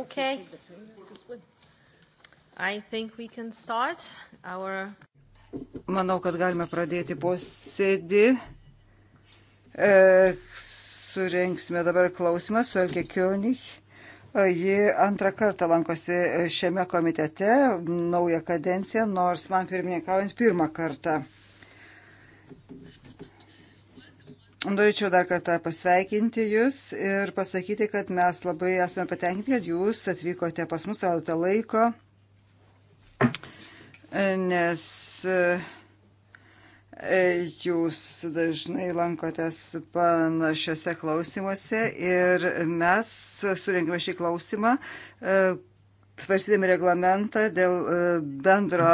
Okay. I think we can start our... Manau, kad galime pradėti posėdį. E, surenksime dabar klausimą su Elke Kionich. E, ji antrą kartą lankosi šiame komitete, naują kadenciją, nors man pirmininkaujant pirmą kartą. Norėčiau dar kartą pasveikinti Jūs ir pasakyti, kad mes labai esame patenkinti, kad Jūs atvykote pas mus, radote laiko, nes e, Jūs dažnai lankotės panašiose klausimuose ir mes surinkime šį klausimą, e, svarstydami reglamentą dėl e, bendro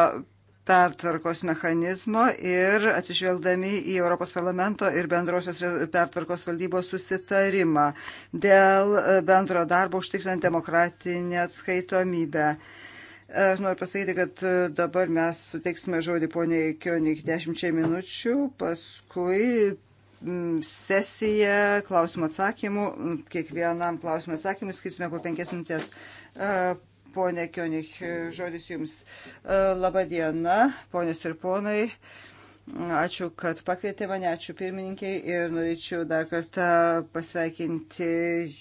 pertvarkos mechanizmo ir atsižvelgdami į Europos parlamento ir bendrosios pertvarkos valdybos susitarimą dėl e, bendro darbo užtikrinant demokratinę atskaitomybę. Aš noriu pasakyti, kad e, dabar mes suteiksime žodį poniai Kionik 10 minučių, paskui sesiją klausimų atsakymų, kiekvienam klausimų atsakymui skirsime po 5 minutės. E, Pone Kionich, žodis Jums. E, Labą dieną, ponės ir ponai. Ačiū, kad pakvietė mane, ačiū pirmininkiai ir norėčiau dar kartą pasveikinti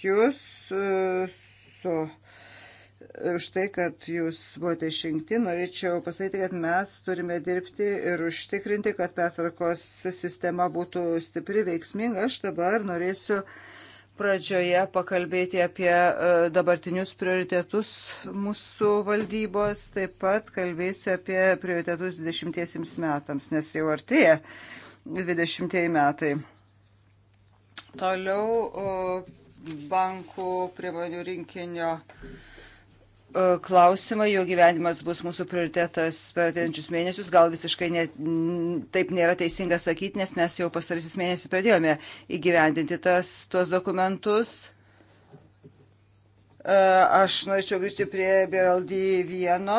Jūs e, su e, už tai, kad jūs buvote išrinkti, norėčiau pasakyti, kad mes turime dirbti ir užtikrinti, kad pertvarkos sistema būtų stipri, veiksminga. Aš dabar norėsiu uh, pradžioje pakalbėti apie e, dabartinius prioritetus mūsų valdybos, taip pat kalbėsiu apie prioritetus 20 metams, nes jau artėja 20 metai. Toliau e, bankų priemonių rinkinio uh, E, klausimą, jo gyvenimas bus mūsų prioritetas per ateinančius mėnesius. Gal visiškai ne, taip nėra teisinga sakyti, nes mes jau pastarysis mėnesį pradėjome įgyvendinti tas, tuos dokumentus. E, aš norėčiau grįžti prie Beraldy 1,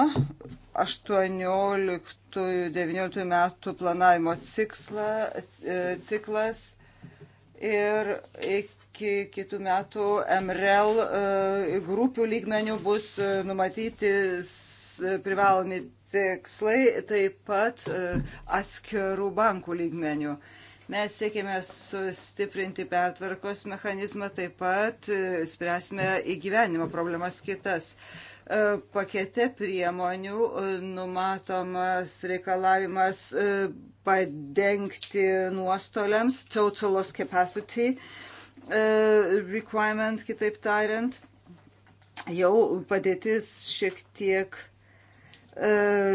18-19 metų planavimo ciklą, e, ciklas ir iki iki kitų metų MRL e, grupių lygmenių bus e, numatyti e, privalomi tikslai, taip pat atskirų bankų lygmenių. Mes siekime sustiprinti pertvarkos mechanizmą, taip pat spręsime įgyvenimo problemas kitas pakete priemonių numatomas reikalavimas padengti nuostoliams, total loss capacity, E, requirement, kitaip tariant, jau padėtis šiek tiek e,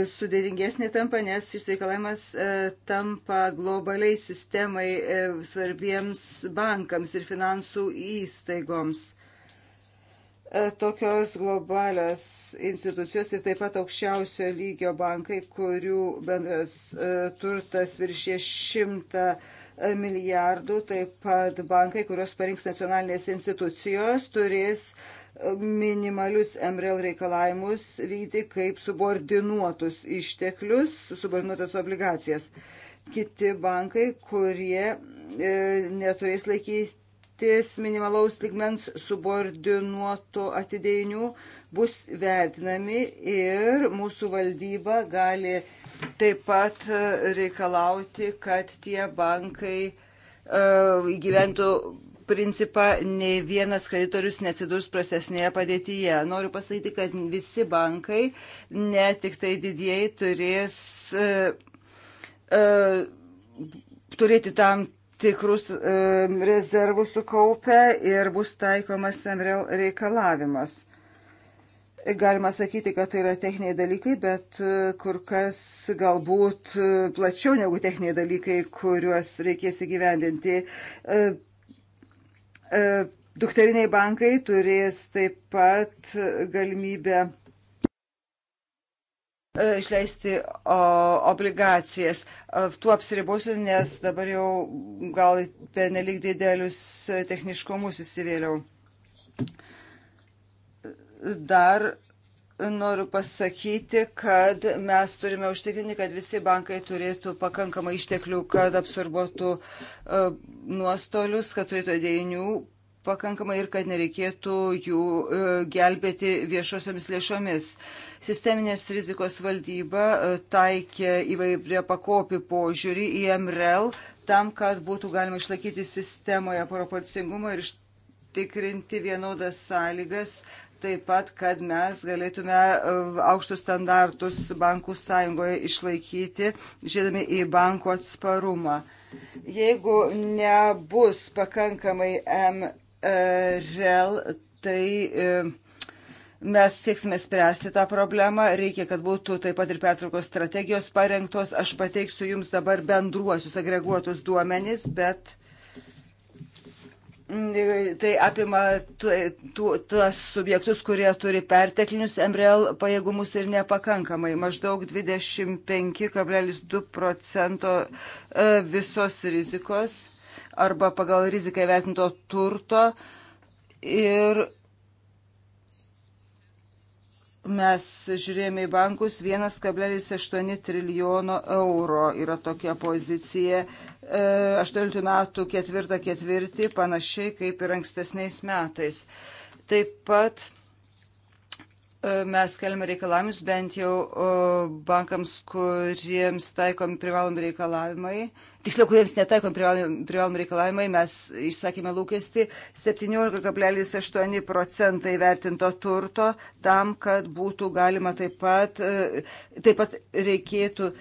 sudėtingesnė tampa, nes šis reikalavimas e, tampa globaliai sistemai svarbiems bankams ir finansų įstaigoms tokios globalios institucijos ir taip pat aukščiausio lygio bankai, kurių bendras turtas viršė 100 milijardų, taip pat bankai, kurios parinks nacionalinės institucijos, turės minimalius MRL reikalavimus vykdyti kaip subordinuotus išteklius, subordinuotas obligacijas. Kiti bankai, kurie e, neturės laikytis minimalaus ligmens subordinuotų atidėjinių, e, bus vertinami ir mūsų valdyba gali taip pat e, reikalauti, kad tie bankai e, įgyventų principą nei vienas kreditorius neatsidurs prastesnėje padėtyje. Noriu pasakyti, kad visi bankai, ne tik tai didieji, turės uh, turėti tam tikrus uh, rezervus sukaupę ir bus taikomas MRL reikalavimas. Galima sakyti, kad tai yra techniniai dalykai, bet e, kur kas galbūt e, plačiau negu techniniai dalykai, kuriuos reikės įgyvendinti. E, dukteriniai bankai turės taip pat galimybę išleisti obligacijas. Tuo apsiribosiu, nes dabar jau gal per nelik didelius techniškumus įsivėliau dar noriu pasakyti, kad mes turime užtikrinti, kad visi bankai turėtų pakankamą išteklių, kad absorbuotų e, nuostolius, kad turėtų dėjinių pakankamai ir kad nereikėtų jų e, gelbėti viešosiomis lėšomis. Sisteminės rizikos valdyba e, taikė įvairia pakopį požiūrį į MREL tam, kad būtų galima išlaikyti sistemoje proporcingumą ir iš tikrinti vienodas sąlygas taip pat, kad mes galėtume e, aukštus standartus bankų sąjungoje išlaikyti, žiūrėdami į bankų atsparumą. Jeigu nebus pakankamai MRL, tai e, mes sieksime spręsti tą problemą. Reikia, kad būtų taip pat ir pertraukos strategijos parengtos. Aš pateiksiu jums dabar bendruosius agreguotus duomenys, bet Tai apima tuos subjektus, kurie turi perteklinius MRL pajėgumus ir nepakankamai. Maždaug 25,2 procento e, visos rizikos arba pagal riziką vertinto turto. Ir mes žiūrėjome į bankus, 1,8 trilijono euro yra tokia pozicija 18 metų ketvirtą ketvirtį, panašiai kaip ir ankstesniais metais. Taip pat e, mes keliame reikalavimus bent jau e, bankams, kuriems taikomi privalomi reikalavimai. Tiksliau, kuriems netaikomi privalomi reikalavimai, mes išsakėme lūkesti 17,8 procentai vertinto turto tam, kad būtų galima taip pat, e, taip pat reikėtų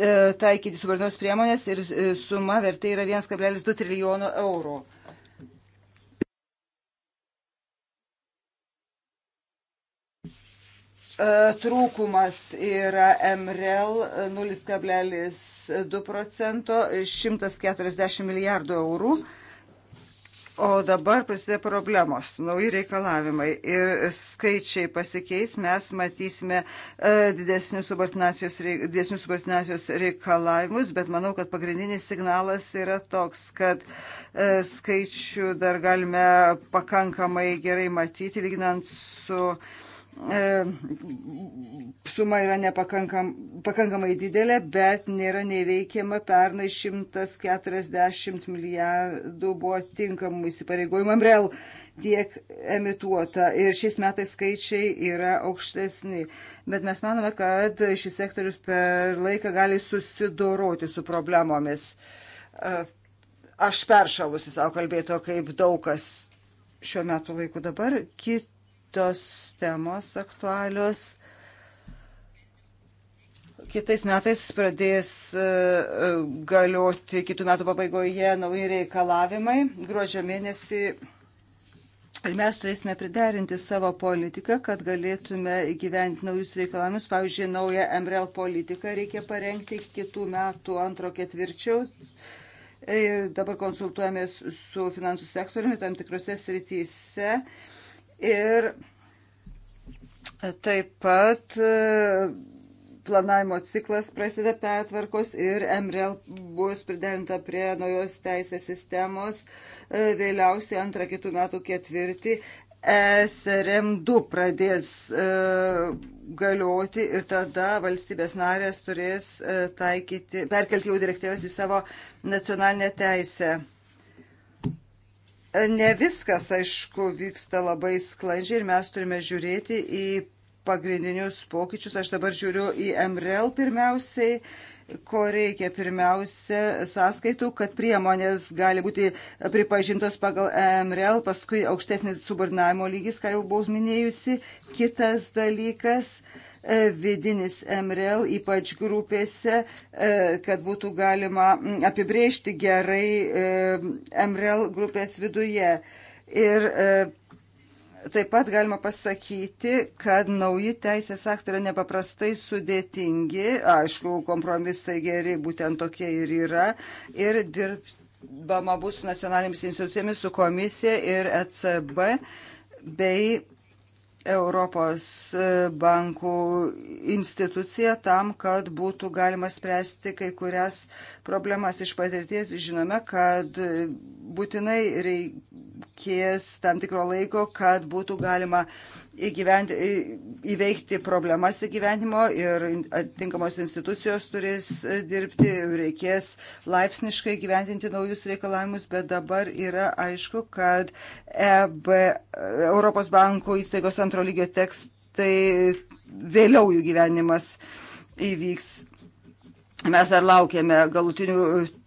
E, taikyti subarnos priemonės ir e, suma vertė yra 1,2 trilijono eurų. E, trūkumas yra MREL 0,2 procento, 140 milijardų eurų. O dabar prasideda problemos, nauji reikalavimai ir skaičiai pasikeis, mes matysime e, didesnius subordinacijos reikalavimus, bet manau, kad pagrindinis signalas yra toks, kad e, skaičių dar galime pakankamai gerai matyti, lyginant su e, E, suma yra nepakankam, pakankamai didelė, bet nėra neveikiama. Pernai 140 milijardų buvo tinkamų įsipareigojimų. Amrel tiek emituota ir šiais metais skaičiai yra aukštesni. Bet mes manome, kad šis sektorius per laiką gali susidoroti su problemomis. E, aš peršalusi savo kalbėto, kaip daug kas šiuo metu laiku dabar. Kit tos temos aktualios. Kitais metais pradės e, e, galioti kitų metų pabaigoje nauji reikalavimai. Gruodžio mėnesį Ir mes turėsime priderinti savo politiką, kad galėtume įgyventi naujus reikalavimus. Pavyzdžiui, naują MRL politiką reikia parengti kitų metų antro ketvirčiaus. Ir dabar konsultuojamės su finansų sektoriumi tam tikrose srityse. Ir taip pat e, planavimo ciklas prasideda pertvarkos ir MRL e bus priderinta prie naujos teisės sistemos e, vėliausiai antrą kitų metų ketvirtį. SRM2 pradės e, galioti ir tada valstybės narės turės e, taikyti, perkelti jau direktyvas į savo nacionalinę teisę. Ne viskas, aišku, vyksta labai sklandžiai ir mes turime žiūrėti į pagrindinius pokyčius. Aš dabar žiūriu į MRL pirmiausiai ko reikia pirmiausia sąskaitų, kad priemonės gali būti pripažintos pagal MRL, paskui aukštesnis subordinavimo lygis, ką jau buvau minėjusi. Kitas dalykas E, vidinis MRL, ypač grupėse, e, kad būtų galima apibrėžti gerai e, MRL grupės viduje. Ir taip pat galima pasakyti, kad nauji teisės aktai yra nepaprastai sudėtingi, aišku, kompromisai geri būtent tokie ir yra, ir dirbama bus su nacionalinėmis institucijomis, su komisija ir ECB bei Europos e, bankų institucija tam, kad būtų galima spręsti kai kurias problemas iš patirties. Žinome, kad būtinai reikės tam tikro laiko, kad būtų galima uh, įgyvent, įveikti problemas įgyvenimo ir atitinkamos institucijos turės e, dirbti, reikės laipsniškai gyventinti naujus reikalavimus, bet dabar yra aišku, kad EB, e, Europos bankų įstaigos antro lygio tekstai vėliau jų gyvenimas įvyks. Mes dar laukiame galutinių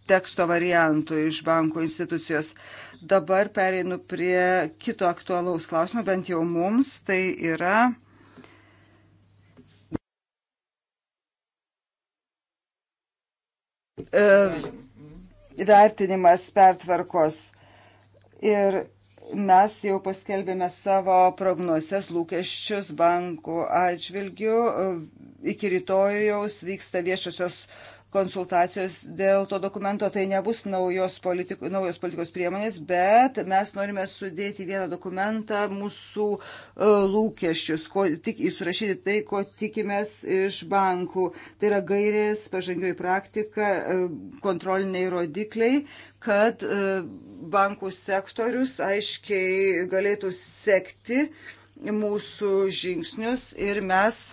teksto variantų iš banko institucijos. Uh, dabar pereinu prie kito aktualaus klausimo, bent jau mums, tai yra. E, vertinimas pertvarkos. Ir mes jau paskelbėme savo prognozes lūkesčius bankų atžvilgių. Iki rytojaus vyksta viešosios konsultacijos dėl to dokumento. Tai nebus naujos, politik, naujos politikos priemonės, bet mes norime sudėti vieną dokumentą mūsų e, lūkesčius, ko, tik įsurašyti tai, ko tikimės iš bankų. Tai yra gairės, pažangioji praktika, e, kontroliniai rodikliai, kad e, bankų sektorius aiškiai galėtų sekti mūsų žingsnius ir mes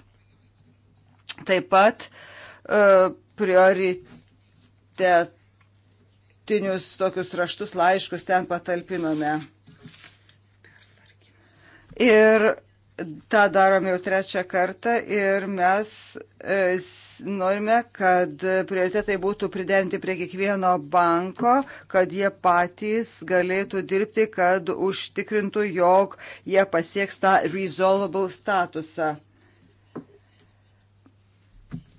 taip pat uh, prioritetinius tokius raštus laiškus ten patalpinome. Ir tą darome jau trečią kartą ir mes e, norime, kad prioritetai būtų priderinti prie kiekvieno banko, kad jie patys galėtų dirbti, kad užtikrintų, jog jie pasieks tą resolvable statusą.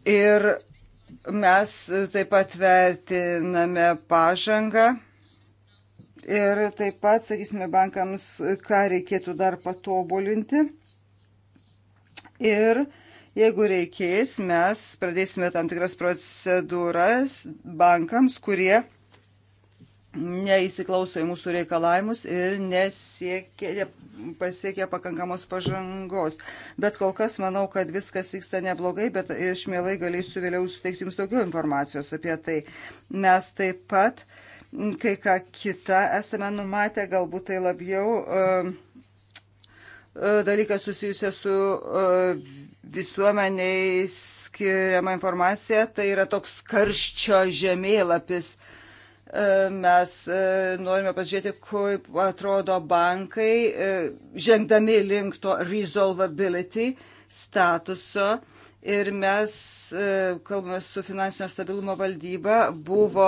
Ir Mes taip pat vertiname pažangą ir taip pat, sakysime, bankams, ką reikėtų dar patobulinti. Ir jeigu reikės, mes pradėsime tam tikras procedūras bankams, kurie neįsiklauso į mūsų reikalavimus ir nesiekia, pasiekia pakankamos pažangos. Bet kol kas manau, kad viskas vyksta neblogai, bet aš mielai galėsiu vėliau suteikti jums daugiau informacijos apie tai. Mes taip pat kai ką kitą esame numatę, galbūt tai labiau um, uh, dalyką susijusią su uh, visuomeniai skiriama informacija, tai yra toks karščio žemėlapis. Uh, E, mes e, norime pasižiūrėti, kaip atrodo bankai, e, žengdami link to resolvability statuso. Ir mes, kalbame su finansinio stabilumo valdyba, buvo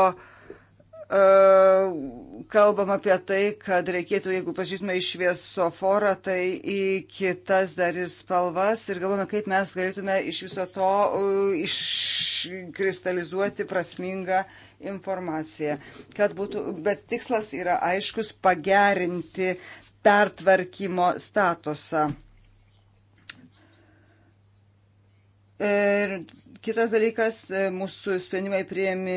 kalbam apie tai, kad reikėtų, jeigu pažįtume į šviesoforą, tai į kitas dar ir spalvas ir galvome, kaip mes galėtume iš viso to iškristalizuoti prasmingą informaciją. Kad būtų, bet tikslas yra aiškus pagerinti pertvarkymo statusą. Ir kitas dalykas, mūsų sprendimai priimi,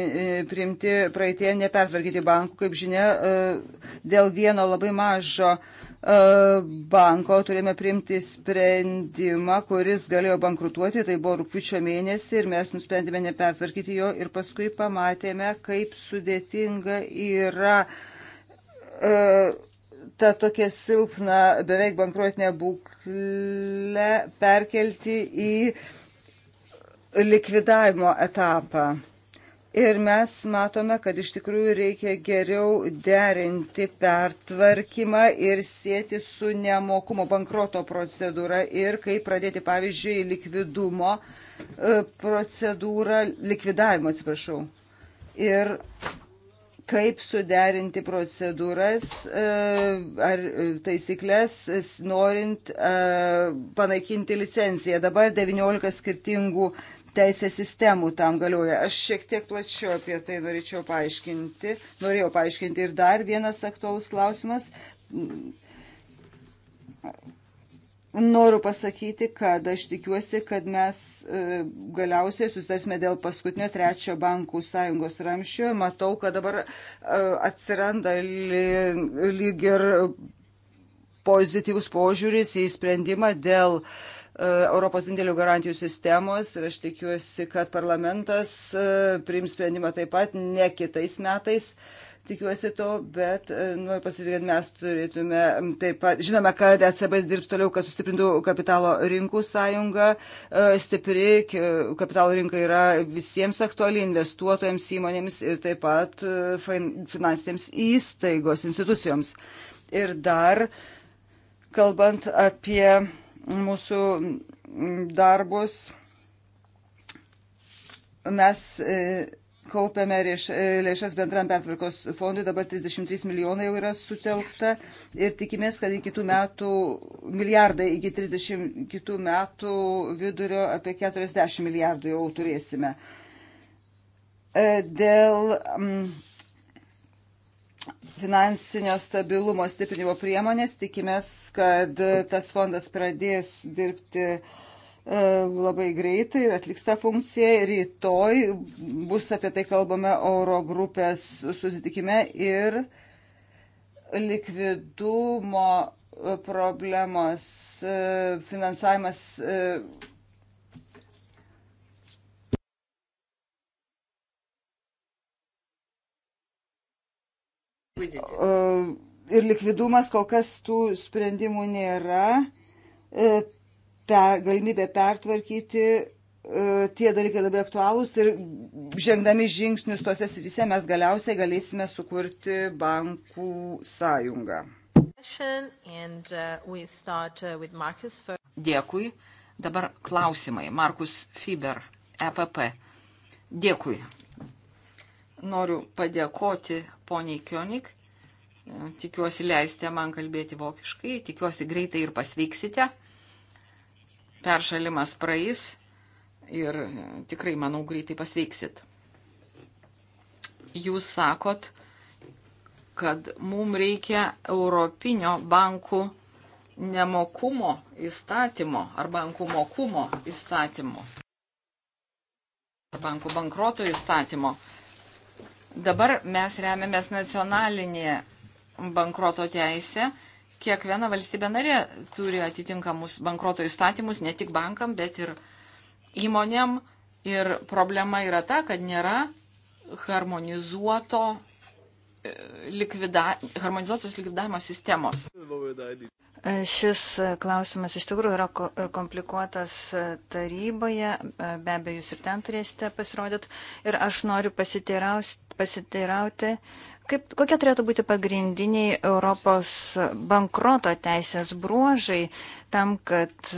priimti praeitie nepertvarkyti bankų, kaip žinia, e, dėl vieno labai mažo banko turėjome priimti sprendimą, kuris galėjo bankrutuoti, tai buvo rūpiučio mėnesį ir mes nusprendėme nepertvarkyti jo ir paskui pamatėme, kaip sudėtinga yra e, tą tokią silpną, beveik bankruotinę būklę perkelti į likvidavimo etapą. Ir mes matome, kad iš tikrųjų reikia geriau derinti pertvarkymą ir sėti su nemokumo bankroto procedūra ir kaip pradėti, pavyzdžiui, likvidumo e, procedūrą, likvidavimo atsiprašau. Ir kaip suderinti procedūras e, ar taisyklės, norint e, panaikinti licenciją. Dabar 19 skirtingų teisės sistemų tam galioja. Aš šiek tiek plačiau apie tai norėčiau paaiškinti. Norėjau paaiškinti ir dar vienas aktualus klausimas. Noriu pasakyti, kad aš tikiuosi, kad mes e, galiausiai susitarsime dėl paskutinio trečio bankų sąjungos ramščio. Matau, kad dabar e, atsiranda lyg ir pozityvus požiūris į sprendimą dėl uh, E, Europos indėlių garantijų sistemos ir aš tikiuosi, kad parlamentas e, priims sprendimą taip pat ne kitais metais. Tikiuosi to, bet e, noriu pasakyti, kad mes turėtume taip pat, žinome, kad ECB dirbs toliau, kad sustiprintų kapitalo rinkų sąjungą. Stipri kapitalo rinka yra visiems aktuali investuotojams, įmonėms ir taip pat finansinėms įstaigos institucijoms. Ir dar, kalbant apie mūsų darbus. Mes e, kaupiame e, lėšas bendram pertvarkos fondui, dabar 33 milijonai jau yra sutelkta ir tikimės, kad iki kitų metų milijardai, iki 30 kitų metų vidurio apie 40 milijardų jau turėsime. E, dėl finansinio stabilumo stiprinimo priemonės. Tikimės, kad tas fondas pradės dirbti e, labai greitai ir atliks tą funkciją. Rytoj bus apie tai kalbame Euro grupės susitikime ir likvidumo problemos e, finansavimas e, ir likvidumas kol kas tų sprendimų nėra. Per, galimybė pertvarkyti e, tie dalykai labai aktualūs ir žengdami žingsnius tose srityse mes galiausiai galėsime sukurti bankų sąjungą. Uh, uh, Dėkui. Dabar klausimai. Markus Fiber, EPP. Dėkui. Noriu padėkoti poniai Kionik. Tikiuosi leisite man kalbėti vokiškai, tikiuosi greitai ir pasveiksite. Peršalimas praeis ir tikrai, manau, greitai pasveiksit. Jūs sakot, kad mums reikia Europinio bankų nemokumo įstatymo ar bankų mokumo įstatymo. Bankų bankroto įstatymo. Dabar mes remiamės nacionalinėje bankroto teisė. Kiekviena valstybė narė turi atitinkamus bankroto įstatymus, ne tik bankam, bet ir įmonėm. Ir problema yra ta, kad nėra harmonizuoto e, likvida, harmonizuotos likvidavimo sistemos. E, šis e, klausimas iš tikrųjų yra e, komplikuotas taryboje, be abejo, jūs ir ten turėsite pasirodyti. Ir aš noriu pasiteirauti, kaip, kokie turėtų būti pagrindiniai Europos bankroto teisės bruožai tam, kad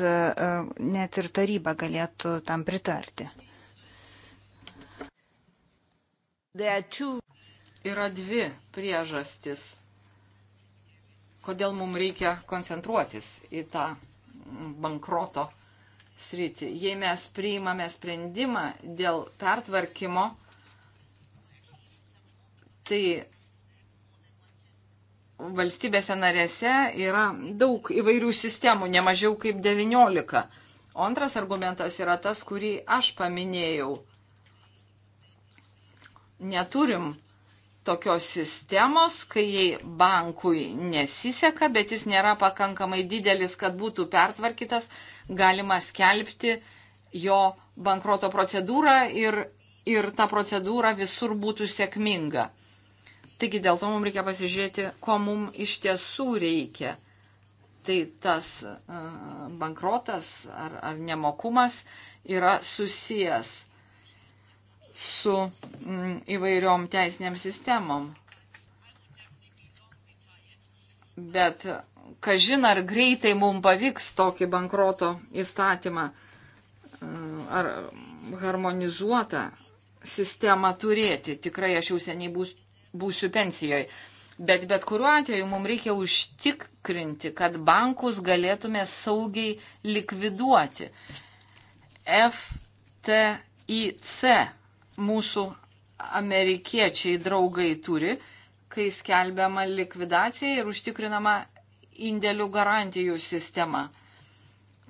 net ir taryba galėtų tam pritarti. Yra dvi priežastis kodėl mums reikia koncentruotis į tą bankroto sritį. Jei mes priimame sprendimą dėl pertvarkymo, tai valstybėse narėse yra daug įvairių sistemų, nemažiau kaip 19. O antras argumentas yra tas, kurį aš paminėjau. Neturim uh, tokios sistemos, kai jai bankui nesiseka, bet jis nėra pakankamai didelis, kad būtų pertvarkytas, galima skelbti jo bankroto procedūrą ir, ir ta procedūra visur būtų sėkminga. Taigi dėl to mums reikia pasižiūrėti, ko mums iš tiesų reikia. Tai tas e, bankrotas ar, ar nemokumas yra susijęs su mm, įvairiom teisiniam sistemom. Bet kažin ar greitai mums pavyks tokį bankroto įstatymą mm, ar harmonizuotą sistemą turėti. Tikrai aš jau seniai būs, būsiu pensijoje. Bet bet kuriuo atveju mums reikia užtikrinti, kad bankus galėtume saugiai likviduoti. FTIC mūsų amerikiečiai draugai turi, kai skelbiama likvidacija ir užtikrinama indėlių garantijų sistema.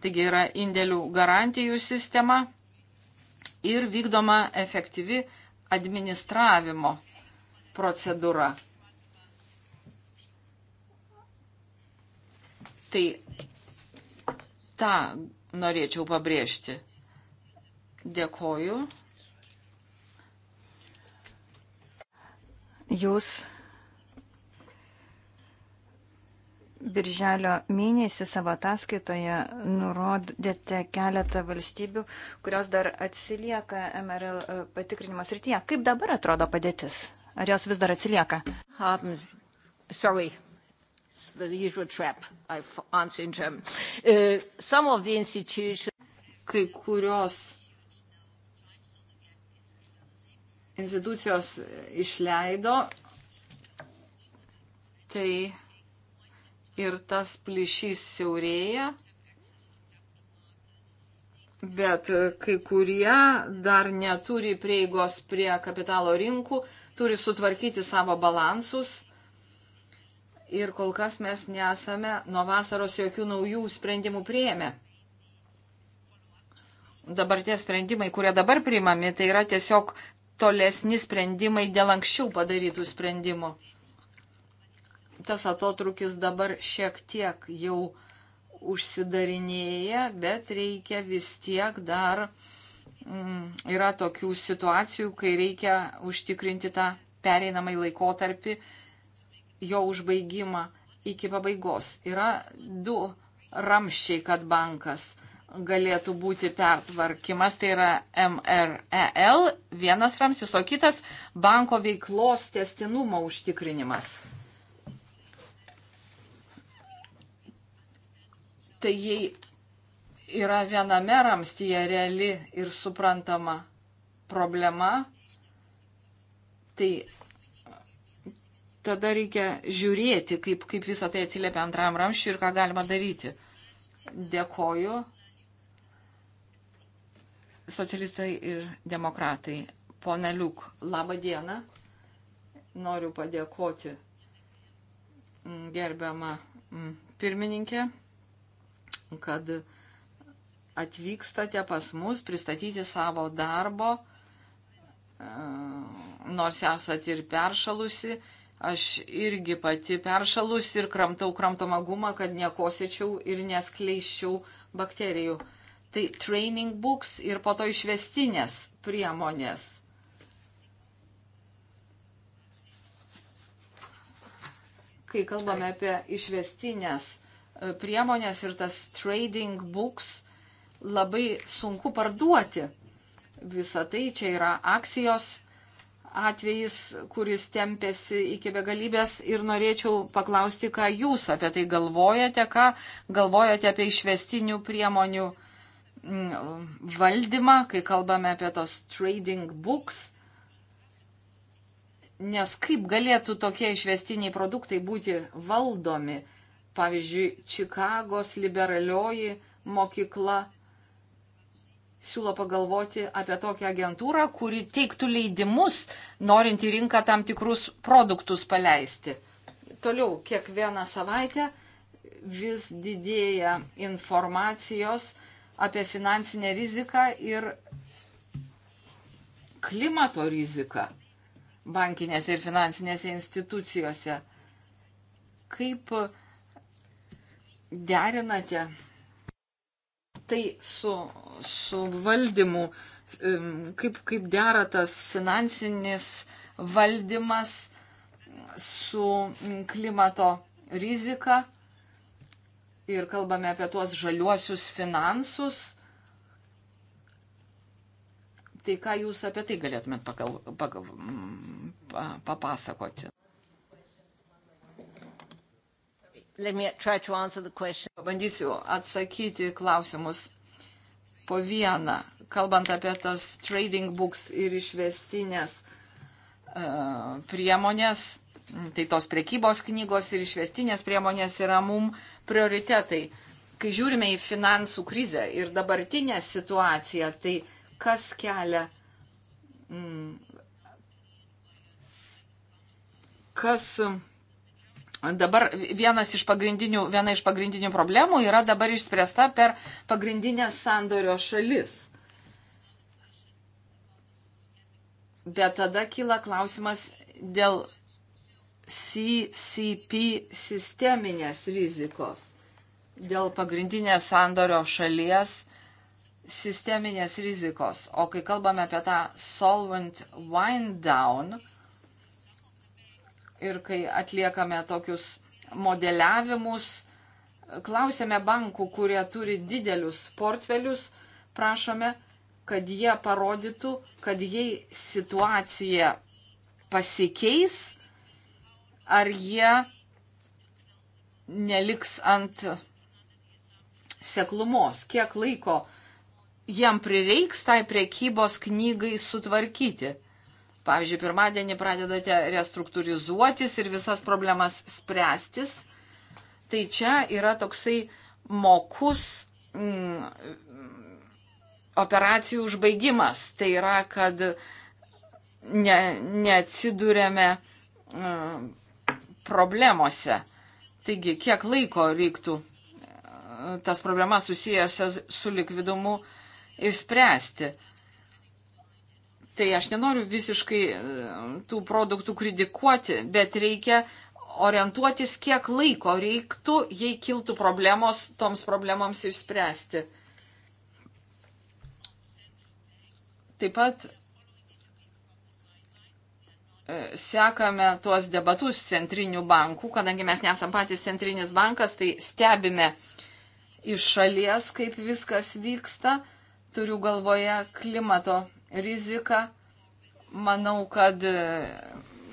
Taigi yra indėlių garantijų sistema ir vykdoma efektyvi administravimo procedūra. Tai tą norėčiau pabrėžti. Dėkoju. Jūs Birželio mėnesį savo ataskaitoje nurodėte keletą valstybių, kurios dar atsilieka MRL e, patikrinimo srityje. Kaip dabar atrodo padėtis? Ar jos vis dar atsilieka? Um, sorry. It's the usual trap. I answer in German. Uh, some of the institutions. Kai kurios institucijos išleido, tai ir tas plyšys siaurėja, bet kai kurie dar neturi prieigos prie kapitalo rinkų, turi sutvarkyti savo balansus. Ir kol kas mes nesame nuo vasaros jokių naujų sprendimų prieėmę. Dabar tie sprendimai, kurie dabar priimami, tai yra tiesiog tolesni sprendimai dėl anksčiau padarytų sprendimų. Tas atotrukis dabar šiek tiek jau užsidarinėja, bet reikia vis tiek dar mm, yra tokių situacijų, kai reikia užtikrinti tą pereinamai laikotarpį, jo užbaigimą iki pabaigos. Yra du ramščiai, kad bankas galėtų būti pertvarkymas, tai yra MREL vienas ramsis, o kitas banko veiklos testinumo užtikrinimas. Tai jei yra viename ramstyje reali ir suprantama problema, tai tada reikia žiūrėti, kaip, kaip visą tai atsiliepia antram ramščiui ir ką galima daryti. Dėkoju socialistai ir demokratai. Pone Liuk, laba diena. Noriu padėkoti mm, gerbiamą mm, pirmininkę, kad atvykstate pas mus pristatyti savo darbo, e, nors esat ir peršalusi. Aš irgi pati peršalus ir kramtau kramtomą gumą, kad nekosėčiau ir neskleiščiau bakterijų. Uh, tai training books ir po to išvestinės priemonės. Kai kalbame apie išvestinės e, priemonės ir tas trading books, labai sunku parduoti visą tai. Čia yra akcijos atvejis, kuris tempėsi iki begalybės ir norėčiau paklausti, ką jūs apie tai galvojate, ką galvojate apie išvestinių priemonių uh, Mm, valdymą, kai kalbame apie tos trading books. Nes kaip galėtų tokie išvestiniai produktai būti valdomi? Pavyzdžiui, Čikagos liberalioji mokykla siūlo pagalvoti apie tokią agentūrą, kuri teiktų leidimus, norint į rinką tam tikrus produktus paleisti. Toliau, kiekvieną savaitę vis didėja informacijos, uh, apie finansinę riziką ir klimato riziką bankinėse ir finansinėse institucijose. Kaip derinate tai su, su valdymu, kaip, kaip dera tas finansinis valdymas su klimato rizika? ir kalbame apie tuos žaliuosius finansus. Tai ką jūs apie tai galėtumėt pakal, pakal, papasakoti? Pabandysiu atsakyti klausimus po vieną, kalbant apie tas trading books ir išvestinės e, priemonės Tai tos prekybos knygos ir išvestinės priemonės yra mum prioritetai. Kai žiūrime į finansų krizę ir dabartinę situaciją, tai kas kelia, mm, kas dabar vienas iš pagrindinių, viena iš pagrindinių problemų yra dabar išspręsta per pagrindinę sandorio šalis. Bet tada kyla klausimas dėl CCP sisteminės rizikos dėl pagrindinės sandorio šalies sisteminės rizikos. O kai kalbame apie tą solvent wind down ir kai atliekame tokius modeliavimus, klausėme bankų, kurie turi didelius portfelius, prašome, kad jie parodytų, kad jei situacija pasikeis, ar jie neliks ant seklumos, kiek laiko jiem prireiks tai priekybos knygai sutvarkyti. Pavyzdžiui, pirmadienį pradedate restruktūrizuotis ir visas problemas spręstis. Tai čia yra toksai mokus mm, operacijų užbaigimas. Tai yra, kad ne, neatsidūrėme mm, problemose. Taigi, kiek laiko reiktų e, tas problemas susijęs su likvidumu išspręsti. Tai aš nenoriu visiškai e, tų produktų kritikuoti, bet reikia orientuotis, kiek laiko reiktų, jei kiltų problemos, toms problemams išspręsti. Taip pat sekame tuos debatus centrinių bankų, kadangi mes nesam patys centrinis bankas, tai stebime iš šalies, kaip viskas vyksta, turiu galvoje klimato riziką. Manau, kad e,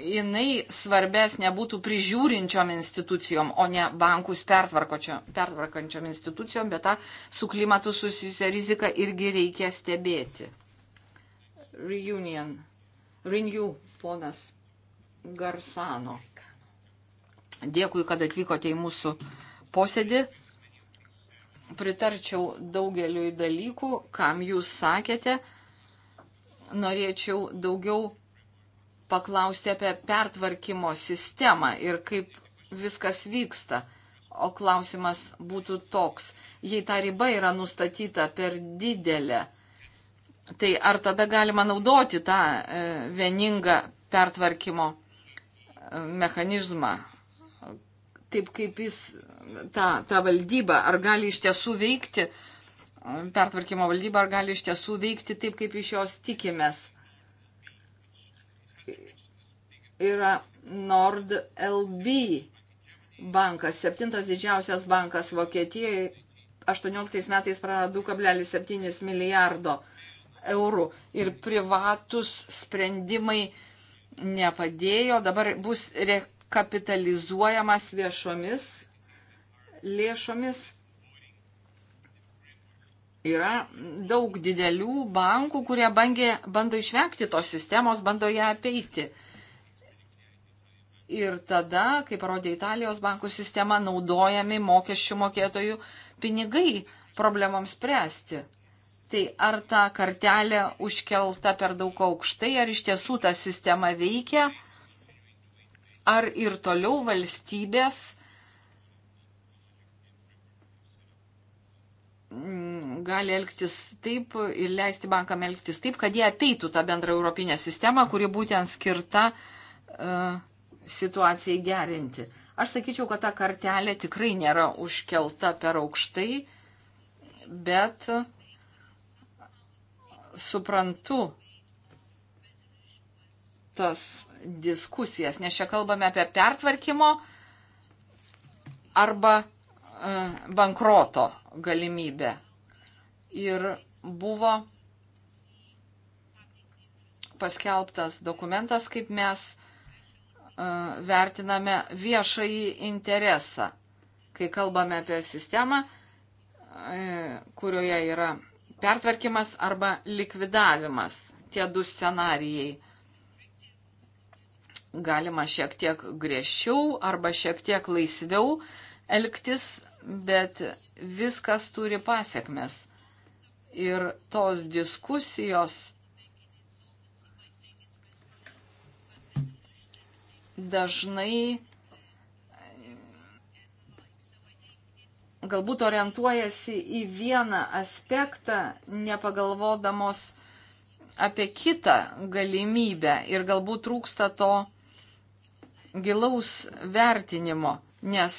jinai svarbesnė būtų prižiūrinčiom institucijom, o ne bankus pertvarkančiom institucijom, bet tą su klimatu susijusią riziką irgi reikia stebėti. Reunion. Renew ponas Garsano. Dėkui, kad atvykote į mūsų posėdį. Pritarčiau daugeliu dalykų, kam jūs sakėte. Norėčiau daugiau paklausti apie pertvarkymo sistemą ir kaip viskas vyksta. O klausimas būtų toks, jei ta riba yra nustatyta per didelė, tai ar tada galima naudoti tą e, vieningą pertvarkymo mechanizmą, taip kaip jis, ta, ta valdyba, ar gali iš tiesų veikti, pertvarkymo valdyba, ar gali iš tiesų veikti taip, kaip iš jos tikimės. Yra NordLB bankas, septintas didžiausias bankas Vokietijoje, 18 metais prarado 2,7 milijardo eurų ir privatus sprendimai uh, nepadėjo, dabar bus rekapitalizuojamas viešomis lėšomis. Yra daug didelių bankų, kurie bangė, bando išvengti tos sistemos, bando ją apeiti. Ir tada, kaip parodė Italijos bankų sistema, naudojami mokesčių mokėtojų pinigai problemams spręsti tai ar ta kartelė užkelta per daug aukštai, ar iš tiesų ta sistema veikia, ar ir toliau valstybės mm, gali elgtis taip ir leisti bankam elgtis taip, kad jie apeitų tą bendrą europinę sistemą, kuri būtent skirta uh, situacijai gerinti. Aš sakyčiau, kad ta kartelė tikrai nėra užkelta per aukštai, bet uh, suprantu tas diskusijas, nes čia kalbame apie pertvarkymo arba e, bankroto galimybę. Ir buvo paskelbtas dokumentas, kaip mes e, vertiname viešąjį interesą, kai kalbame apie sistemą, e, kurioje yra pertvarkymas arba likvidavimas. Tie du scenarijai. Galima šiek tiek griežčiau arba šiek tiek laisviau elgtis, bet viskas turi pasiekmes. Ir tos diskusijos dažnai galbūt orientuojasi į vieną aspektą, nepagalvodamos apie kitą galimybę ir galbūt trūksta to gilaus vertinimo, nes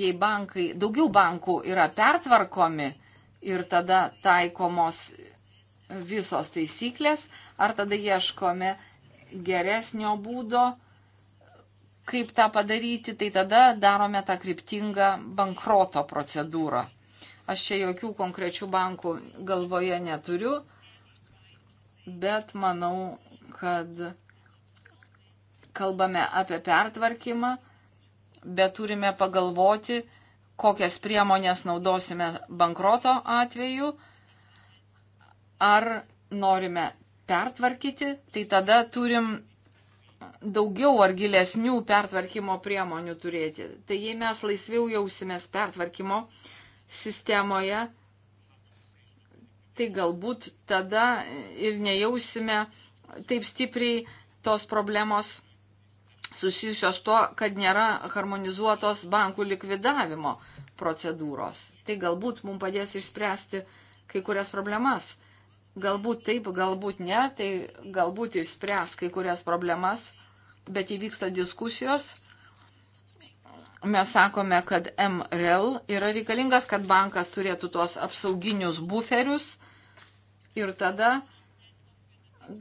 jei bankai, daugiau bankų yra pertvarkomi ir tada taikomos visos taisyklės, ar tada ieškome geresnio būdo, kaip tą padaryti, tai tada darome tą kryptingą bankroto procedūrą. Aš čia jokių konkrečių bankų galvoje neturiu, bet manau, kad kalbame apie pertvarkymą, bet turime pagalvoti, kokias priemonės naudosime bankroto atveju, ar norime pertvarkyti, tai tada turim daugiau ar gilesnių pertvarkymo priemonių turėti. Tai jei mes laisviau jausimės pertvarkymo sistemoje, tai galbūt tada ir nejausime taip stipriai tos problemos susijusios tuo, kad nėra harmonizuotos bankų likvidavimo procedūros. Tai galbūt mums padės išspręsti kai kurias problemas Galbūt taip, galbūt ne, tai galbūt išspręs kai kurias problemas, bet įvyksta diskusijos. Mes sakome, kad MRL yra reikalingas, kad bankas turėtų tuos apsauginius buferius ir tada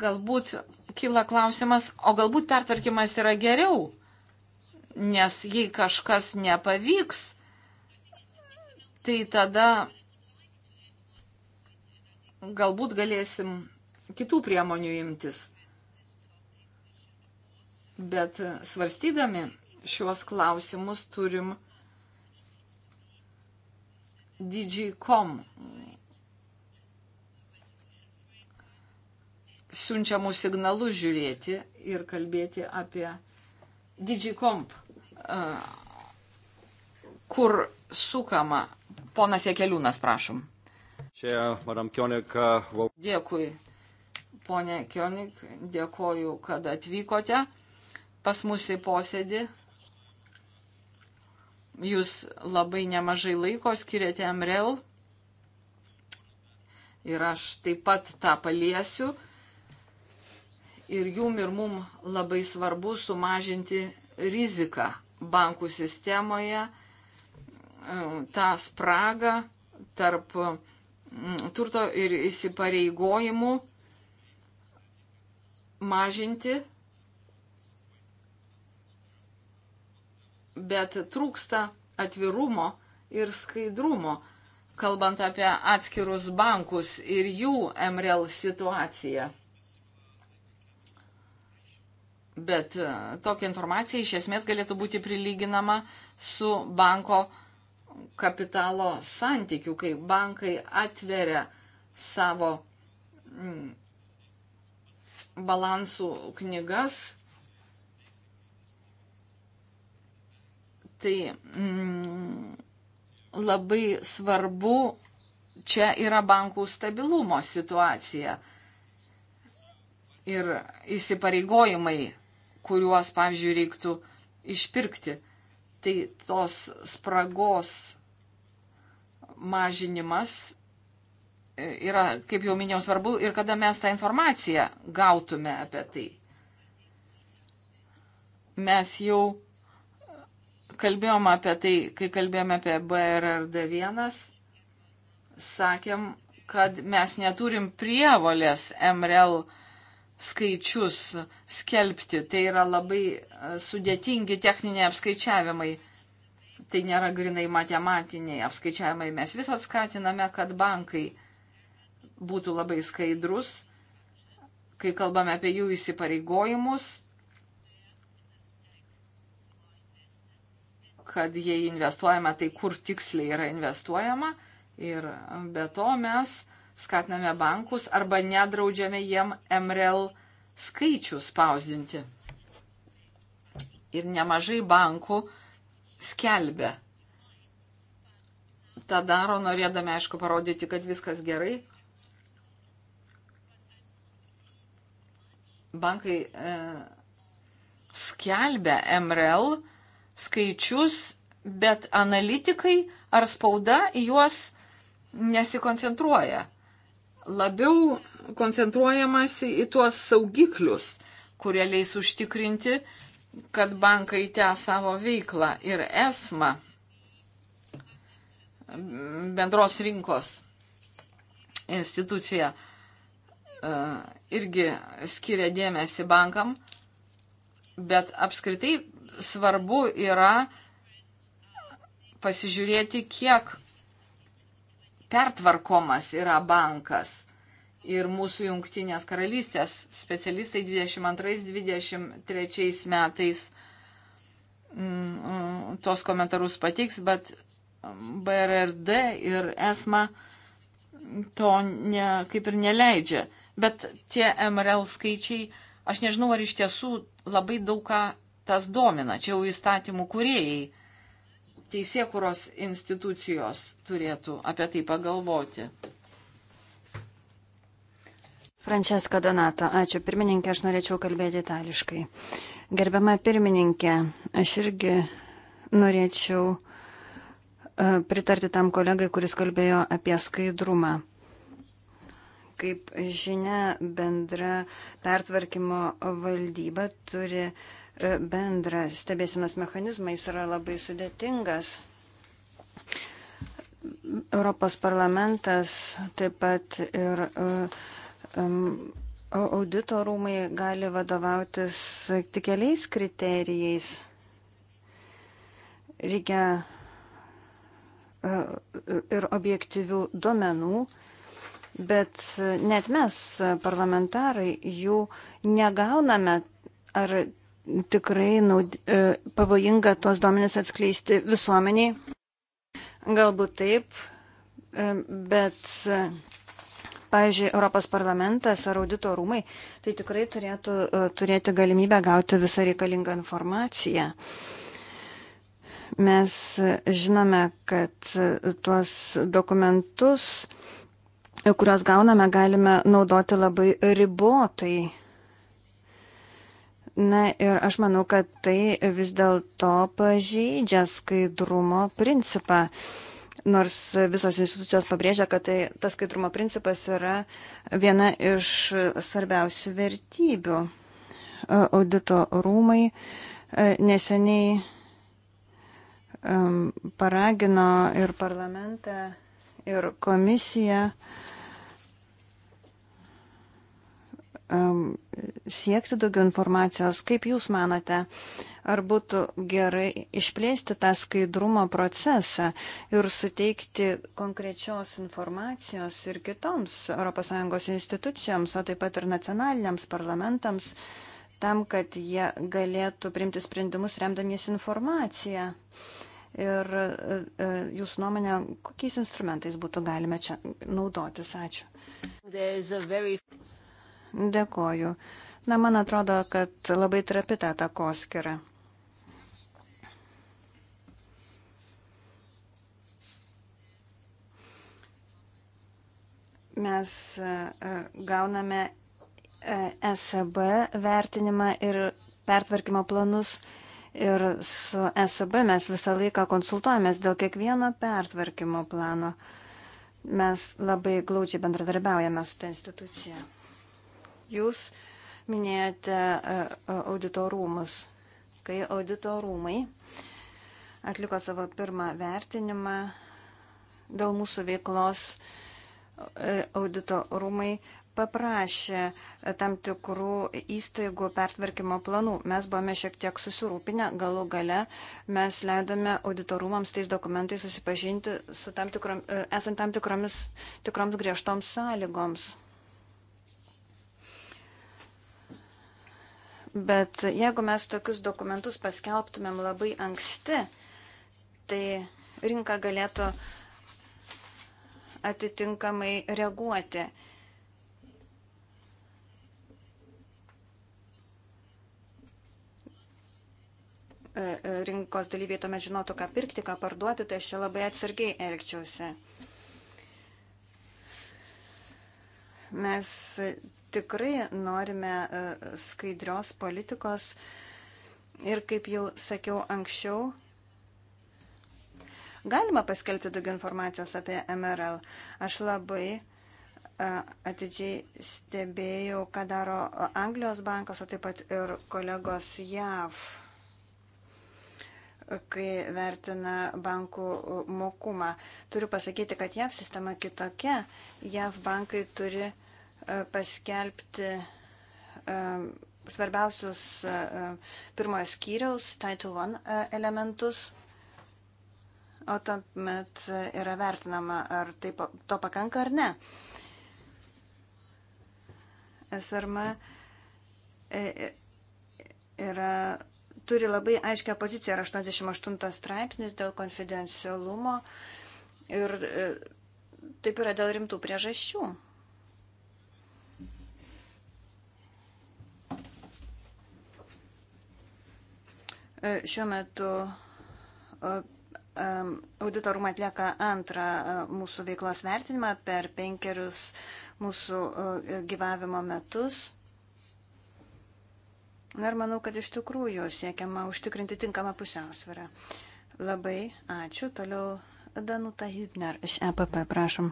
galbūt kyla klausimas, o galbūt pertvarkymas yra geriau, nes jei kažkas nepavyks, tai tada galbūt galėsim kitų priemonių imtis. Bet svarstydami šiuos klausimus turim DG.com siunčiamų signalų žiūrėti ir kalbėti apie DigiComp, kur sukama. Ponas Jekeliūnas, prašom. Čia, madam Kionik. Dėkui, ponė Kionik, dėkoju, kad atvykote pas mus į posėdį. Jūs labai nemažai laiko skiriate MREL ir aš taip pat tą paliesiu. Ir jum ir mum labai svarbu sumažinti riziką bankų sistemoje, e, tą spragą tarp turto ir įsipareigojimų mažinti, bet trūksta atvirumo ir skaidrumo, kalbant apie atskirus bankus ir jų MRL situaciją. Bet tokia informacija iš esmės galėtų būti prilyginama su banko uh, kapitalo santykių, kai bankai atveria savo mm, balansų knygas, tai mm, labai svarbu čia yra bankų stabilumo situacija ir įsipareigojimai, kuriuos, pavyzdžiui, reiktų išpirkti. Tai tos spragos mažinimas yra, kaip jau minėjau, svarbu ir kada mes tą informaciją gautume apie tai. Mes jau kalbėjom apie tai, kai kalbėjome apie BRRD1, sakėm, kad mes neturim prievolės MRL uh, skaičius skelbti. Tai yra labai e, sudėtingi techniniai apskaičiavimai. Tai nėra grinai matematiniai apskaičiavimai. Mes vis atskatiname, kad bankai būtų labai skaidrus, kai kalbame apie jų įsipareigojimus, kad jei investuojame, tai kur tiksliai yra investuojama. Ir be to mes uh, skatiname bankus arba nedraudžiame jiem MRL skaičių spausdinti. Ir nemažai bankų skelbia. Ta daro norėdami, aišku, parodyti, kad viskas gerai. Bankai e, skelbia MRL skaičius, bet analitikai ar spauda į juos nesikoncentruoja labiau koncentruojamasi į tuos saugiklius, kurie leis užtikrinti, kad bankai tę savo veiklą ir esmą bendros rinkos institucija e, irgi skiria dėmesį bankam, bet apskritai svarbu yra pasižiūrėti, kiek pertvarkomas yra bankas. Ir mūsų jungtinės karalystės specialistai 22-23 metais mm, mm, tos komentarus pateiks, bet BRRD ir ESMA to ne, kaip ir neleidžia. Bet tie MRL skaičiai, aš nežinau, ar iš tiesų labai daug ką tas domina. Čia jau įstatymų kuriejai teisėkuros institucijos turėtų apie tai pagalvoti. Franceska Donata, ačiū pirmininkė, aš norėčiau kalbėti itališkai. Gerbiama pirmininkė, aš irgi norėčiau e, pritarti tam kolegai, kuris kalbėjo apie skaidrumą. Kaip žinia, bendra pertvarkymo valdyba turi uh, E, bendrą stebėsinos mechanizmą, jis yra labai sudėtingas. Europos parlamentas, taip pat ir e, audito rūmai gali vadovautis tik keliais kriterijais. Reikia e, ir objektyvių duomenų, bet net mes, parlamentarai, jų negauname ar tikrai naud... E, pavojinga tuos duomenis atskleisti visuomeniai. Galbūt taip, e, bet, pavyzdžiui, Europos parlamentas ar audito rūmai, tai tikrai turėtų e, turėti galimybę gauti visą reikalingą informaciją. Mes žinome, kad tuos dokumentus, kuriuos gauname, galime naudoti labai ribotai Na ir aš manau, kad tai vis dėlto pažeidžia skaidrumo principą. Nors visos institucijos pabrėžia, kad tai, tas skaidrumo principas yra viena iš svarbiausių vertybių. E, audito rūmai e, neseniai paragino ir parlamentą, ir komisiją uh, um, siekti daugiau informacijos. Kaip Jūs manote, ar būtų gerai išplėsti tą skaidrumo procesą ir suteikti konkrečios informacijos ir kitoms ES institucijoms, o taip pat ir nacionaliniams parlamentams, tam, kad jie galėtų priimti sprendimus remdamies informaciją? Ir e, e, jūsų nuomonė, kokiais instrumentais būtų galime čia naudotis? Ačiū. Dėkoju. Na, man atrodo, kad labai trapi ta takoskira. Mes e, e, gauname ESB e vertinimą ir pertvarkymo planus ir su ESB mes visą laiką konsultuojamės dėl kiekvieno pertvarkymo plano. Mes labai glaudžiai bendradarbiaujame su ta institucija. Jūs minėjote e, e, auditorumus. Kai auditorumai atliko savo pirmą vertinimą dėl mūsų veiklos, e, auditorumai paprašė tam tikrų įstaigų pertvarkymo planų. Mes buvome šiek tiek susirūpinę, galų gale mes leidome auditorumams tais dokumentais susipažinti su tam tikrom, esant tam tikromis, tikroms griežtoms sąlygoms. Bet jeigu mes tokius dokumentus paskelbtumėm labai anksti, tai rinka galėtų atitinkamai reaguoti. E, e, rinkos dalyviai tuomet žinotų, ką pirkti, ką parduoti, tai aš čia labai atsargiai elgčiausi. Mes tikrai norime e, skaidrios politikos ir, kaip jau sakiau anksčiau, galima paskelbti daugiau informacijos apie MRL. Aš labai e, atidžiai stebėjau, ką daro Anglijos bankas, o taip pat ir kolegos JAV kai vertina bankų mokumą. Turiu pasakyti, kad JAV sistema kitokia. JAV bankai turi e, paskelbti e, svarbiausius e, pirmojo skyriaus, Title I elementus, o tuomet yra vertinama, ar tai, to pakanka ar ne. SRM yra turi labai aiškę poziciją ir 88 straipsnis dėl konfidencialumo ir e, taip yra dėl rimtų priežasčių. E, šiuo metu e, auditorumai atlieka antrą mūsų veiklos vertinimą per penkerius mūsų gyvavimo metus. Na ir manau, kad iš tikrųjų siekiama užtikrinti tinkamą pusiausvyrą. Labai ačiū. Toliau Danuta Hübner iš EPP, prašom.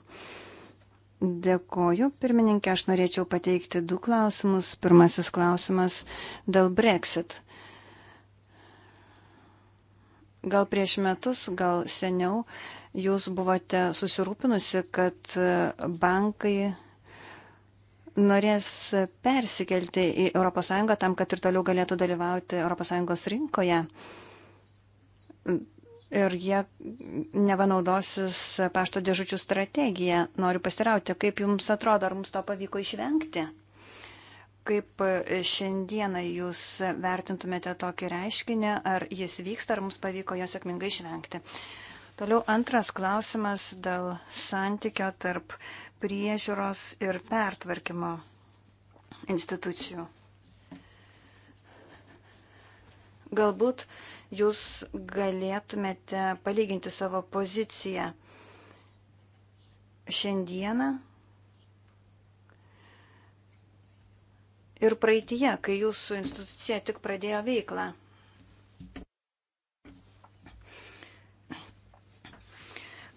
Dėkoju, pirmininkė, aš norėčiau pateikti du klausimus. Pirmasis klausimas dėl Brexit. Gal prieš metus, gal seniau jūs buvote susirūpinusi, kad bankai norės persikelti į ES tam, kad ir toliau galėtų dalyvauti ES rinkoje. Ir jie nevanaudosis pašto dėžučių strategiją. Noriu pasirauti, kaip jums atrodo, ar mums to pavyko išvengti. Kaip šiandieną jūs vertintumėte tokį reiškinį, ar jis vyksta, ar mums pavyko jo sėkmingai išvengti. Toliau antras klausimas dėl santykio tarp uh, priežiūros ir pertvarkymo institucijų. Galbūt jūs galėtumėte palyginti savo poziciją šiandieną ir praeitie, kai jūsų institucija tik pradėjo veiklą.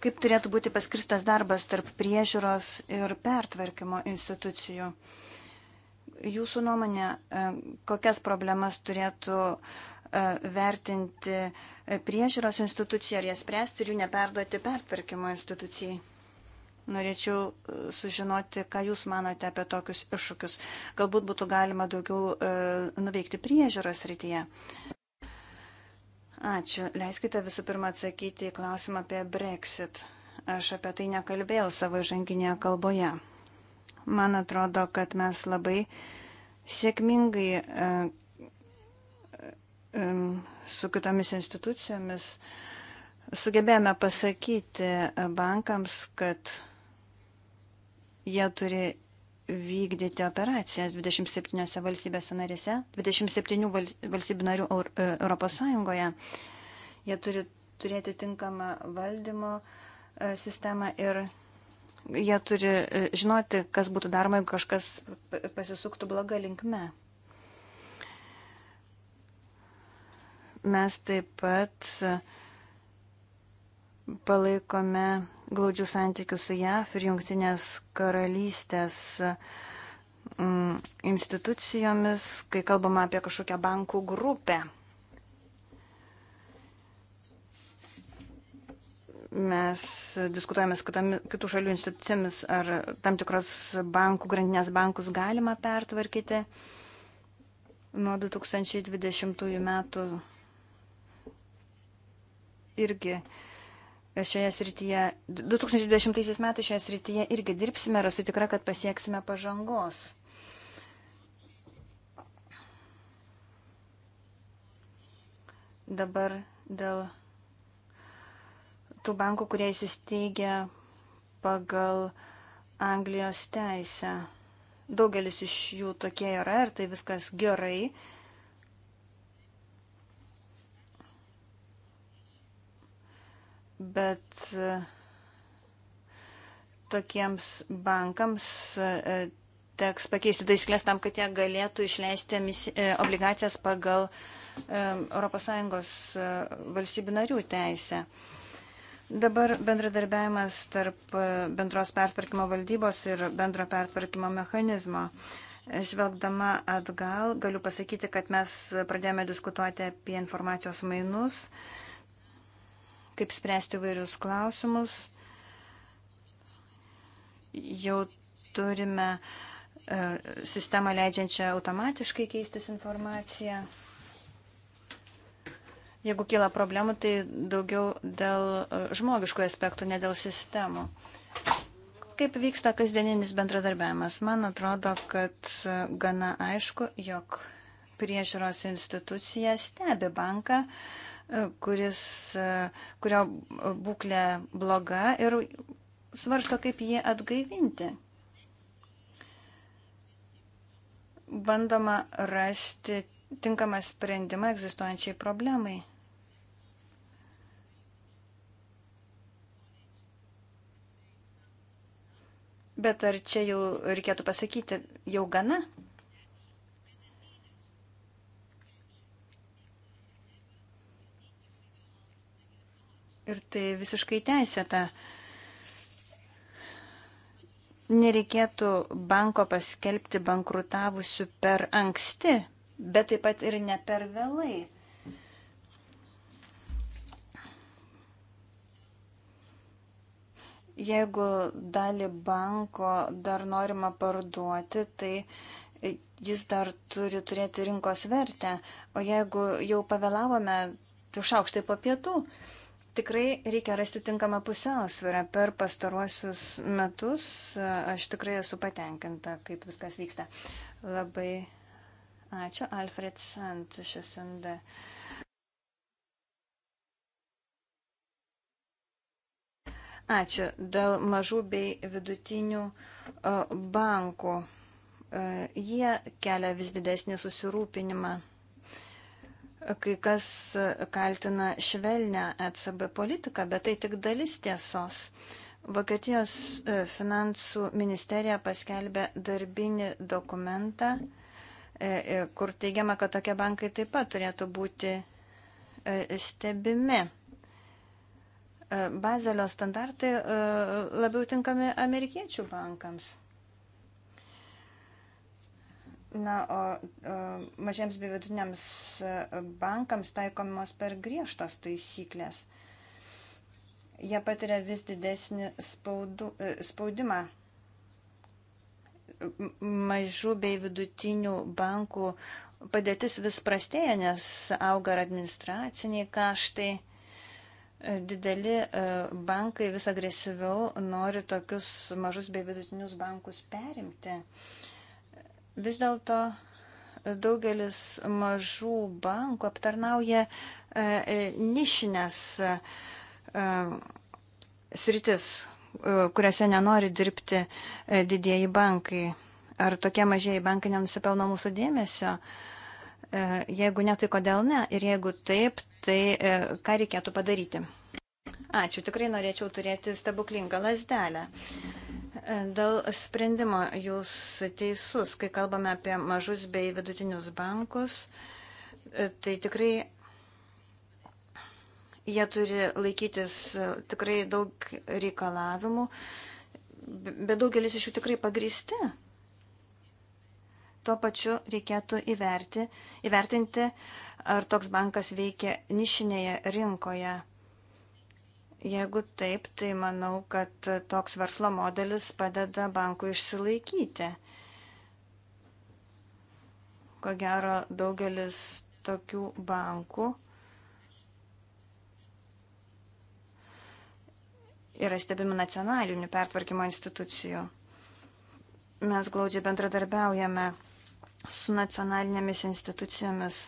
kaip turėtų būti paskirtas darbas tarp priežiūros ir pertvarkymo institucijų. Jūsų nuomonė, e, kokias problemas turėtų e, vertinti e, priežiūros institucija ir jas spręsti ir jų neperduoti pertvarkymo institucijai. Norėčiau sužinoti, ką Jūs manote apie tokius iššūkius. Galbūt būtų galima daugiau nuveikti priežiūros rytyje. Ačiū. Leiskite visų pirma atsakyti į klausimą apie Brexit. Aš apie tai nekalbėjau savo žanginėje kalboje. Man atrodo, kad mes labai sėkmingai e, e, su kitomis institucijomis sugebėjome pasakyti bankams, kad jie turi vykdyti operacijas 27 valstybėse narėse, 27 valstybių narių e, Europos Sąjungoje. Jie turi turėti tinkamą valdymo e, sistemą ir jie turi e, žinoti, kas būtų daroma, jeigu kažkas pasisuktų blaga linkme. Mes taip pat palaikome glaudžių santykių su JAF ir Junktinės karalystės mm, institucijomis, kai kalbama apie kažkokią bankų grupę. Mes diskutuojame su kitų šalių institucijomis, ar tam tikros bankų, grandinės bankus galima pertvarkyti. Nuo 2020 metų irgi uh, šioje srityje, 2020 metais šioje srityje irgi dirbsime ir esu tikra, kad pasieksime pažangos. Dabar dėl tų bankų, kurie įsisteigia pagal Anglijos teisę. Daugelis iš jų tokie yra ir tai viskas gerai. bet e, tokiems bankams e, teks pakeisti taisyklės tam, kad jie galėtų išleisti e, obligacijas pagal ES valstybių narių teisę. Dabar bendradarbiavimas tarp bendros pertvarkymo valdybos ir bendro pertvarkymo mechanizmo. Žvelgdama atgal, galiu pasakyti, kad mes pradėjome diskutuoti apie informacijos mainus. Uh, kaip spręsti vairius klausimus. Jau turime e, sistemą leidžiančią automatiškai keistis informaciją. Jeigu kyla problemų, tai daugiau dėl e, žmogiškų aspektų, ne dėl sistemų. Kaip vyksta kasdieninis bendradarbiavimas? Man atrodo, kad e, gana aišku, jog priežiūros institucija stebi banką, uh, kuris, e, kurio būklė bloga ir svarsto, kaip jį atgaivinti. Bandoma rasti tinkamą sprendimą egzistuojančiai problemai. Bet ar čia jau reikėtų pasakyti, jau gana? Ir tai visiškai teisėta. Nereikėtų banko paskelbti bankrutavusių per anksti, bet taip pat ir ne per vėlai. Jeigu dalį banko dar norima parduoti, tai jis dar turi turėti rinkos vertę, o jeigu jau pavėlavome, tai užaukštai po pietų. Uh, Tikrai reikia rasti tinkamą pusiausvyrą. Per pastaruosius metus e, aš tikrai esu patenkinta, kaip viskas vyksta. Labai ačiū, Alfred Sant iš SND. Ačiū dėl mažų bei vidutinių e, bankų. E, jie kelia vis didesnį susirūpinimą. Kai kas kaltina švelnę ECB politiką, bet tai tik dalis tiesos. Vokietijos e, finansų ministerija paskelbė darbinį dokumentą, e, e, kur teigiama, kad tokie bankai taip pat turėtų būti stebimi. Bazelio standartai labiau tinkami amerikiečių bankams. Na, o, o mažiems bei vidutiniams e, bankams taikomos per griežtos taisyklės. Jie patiria vis didesnį spaudu, e, spaudimą. Mažų bei vidutinių bankų padėtis vis prastėja, nes auga ir administraciniai kaštai. E, dideli bankai vis agresyviau nori tokius mažus bei vidutinius bankus perimti. Uh, Vis dėlto e, daugelis mažų bankų aptarnauja e, e, nišinės sritis, kuriuose nenori dirbti didieji bankai. Ar tokie mažieji bankai nenusipelno mūsų dėmesio? Jeigu ne, tai kodėl ne? Ir jeigu taip, tai ką reikėtų padaryti? Ačiū, tikrai norėčiau turėti stebuklingą lasdelę. Dėl sprendimo jūs teisus, kai kalbame apie mažus bei vidutinius bankus, e, tai tikrai jie turi laikytis e, tikrai daug reikalavimų, bet daugelis iš jų tikrai pagristi. Tuo pačiu reikėtų įverti, įvertinti, ar toks bankas veikia nišinėje rinkoje. Jeigu taip, tai manau, kad toks verslo modelis padeda bankui išsilaikyti. Ko gero, daugelis tokių bankų yra stebimi nacionalinių pertvarkymo institucijų. Mes glaudžiai bendradarbiaujame su nacionalinėmis institucijomis.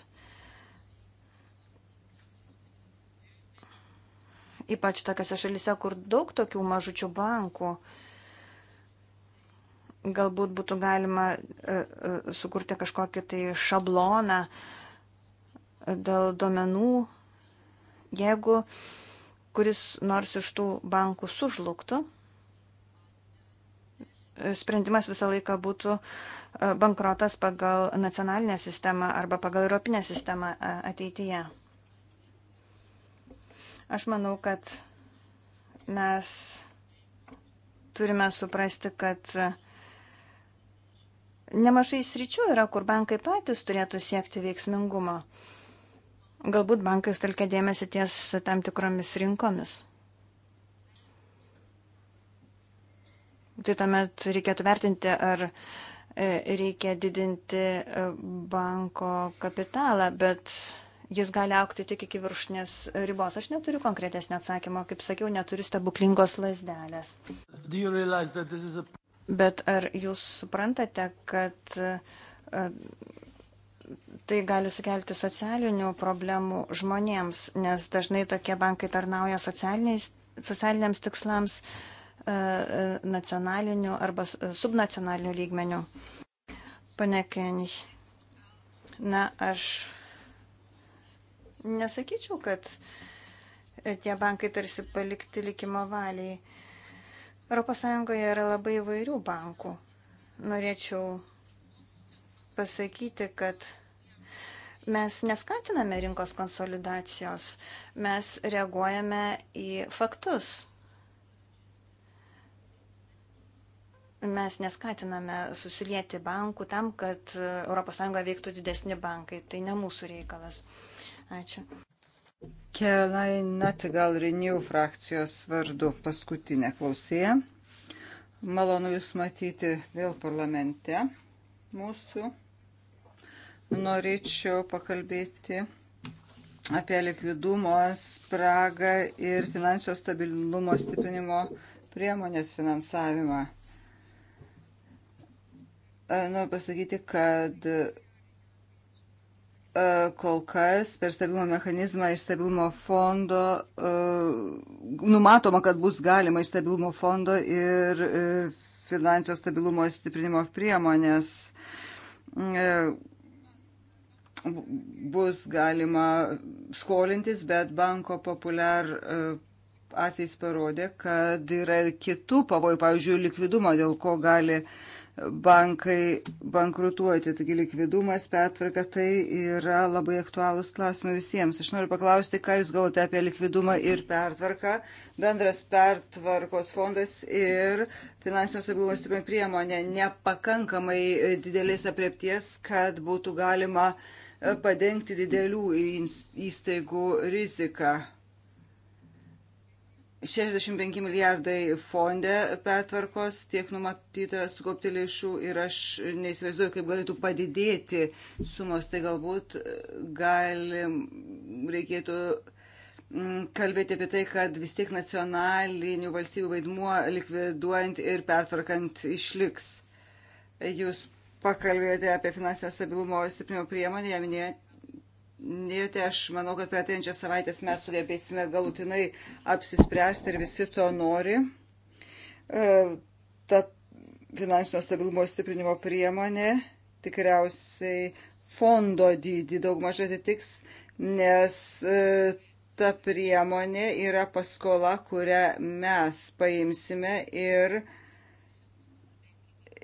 Ypač tokiose šalise, kur daug tokių mažučių bankų. Galbūt būtų galima e, e, sukurti kažkokį tai šabloną e, dėl domenų. Jeigu kuris nors iš tų bankų sužlugtų, sprendimas visą laiką būtų bankrotas pagal nacionalinę sistemą arba pagal europinę sistemą ateityje. Aš manau, kad mes turime suprasti, kad nemažai sričių yra, kur bankai patys turėtų siekti veiksmingumo. Galbūt bankai sutelkia dėmesį ties tam tikromis rinkomis. Tai tuomet reikėtų vertinti, ar e, reikia didinti e, banko kapitalą, bet jis gali aukti tik iki viršutinės ribos. Aš neturiu konkretesnio atsakymo, kaip sakiau, neturiu stebuklingos lasdelės. A... Bet ar jūs suprantate, kad e, tai gali sukelti socialinių problemų žmonėms, nes dažnai tokie bankai tarnauja socialiniams tikslams e, e, nacionaliniu arba subnacionaliniu lygmeniu. Pane Kenich, na, aš Nesakyčiau, kad tie bankai tarsi palikti likimo valiai. ES yra labai įvairių bankų. Norėčiau pasakyti, kad mes neskatiname rinkos konsolidacijos, mes reaguojame į faktus. Mes neskatiname susilieti bankų tam, kad ES veiktų didesni bankai. Tai ne mūsų reikalas. Ačiū. Kelainat gal Renew frakcijos vardu paskutinę klausėją. Malonu Jūs matyti vėl parlamente mūsų. Norėčiau pakalbėti apie likvidumo spragą ir finansinio stabilumo stiprinimo priemonės finansavimą. Noriu pasakyti, kad E, kol kas per stabilumo mechanizmą iš stabilumo fondo e, numatoma, kad bus galima iš stabilumo fondo ir e, finansinio stabilumo stiprinimo priemonės bus galima skolintis, bet banko populiar atvejs parodė, kad yra ir kitų pavojų, pavyzdžiui, likvidumo, dėl ko gali uh, bankai bankrutuoti. Taigi likvidumas, pertvarka tai yra labai aktualūs klausimai visiems. Aš noriu paklausti, ką Jūs galvote apie likvidumą ir pertvarką, bendras pertvarkos fondas ir finansinio stabilumo stiprinimo priemonė nepakankamai didelės apriepties, kad būtų galima padengti didelių įstaigų riziką. 65 milijardai fonde pertvarkos tiek numatyta sukaupti lėšų ir aš neįsivaizduoju, kaip galėtų padidėti sumos, tai galbūt e, galim, reikėtų mm, kalbėti apie tai, kad vis tiek nacionalinių valstybių vaidmuo likviduojant ir pertvarkant išliks. Jūs pakalbėjote apie finansinio stabilumo stiprinimo priemonę, ją minėjote minėjote, aš manau, kad per ateinančią savaitę mes sugebėsime galutinai apsispręsti ir visi to nori. E, ta finansinio stabilumo stiprinimo priemonė tikriausiai fondo dydį daug mažai atitiks, nes e, ta priemonė yra paskola, kurią mes paimsime ir uh,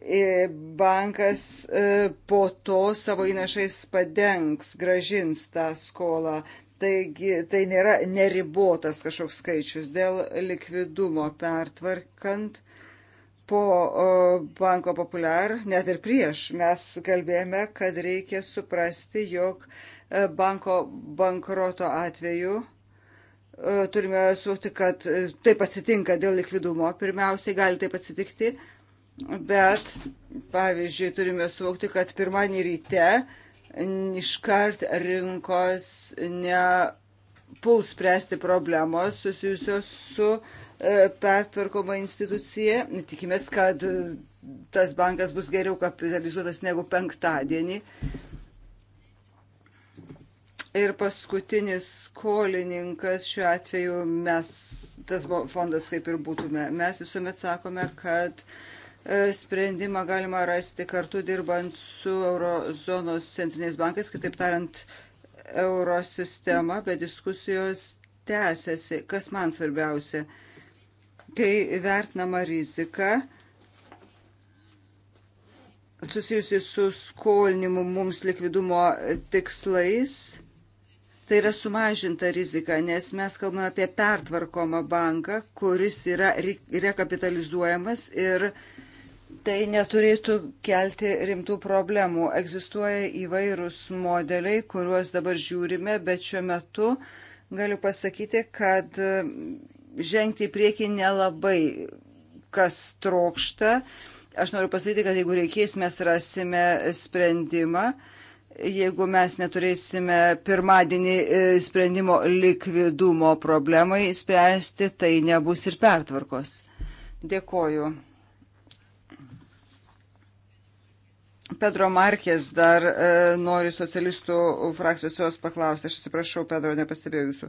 E, bankas e, po to savo įnašais padengs, gražins tą skolą. Taigi tai nėra neribotas kažkoks skaičius dėl likvidumo pertvarkant po e, banko populiar, net ir prieš, mes kalbėjome, kad reikia suprasti, jog banko bankroto atveju turime suvokti, kad taip atsitinka dėl likvidumo. Pirmiausiai gali taip atsitikti, bet, pavyzdžiui, turime suvokti, kad pirmąjį ryte iškart rinkos nepuls spręsti problemos susijusios su e, pertvarkoma institucija. Tikimės, kad tas bankas bus geriau kapitalizuotas negu penktadienį. Ir paskutinis skolininkas šiuo atveju mes, tas fondas kaip ir būtume, mes visuomet sakome, kad uh, E, sprendimą galima rasti kartu dirbant su Eurozonos centriniais bankais, kitaip tariant, eurosistema, bet diskusijos tęsiasi. Kas man svarbiausia? Kai vertinama rizika, susijusi su skolinimu mums likvidumo tikslais. Tai yra sumažinta rizika, nes mes kalbame apie pertvarkomą banką, kuris yra rekapitalizuojamas ir uh, tai neturėtų kelti rimtų problemų. Egzistuoja įvairūs modeliai, kuriuos dabar žiūrime, bet šiuo metu galiu pasakyti, kad e, žengti į priekį nelabai kas trokšta. Aš noriu pasakyti, kad jeigu reikės, mes rasime sprendimą. Jeigu mes neturėsime pirmadienį e, sprendimo likvidumo problemai spręsti, tai nebus ir pertvarkos. Dėkoju. Pedro Markės dar e, nori socialistų frakcijos jos paklausti. Aš atsiprašau, Pedro, nepastebėjau jūsų.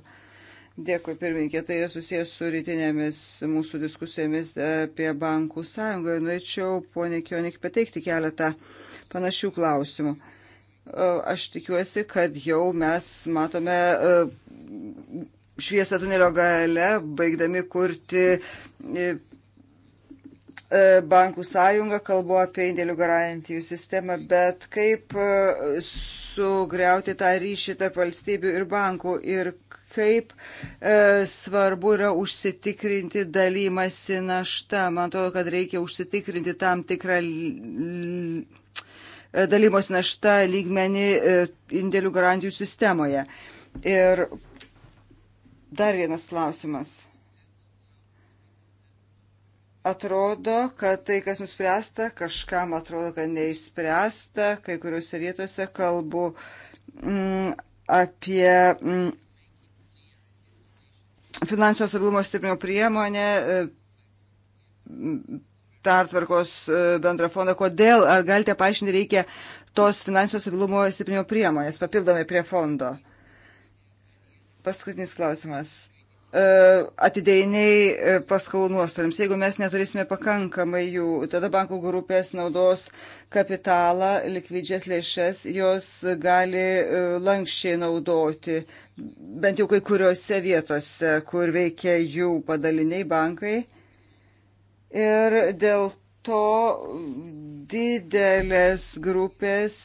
Dėkui, pirmininkė. Tai yra susijęs su rytinėmis mūsų diskusijomis apie bankų sąjungą. Norėčiau, ponė Kionik, pateikti keletą panašių klausimų. E, aš tikiuosi, kad jau mes matome e, šviesą tunelio gale, baigdami kurti e, E, bankų sąjungą, kalbu apie indėlių garantijų sistemą, bet kaip e, sugriauti tą ryšį tarp valstybių ir bankų ir kaip e, svarbu yra užsitikrinti dalymasi naštą. Man atrodo, kad reikia užsitikrinti tam tikrą dalymos naštą lygmenį e, indėlių garantijų sistemoje. Ir dar vienas klausimas atrodo, kad tai, kas nuspręsta, kažkam atrodo, kad neišspręsta, kai kuriuose vietose kalbu m, mm, apie m, mm, finansinio stabilumo stiprinimo priemonę, e, pertvarkos e, bendrą fondą. Kodėl, ar galite paaiškinti, reikia tos finansinio stabilumo stiprinimo priemonės papildomai prie fondo? Paskutinis klausimas E, atidėjiniai e, paskolų nuostoliams. Jeigu mes neturėsime pakankamai jų, tada bankų grupės naudos kapitalą, likvidžias lėšas, jos gali e, lankščiai naudoti, bent jau kai kuriuose vietose, kur veikia jų padaliniai bankai. Ir dėl to didelės grupės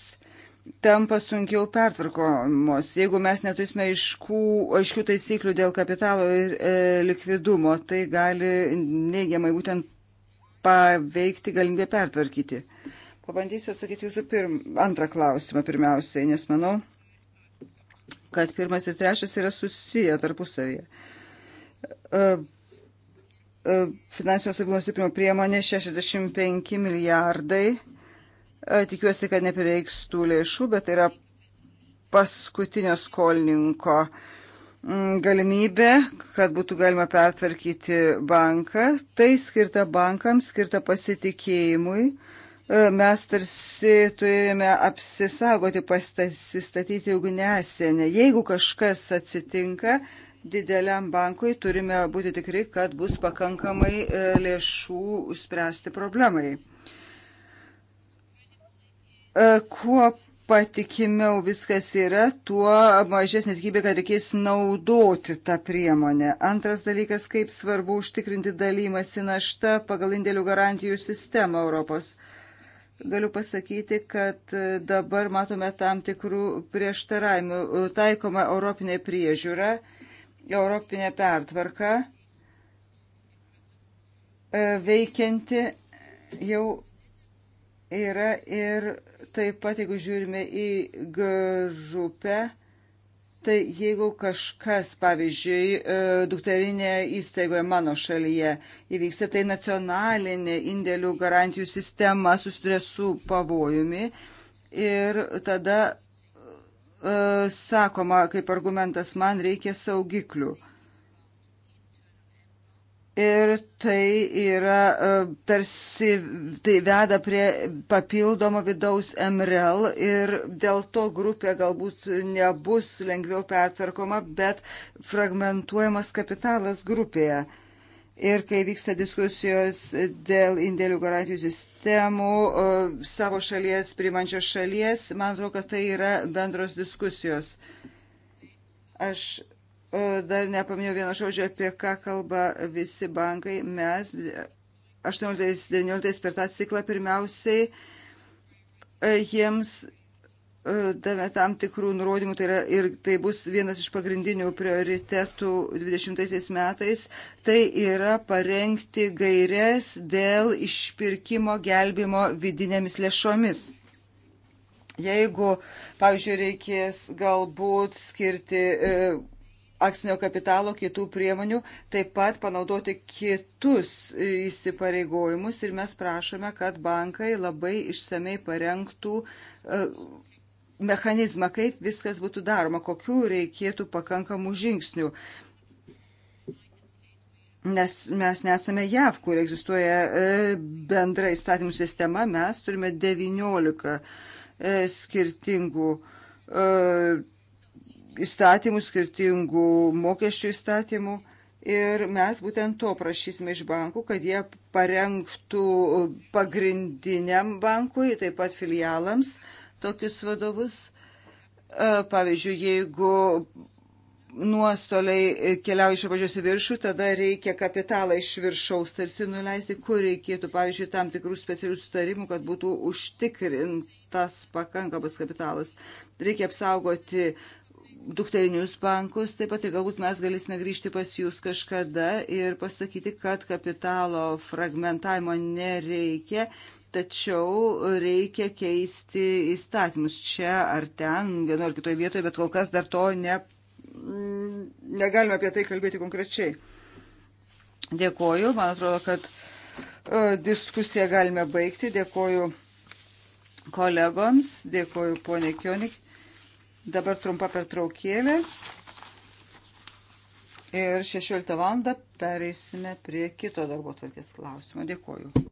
tampa sunkiau pertvarkomos. Jeigu mes neturėsime aiškų, aiškių taisyklių dėl kapitalo ir e, likvidumo, tai gali neigiamai būtent paveikti galimybę pertvarkyti. Pabandysiu atsakyti jūsų pirm, antrą klausimą pirmiausiai, nes manau, kad pirmas ir trečias yra susiję tarpusavyje. E, e, Finansinio stabilumo stiprimo priemonė 65 milijardai E, tikiuosi, kad neprireiks tų lėšų, bet tai yra paskutinio skolininko mm, galimybė, kad būtų galima pertvarkyti banką. Tai skirta bankams, skirta pasitikėjimui. E, mes tarsi turime apsisaugoti, pasistatyti ugnesienę. Jeigu kažkas atsitinka, dideliam bankui turime būti tikri, kad bus pakankamai e, lėšų spręsti problemai. E, kuo patikimiau viskas yra, tuo mažesnė tikybė, kad reikės naudoti tą priemonę. Antras dalykas, kaip svarbu užtikrinti dalymasi naštą pagal indėlių garantijų sistemą Europos. Galiu pasakyti, kad dabar matome tam tikrų prieštaravimų. Taikoma Europinė priežiūra, Europinė pertvarka e, veikianti jau yra ir taip pat, jeigu žiūrime į grupę, tai jeigu kažkas, pavyzdžiui, e, dukterinė įstaigoje mano šalyje įvyksta, tai nacionalinė indėlių garantijų sistema susiduria su pavojumi ir tada e, sakoma, kaip argumentas, man reikia saugiklių. Ir tai yra e, tarsi, tai veda prie papildomo vidaus MRL ir dėl to grupė galbūt nebus lengviau pertvarkoma, bet fragmentuojamas kapitalas grupėje. Ir kai vyksta diskusijos dėl indėlių garantijų sistemų e, savo šalies, primančios šalies, man atrodo, kad tai yra bendros diskusijos. Aš E, dar nepaminėjau vieno žodžio, apie ką kalba visi bankai. Mes 18-19 per tą ciklą pirmiausiai e, jiems e, davė tam tikrų nurodymų, tai yra ir tai bus vienas iš pagrindinių prioritetų 20 metais, tai yra parengti gairias dėl išpirkimo gelbimo vidinėmis lėšomis. Jeigu, pavyzdžiui, reikės galbūt skirti akcinio kapitalo, kitų priemonių, taip pat panaudoti kitus įsipareigojimus ir mes prašome, kad bankai labai išsamei parengtų e, mechanizmą, kaip viskas būtų daroma, kokių reikėtų pakankamų žingsnių. Nes mes nesame JAV, kur egzistuoja e, bendra įstatymų sistema, mes turime 19 e, skirtingų įstatymų, skirtingų mokesčių įstatymų. Ir mes būtent to prašysime iš bankų, kad jie parengtų pagrindiniam bankui, taip pat filialams tokius vadovus. E, pavyzdžiui, jeigu nuostoliai keliauja iš apačios į viršų, tada reikia kapitalą iš viršaus tarsi nuleisti, kur reikėtų, pavyzdžiui, tam tikrų specialių sutarimų, kad būtų užtikrintas pakankamas kapitalas. Reikia apsaugoti dukterinius bankus, taip pat ir galbūt mes galėsime grįžti pas jūs kažkada ir pasakyti, kad kapitalo fragmentavimo nereikia, tačiau reikia keisti įstatymus čia ar ten, vieno ar kitoje vietoje, bet kol kas dar to ne, negalime apie tai kalbėti konkrečiai. Dėkoju, man atrodo, kad e, diskusiją galime baigti. Dėkoju kolegoms, dėkoju ponė Kionik. Dabar trumpa pertraukėlė. Ir 16 val. pereisime prie kito darbo tvarkės klausimo. Dėkuoju.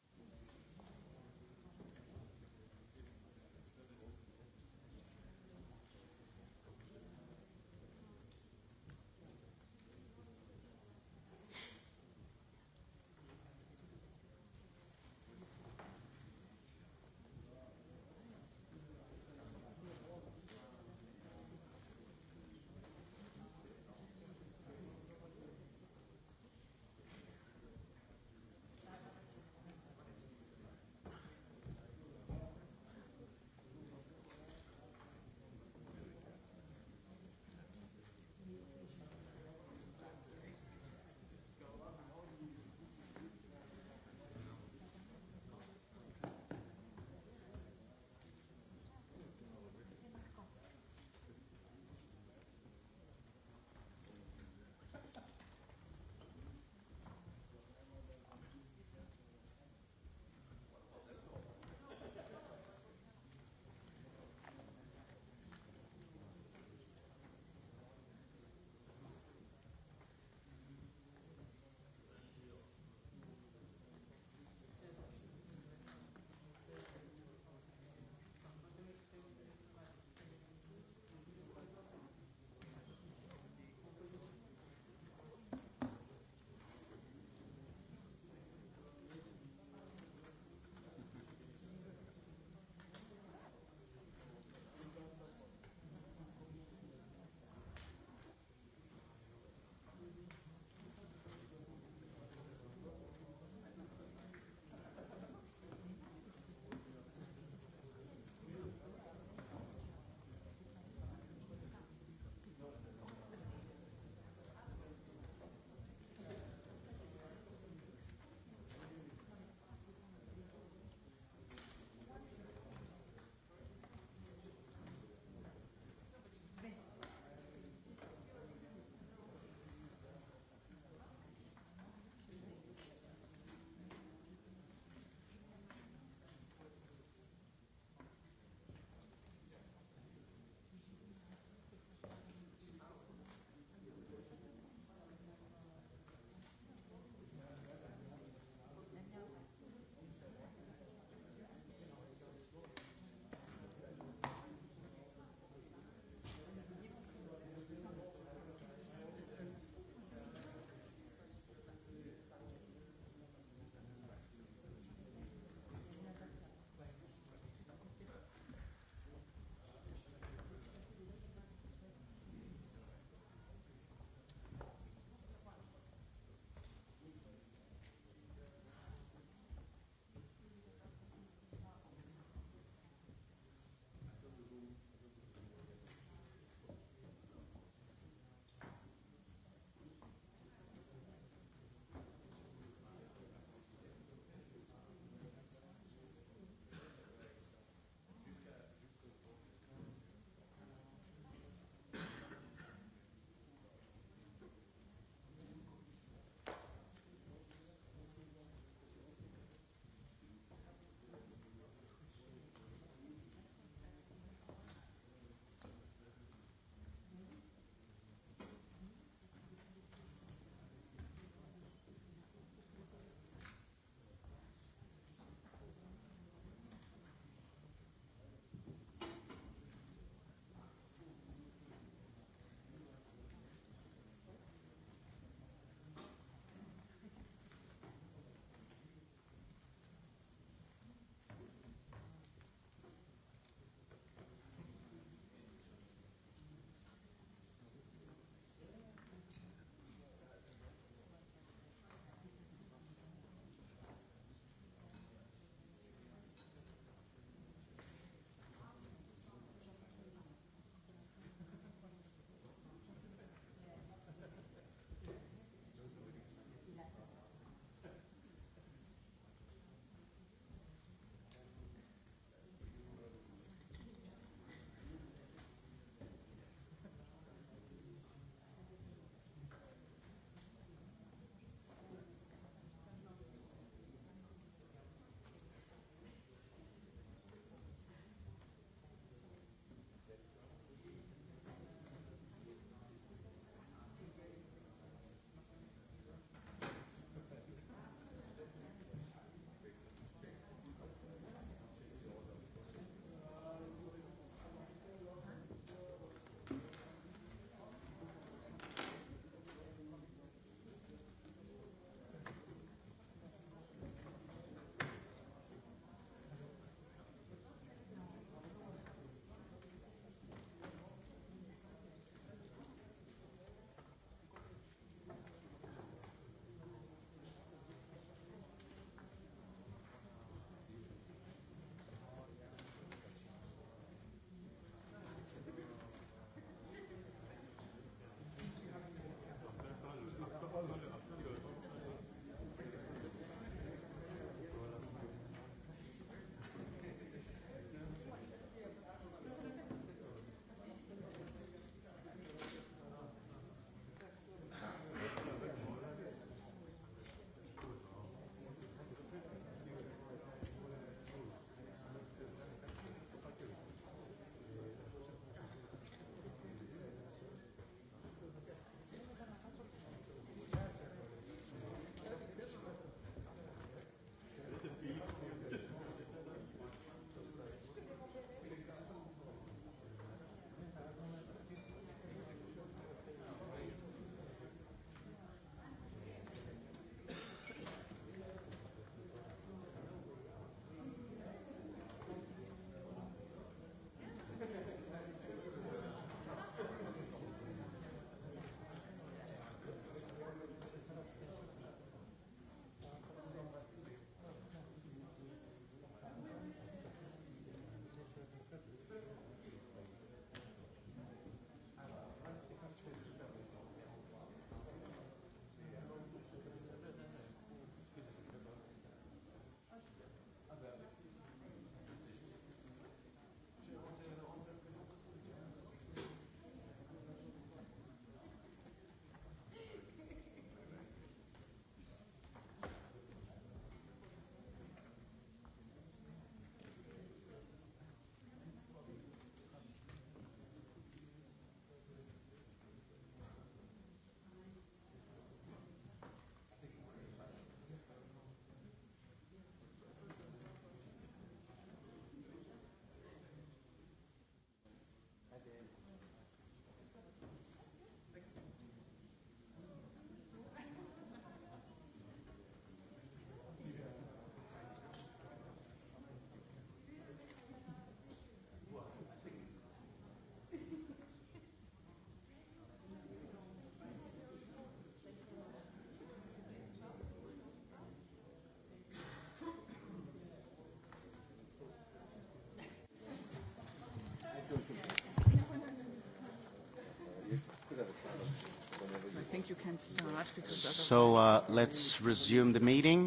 think you can start because otherwise... So uh, let's resume the meeting.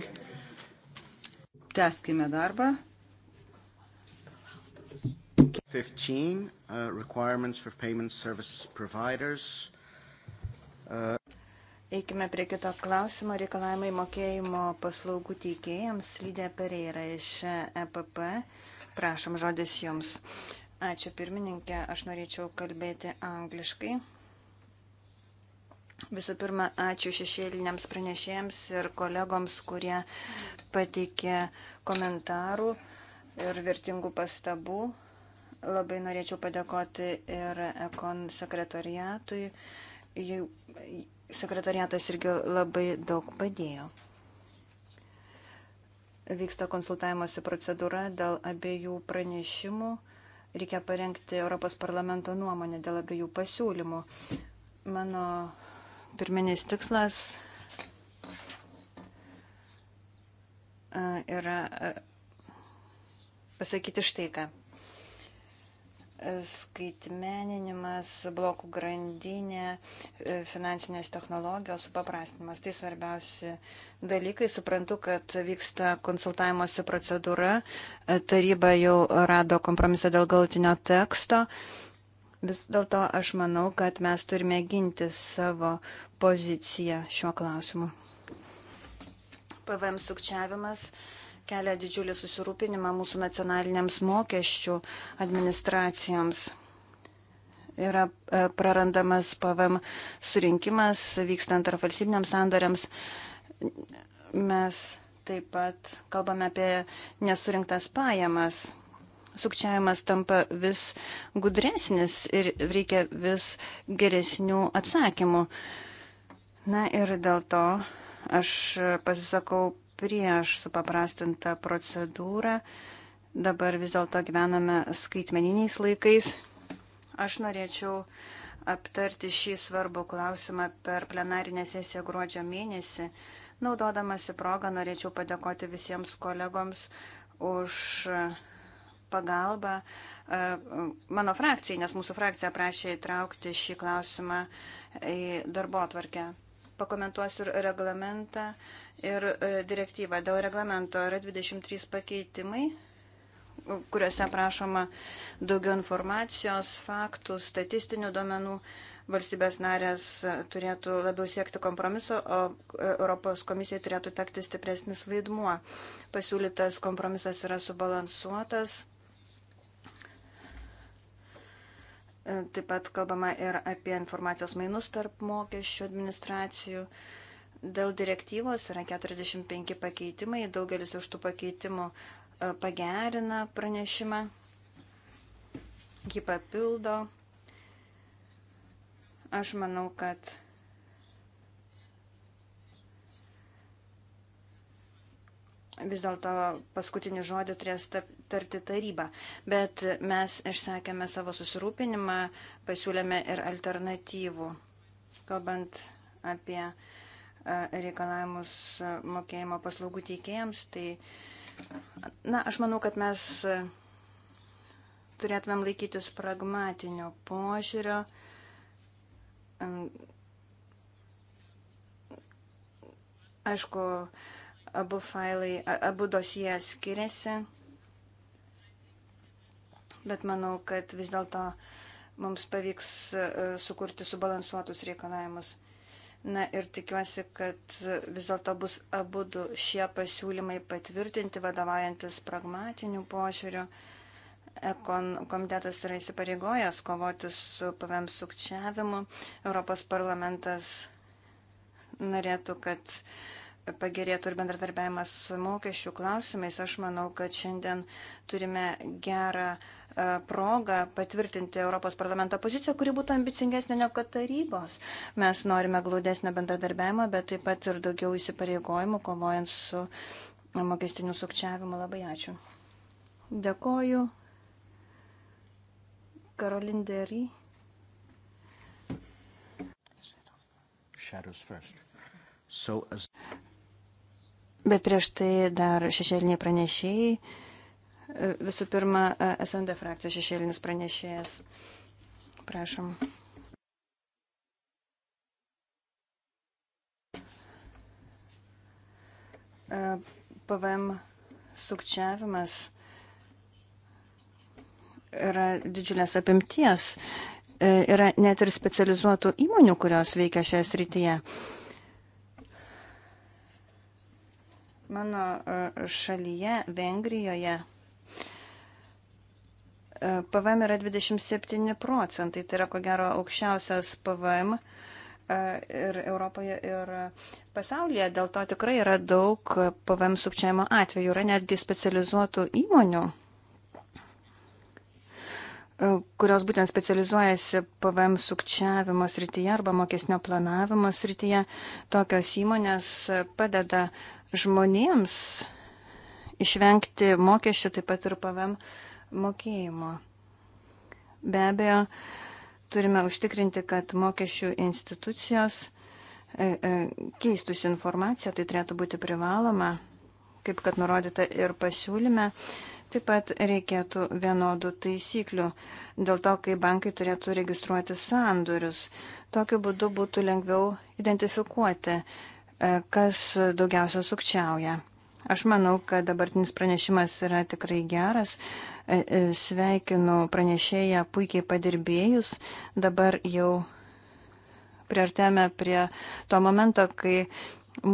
Tęskime darbą. 15 uh, requirements for payment service providers. Uh, Eikime prie kito klausimo. Reikalavimai mokėjimo paslaugų teikėjams. Lydė Pereira iš uh, EPP. Prašom žodis jums. Ačiū pirmininkė. Aš norėčiau kalbėti angliškai. Visų pirma, ačiū šešėliniams pranešėjams ir kolegoms, kurie pateikė komentarų ir vertingų pastabų. Labai norėčiau padėkoti ir Ekon sekretariatui. Jų sekretariatas irgi labai daug padėjo. Vyksta konsultavimosi procedūra dėl abiejų pranešimų. Reikia parengti Europos parlamento nuomonę dėl abiejų pasiūlymų. Mano Pirminis tikslas e, yra e, pasakyti štai ką. E, skaitmeninimas, blokų grandinė, finansinės technologijos supaprastinimas. Tai svarbiausi dalykai. Suprantu, kad vyksta konsultavimosi procedūra. Taryba jau rado kompromisą dėl galutinio teksto. Uh, Vis dėlto aš manau, kad mes turime ginti savo poziciją šiuo klausimu. PVM sukčiavimas kelia didžiulį susirūpinimą mūsų nacionaliniams mokesčių administracijoms. Yra e, prarandamas PVM surinkimas vykstant ar valstybiniams sandoriams. Mes taip pat kalbame apie nesurinktas pajamas sukčiavimas tampa vis gudresnis ir reikia vis geresnių atsakymų. Na ir dėl to aš pasisakau prieš supaprastintą procedūrą. Dabar vis dėlto gyvename skaitmeniniais laikais. Aš norėčiau aptarti šį svarbų klausimą per plenarinę sesiją gruodžio mėnesį. Naudodamasi progą norėčiau padėkoti visiems kolegoms už pagalbą e, mano frakcijai, nes mūsų frakcija prašė įtraukti šį klausimą į darbo atvarkę. Pakomentuosiu ir reglamentą ir e, direktyvą. Dėl reglamento yra 23 pakeitimai kuriuose prašoma daugiau informacijos, faktų, statistinių duomenų. Valstybės narės turėtų labiau siekti kompromiso, o e, Europos komisijai turėtų tekti stipresnis vaidmuo. Pasiūlytas kompromisas yra subalansuotas Taip pat kalbama ir apie informacijos mainus tarp mokesčių administracijų. Dėl direktyvos yra 45 pakeitimai, daugelis iš tų pakeitimų e, pagerina pranešimą, jį papildo. Aš manau, kad vis dėlto paskutinį žodį turės tarti tarybą. Bet mes išsakėme savo susirūpinimą, pasiūlėme ir alternatyvų, kalbant apie e, reikalavimus mokėjimo paslaugų teikėjams. Tai, na, aš manau, kad mes turėtumėm laikytis pragmatinio požiūrio aišku, abu failai, abu dosijas skiriasi bet manau, kad vis dėlto mums pavyks e, sukurti subalansuotus reikalavimus. Na ir tikiuosi, kad vis dėlto bus abu du šie pasiūlymai patvirtinti, vadovaujantis pragmatiniu požiūriu. Ekon komitetas yra įsipareigojęs kovoti su pavėm sukčiavimu. Europos parlamentas norėtų, kad pagerėtų ir bendradarbiavimas mokesčių klausimais. Aš manau, kad šiandien turime gerą E, progą patvirtinti Europos parlamento poziciją, kuri būtų ambicingesnė negu kad tarybos. Mes norime glaudesnio bendradarbiavimo, bet taip pat ir daugiau įsipareigojimų, kovojant su mokestiniu sukčiavimu. Labai ačiū. Dėkoju. Karolin Derry. Bet prieš tai dar šešėliniai pranešėjai Visų pirma, SND frakcijos šešėlinis pranešėjas. Prašom. E, PVM sukčiavimas yra didžiulės apimties. E, yra net ir specializuotų įmonių, kurios veikia šioje srityje. Mano e, šalyje, Vengrijoje, PVM yra 27 procentai, tai yra ko gero aukščiausias PVM e, ir Europoje, ir pasaulyje. Dėl to tikrai yra daug PVM sukčiavimo atvejų, yra netgi specializuotų įmonių e, kurios būtent specializuojasi PVM sukčiavimo srityje arba mokesnio planavimo srityje. Tokios įmonės padeda žmonėms išvengti mokesčių, taip pat ir PVM uh, mokėjimo. Be abejo, turime užtikrinti, kad mokesčių institucijos e, e, keistųsi informaciją, tai turėtų būti privaloma, kaip kad nurodyta ir pasiūlyme. Taip pat reikėtų vienodų taisyklių dėl to, kai bankai turėtų registruoti sandorius. Tokiu būdu būtų lengviau identifikuoti, e, kas daugiausia sukčiauja. Aš manau, kad dabartinis pranešimas yra tikrai geras. E, e, sveikinu pranešėją puikiai padirbėjus. Dabar jau priartėme prie to momento, kai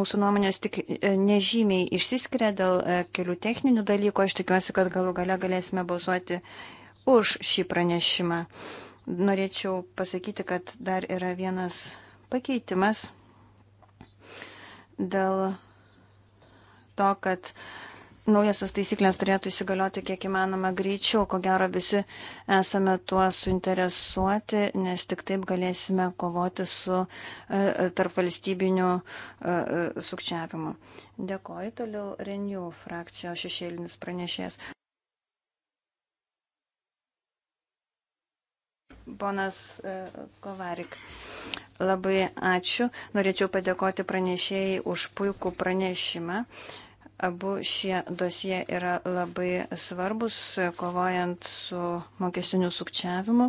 mūsų nuomonės tik e, nežymiai išsiskiria dėl kelių techninių dalykų. Aš tikiuosi, kad galų gale galėsime balsuoti už šį pranešimą. Norėčiau pasakyti, kad dar yra vienas pakeitimas dėl to, kad naujasios taisyklės turėtų įsigalioti kiek įmanoma greičiau. Ko gero visi esame tuo suinteresuoti, nes tik taip galėsime kovoti su e, e, tarpvalstybiniu e, sukčiavimu. Dėkoju toliau Renew frakcijos šešėlinis pranešėjas. Ponas Kovarik. Labai ačiū. Norėčiau padėkoti pranešėjai už puikų pranešimą. Uh, Abu šie dosie yra labai svarbus, kovojant su mokestiniu sukčiavimu.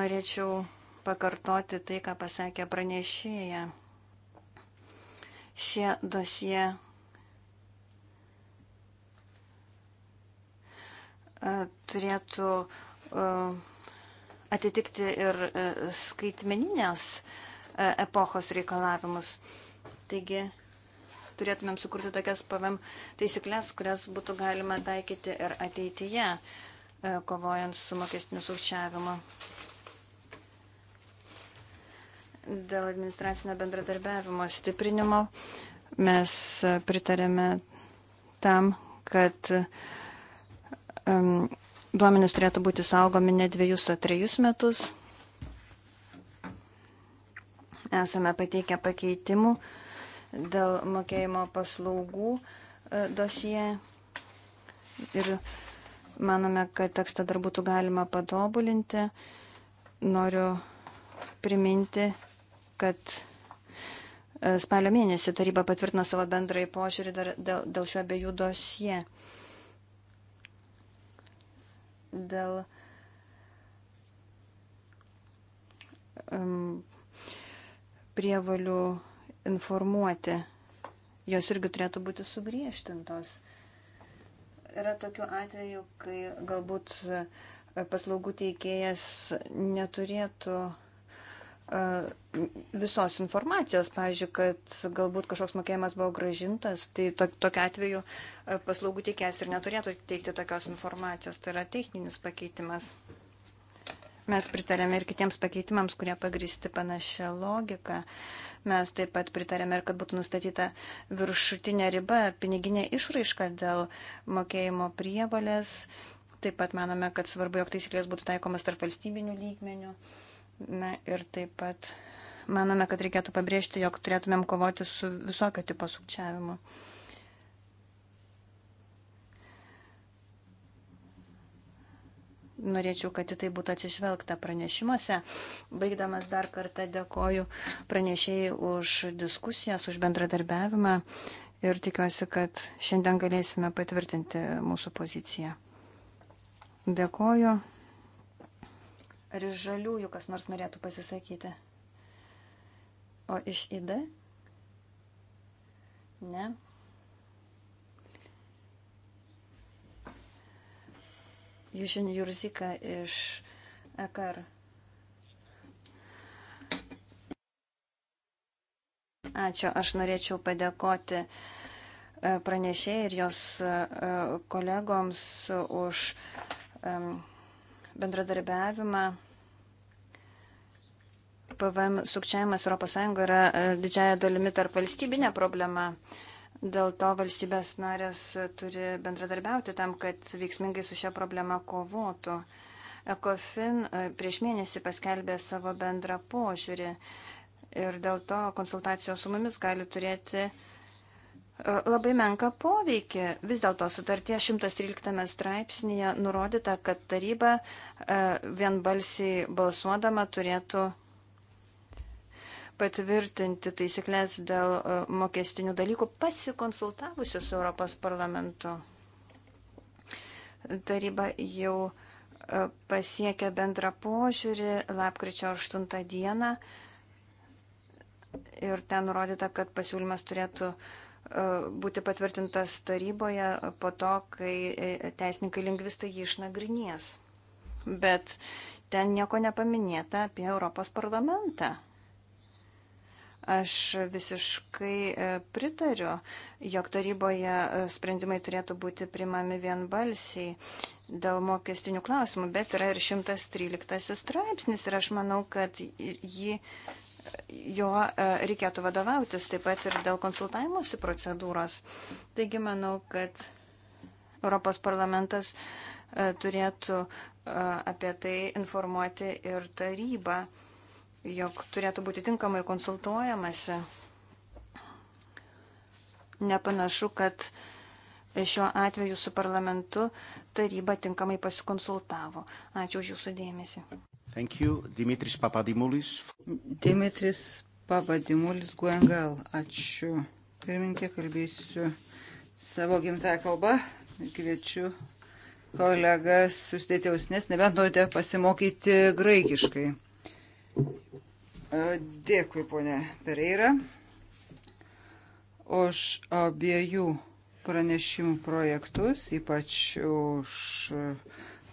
Norėčiau pakartoti tai, ką pasakė pranešėja. Šie dosie e, turėtų e, atitikti ir e, skaitmeninės epochos reikalavimus. Taigi, turėtumėm sukurti tokias PVM taisyklės, kurias būtų galima taikyti ir ateityje, e, kovojant su mokestiniu sukčiavimu. Dėl administracinio bendradarbiavimo stiprinimo mes pritarėme tam, kad um, duomenys turėtų būti saugomi ne dviejus, o trejus metus. Esame pateikę pakeitimų, uh, dėl mokėjimo paslaugų e, dosie. Ir manome, kad tekstą dar būtų galima patobulinti. Noriu priminti, kad e, spalio mėnesį taryba patvirtino savo bendrąjį požiūrį dėl, dėl šio abiejų dosie. Dėl um, prievalių informuoti. Jos irgi turėtų būti sugriežtintos. Yra tokių atvejų, kai galbūt e, paslaugų teikėjas neturėtų e, visos informacijos, pavyzdžiui, kad galbūt kažkoks mokėjimas buvo gražintas, tai to, tokiu atveju e, paslaugų teikėjas ir neturėtų teikti tokios informacijos, tai yra techninis pakeitimas. Mes pritarėme ir kitiems pakeitimams, kurie pagristi panašią logiką. Mes taip pat pritarėme ir kad būtų nustatyta viršutinė riba, piniginė išraiška dėl mokėjimo prievalės. Taip pat manome, kad svarbu, jog taisyklės būtų taikomas tarp valstybinių lygmenių. Na ir taip pat manome, kad reikėtų pabrėžti, jog turėtumėm kovoti su visokio tipo sukčiavimu. Norėčiau, kad į tai būtų atsižvelgta pranešimuose. Baigdamas dar kartą dėkoju pranešėjai už diskusijas, už bendradarbiavimą ir tikiuosi, kad šiandien galėsime patvirtinti mūsų poziciją. Dėkoju. Ar iš žaliųjų kas nors norėtų pasisakyti? O iš ID? Ne. Jūžin Jurzika iš EKR. Ačiū, aš norėčiau padėkoti e, pranešėjai ir jos e, kolegoms už bendradarbiavimą. PVM sukčiavimas ES yra e, didžiaja dalimi tarp valstybinė problema. Dėl to valstybės narės turi bendradarbiauti tam, kad veiksmingai su šia problema kovotų. ECOFIN e, prieš mėnesį paskelbė savo bendrą požiūrį ir dėl to konsultacijos su mumis gali turėti e, labai menka poveikį. Vis dėlto sutarties 113 straipsnėje nurodyta, kad taryba e, vienbalsiai balsuodama turėtų patvirtinti taisyklės dėl e, mokestinių dalykų pasikonsultavusi su Europos parlamentu. Taryba jau e, pasiekė bendrą požiūrį lapkričio 8 dieną ir ten nurodyta, kad pasiūlymas turėtų e, būti patvirtintas taryboje po to, kai teisininkai lingvistai jį išnagrinės. Bet ten nieko nepaminėta apie Europos parlamentą. Aš visiškai e, pritariu, jog taryboje e, sprendimai turėtų būti primami vienbalsiai dėl mokestinių klausimų, bet yra ir 113 straipsnis ir aš manau, kad jį, jo e, reikėtų vadovautis taip pat ir dėl konsultavimosi procedūros. Taigi manau, kad Europos parlamentas turėtų apie tai informuoti ir tarybą jog turėtų būti tinkamai konsultuojamasi. Nepanašu, kad šiuo atveju su parlamentu taryba tinkamai pasikonsultavo. Ačiū už jūsų dėmesį. Thank you, Dimitris Papadimulis. Dimitris Papadimulis Guengal. Ačiū. Pirmininkė, kalbėsiu savo gimtąją kalbą. Kviečiu kolegas susidėti ausines, nebent norite pasimokyti graikiškai. Dėkui, ponė Pereira, už abiejų pranešimų projektus, ypač už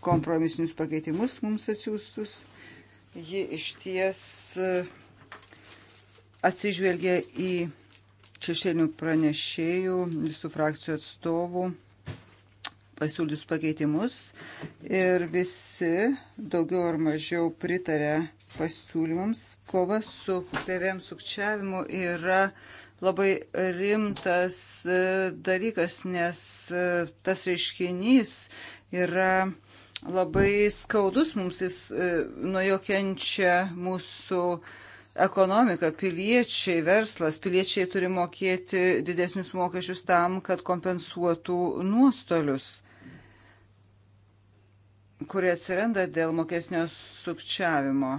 kompromisinius pakeitimus mums atsiūstus. Ji iš ties atsižvelgia į šešėlinių pranešėjų, visų frakcijų atstovų pasiūlytus pakeitimus ir visi daugiau ar mažiau pritarė pasiūlymams. Kova su PVM sukčiavimu yra labai rimtas e, dalykas, nes e, tas reiškinys yra labai skaudus mums, jis e, nuo jo kenčia mūsų ekonomika, piliečiai, verslas, piliečiai turi mokėti didesnius mokesčius tam, kad kompensuotų nuostolius, kurie atsiranda dėl mokesnio sukčiavimo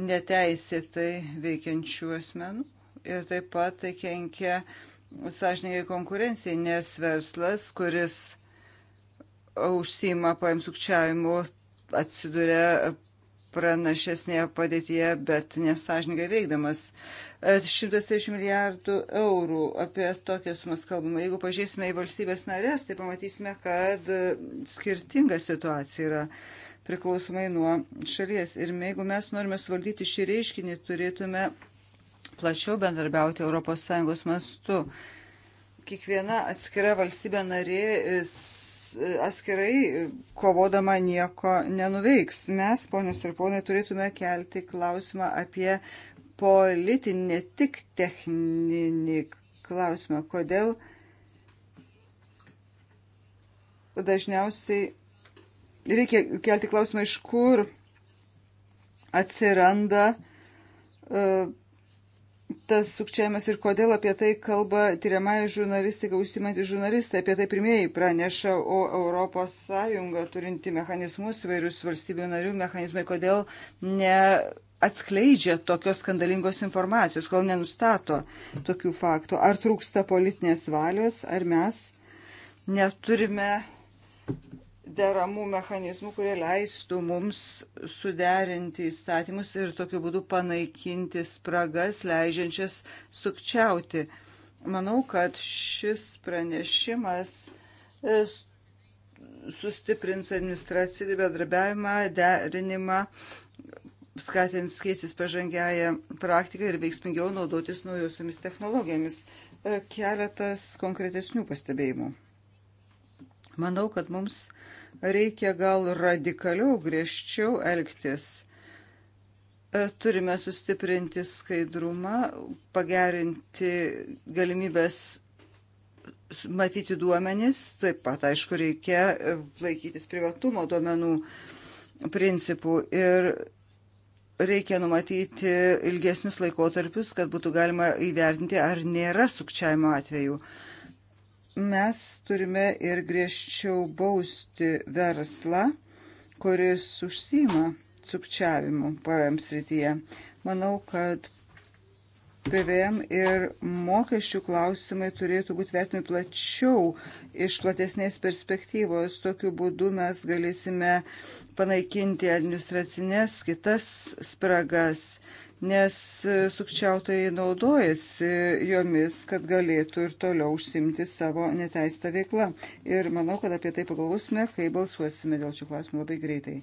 neteisėtai veikiančių asmenų ir taip pat tai kenkia sąžininkai konkurencijai, nes verslas, kuris užsima paėm sukčiavimu, atsiduria pranašesnėje padėtyje, bet nesažininkai veikdamas. 130 e, milijardų eurų apie tokias sumas kalbama. Jeigu pažiūrėsime į valstybės narės, tai pamatysime, kad skirtinga situacija yra priklausomai nuo šalies. Ir jeigu mes norime suvaldyti šį reiškinį, turėtume plačiau bendarbiauti ES mastu. Kiekviena atskira valstybė narė atskirai kovodama nieko nenuveiks. Mes, ponios ir ponai, turėtume kelti klausimą apie politinį, ne tik techninį klausimą. Kodėl dažniausiai reikia kelti klausimą, iš kur atsiranda e, tas sukčiavimas ir kodėl apie tai kalba tyriamai žurnalistika, užsimantys žurnalistai, apie tai pirmieji praneša, o Europos Sąjunga turinti mechanizmus, vairius valstybių narių mechanizmai, kodėl ne atskleidžia tokios skandalingos informacijos, kol nenustato tokių faktų. Ar trūksta politinės valios, ar mes neturime deramų mechanizmų, kurie leistų mums suderinti įstatymus ir tokiu būdu panaikinti spragas, leidžiančias sukčiauti. Manau, kad šis pranešimas e, sustiprins administracinį bedrabiavimą, derinimą, skatins keistis pažangiają praktiką ir veiksmingiau naudotis naujosiomis technologijomis. E, keletas konkretesnių pastebėjimų. Manau, kad mums reikia gal radikaliau, griežčiau elgtis. E, turime sustiprinti skaidrumą, pagerinti galimybės matyti duomenis, taip pat, aišku, reikia laikytis privatumo duomenų principų ir reikia numatyti ilgesnius laikotarpius, kad būtų galima įvertinti, ar nėra sukčiavimo atveju. Uh, mes turime ir griežčiau bausti verslą, kuris užsima sukčiavimu PVM srityje. Manau, kad PVM ir mokesčių klausimai turėtų būti vertinami plačiau iš platesnės perspektyvos. Tokiu būdu mes galėsime uh, panaikinti administracinės kitas spragas, nes sukčiautojai naudojasi jomis, kad galėtų ir toliau užsimti savo neteistą veiklą. Ir manau, kad apie tai pagalvosime, kai balsuosime dėl šių klausimų labai greitai.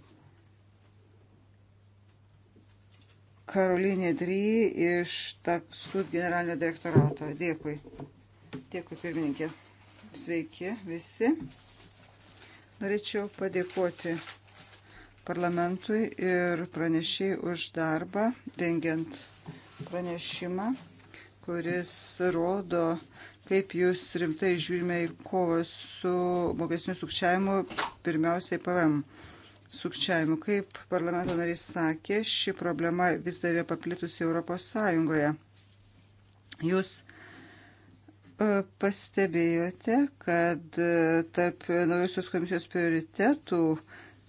Karolinė Dry iš Taksud generalinio direktorato. Dėkui. Dėkui, pirmininkė. Sveiki visi. Norėčiau padėkoti parlamentui ir pranešiai už darbą, rengiant pranešimą, kuris rodo, kaip jūs rimtai žiūrime į kovą su mokesniu sukčiavimu, pirmiausiai PVM sukčiavimu. Kaip parlamento narys sakė, ši problema vis dar yra paplitusi Europos Sąjungoje. Jūs e, pastebėjote, kad e, tarp naujosios komisijos prioritetų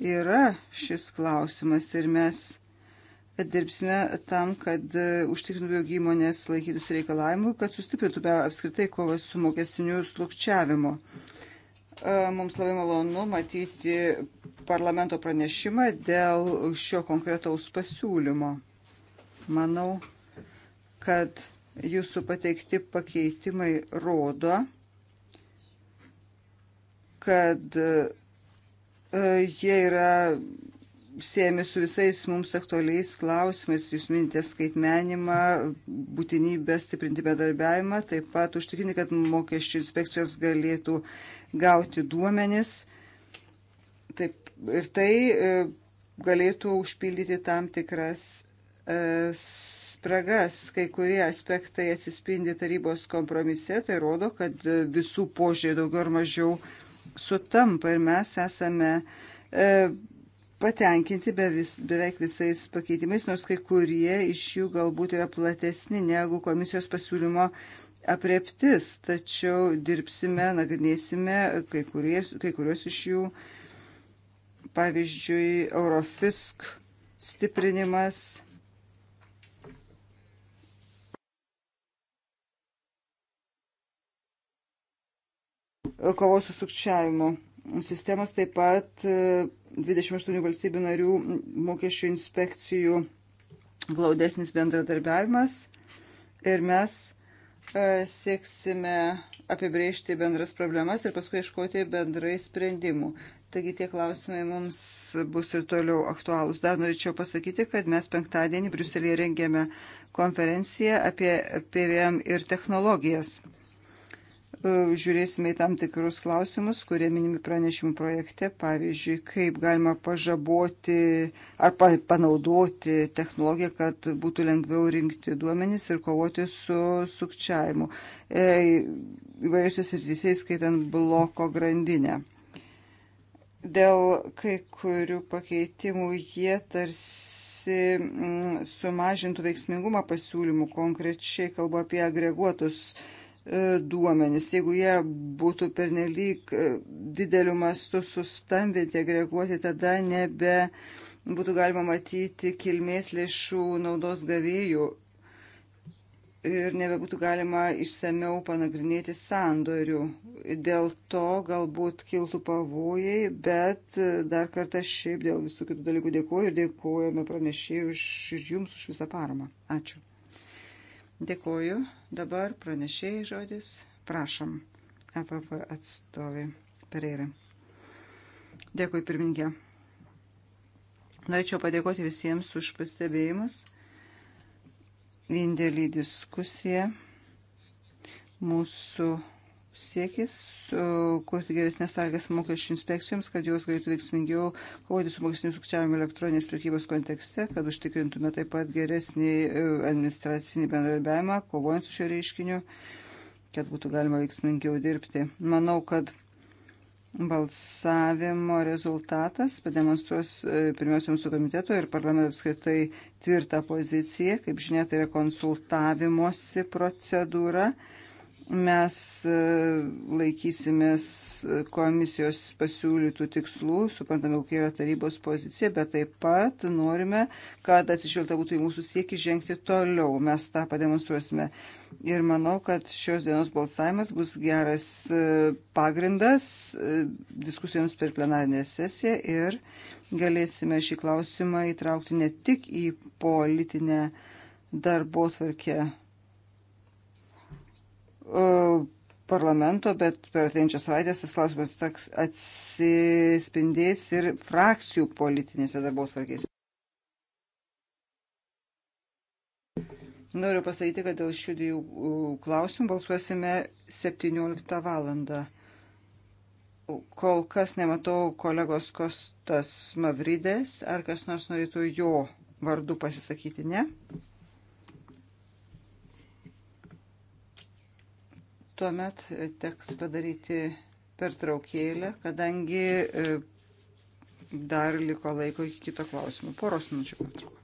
yra šis klausimas ir mes dirbsime tam, kad e, užtikrintume, jog įmonės laikytųsi reikalavimų, kad sustiprintume apskritai kovą su mokestiniu slukčiavimu. E, mums labai malonu matyti parlamento pranešimą dėl šio konkretaus pasiūlymo. Manau, kad jūsų pateikti pakeitimai rodo, kad e, E, jie yra siejami su visais mums aktualiais klausimais. Jūs minite skaitmenimą, būtinybę stiprinti bedarbiavimą, taip pat užtikrinti, kad mokesčių inspekcijos galėtų gauti duomenis. Taip, ir tai e, galėtų užpildyti tam tikras e, spragas, kai kurie aspektai atsispindi tarybos kompromise, tai rodo, kad visų požiūrė daugiau ar mažiau uh, sutampa ir mes esame e, patenkinti be vis, beveik visais pakeitimais, nors kai kurie iš jų galbūt yra platesni negu komisijos pasiūlymo apreptis, tačiau dirbsime, nagrinėsime kai, kuries, kai kurios iš jų, pavyzdžiui, Eurofisk stiprinimas, kovos su sukčiavimu sistemos, taip pat 28 e, valstybių narių mokesčių inspekcijų glaudesnis bendradarbiavimas ir mes e, sieksime apibrėžti bendras problemas ir paskui iškoti bendrai sprendimų. Taigi tie klausimai mums bus ir toliau aktualūs. Dar norėčiau pasakyti, kad mes penktadienį Briuselėje rengėme konferenciją apie PVM ir technologijas. E, žiūrėsime į tam tikrus klausimus, kurie minimi pranešimų projekte, pavyzdžiui, kaip galima pažaboti ar panaudoti technologiją, kad būtų lengviau rinkti duomenys ir kovoti su sukčiavimu e, įvairiuose srityse, skaitant bloko grandinę. Dėl kai kurių pakeitimų jie tarsi mm, sumažintų veiksmingumą pasiūlymų, konkrečiai kalbu apie agreguotus uh, E, duomenys. Jeigu jie būtų pernelyg e, dideliu mastu sustambinti, agreguoti, tada nebe būtų galima matyti kilmės lėšų naudos gavėjų ir nebebūtų galima išsameu panagrinėti sandorių. Dėl to galbūt kiltų pavojai, bet e, dar kartą šiaip dėl visų kitų dalykų dėkuoju ir dėkuojame pranešėjui už jums už visą paramą. Ačiū. Dėkuoju. Dabar pranešėjai žodis. Prašom. EPP atstovė Pereira. Dėkui, pirmininkė. Norėčiau padėkoti visiems už pastebėjimus, indėlį diskusiją. Mūsų siekis kurti geresnės sąlygas mokesčių inspekcijoms, kad jos galėtų veiksmingiau kovoti su mokesčių sukčiavimu elektroninės prekybos kontekste, kad užtikrintume taip pat geresnį e, administracinį bendarbiavimą, kovojant su šio reiškiniu, kad būtų galima veiksmingiau dirbti. Manau, kad balsavimo rezultatas pademonstruos e, pirmiausia mūsų komiteto ir parlamento apskritai tvirtą poziciją. Kaip žinia, tai yra konsultavimosi procedūra. Mes e, laikysimės komisijos pasiūlytų tikslų, suprantame, kokia yra tarybos pozicija, bet taip pat norime, kad atsižvelgta būtų į mūsų siekį žengti toliau. Mes tą pademonstruosime. Ir manau, kad šios dienos balsavimas bus geras e, pagrindas e, diskusijoms per plenarinę sesiją ir galėsime šį klausimą įtraukti ne tik į politinę darbo tvarkę E, parlamento, bet per ateinčią savaitę tas klausimas atsispindės ir frakcijų politinėse darbo tvarkėse. Noriu pasakyti, kad dėl šių dviejų klausimų balsuosime 17 valandą. Kol kas nematau kolegos Kostas Mavrydės, ar kas nors norėtų jo vardu pasisakyti, ne? Tuomet teks padaryti pertraukėlę, kadangi e, dar liko laiko iki kito klausimo. Poros minučių pertrauka.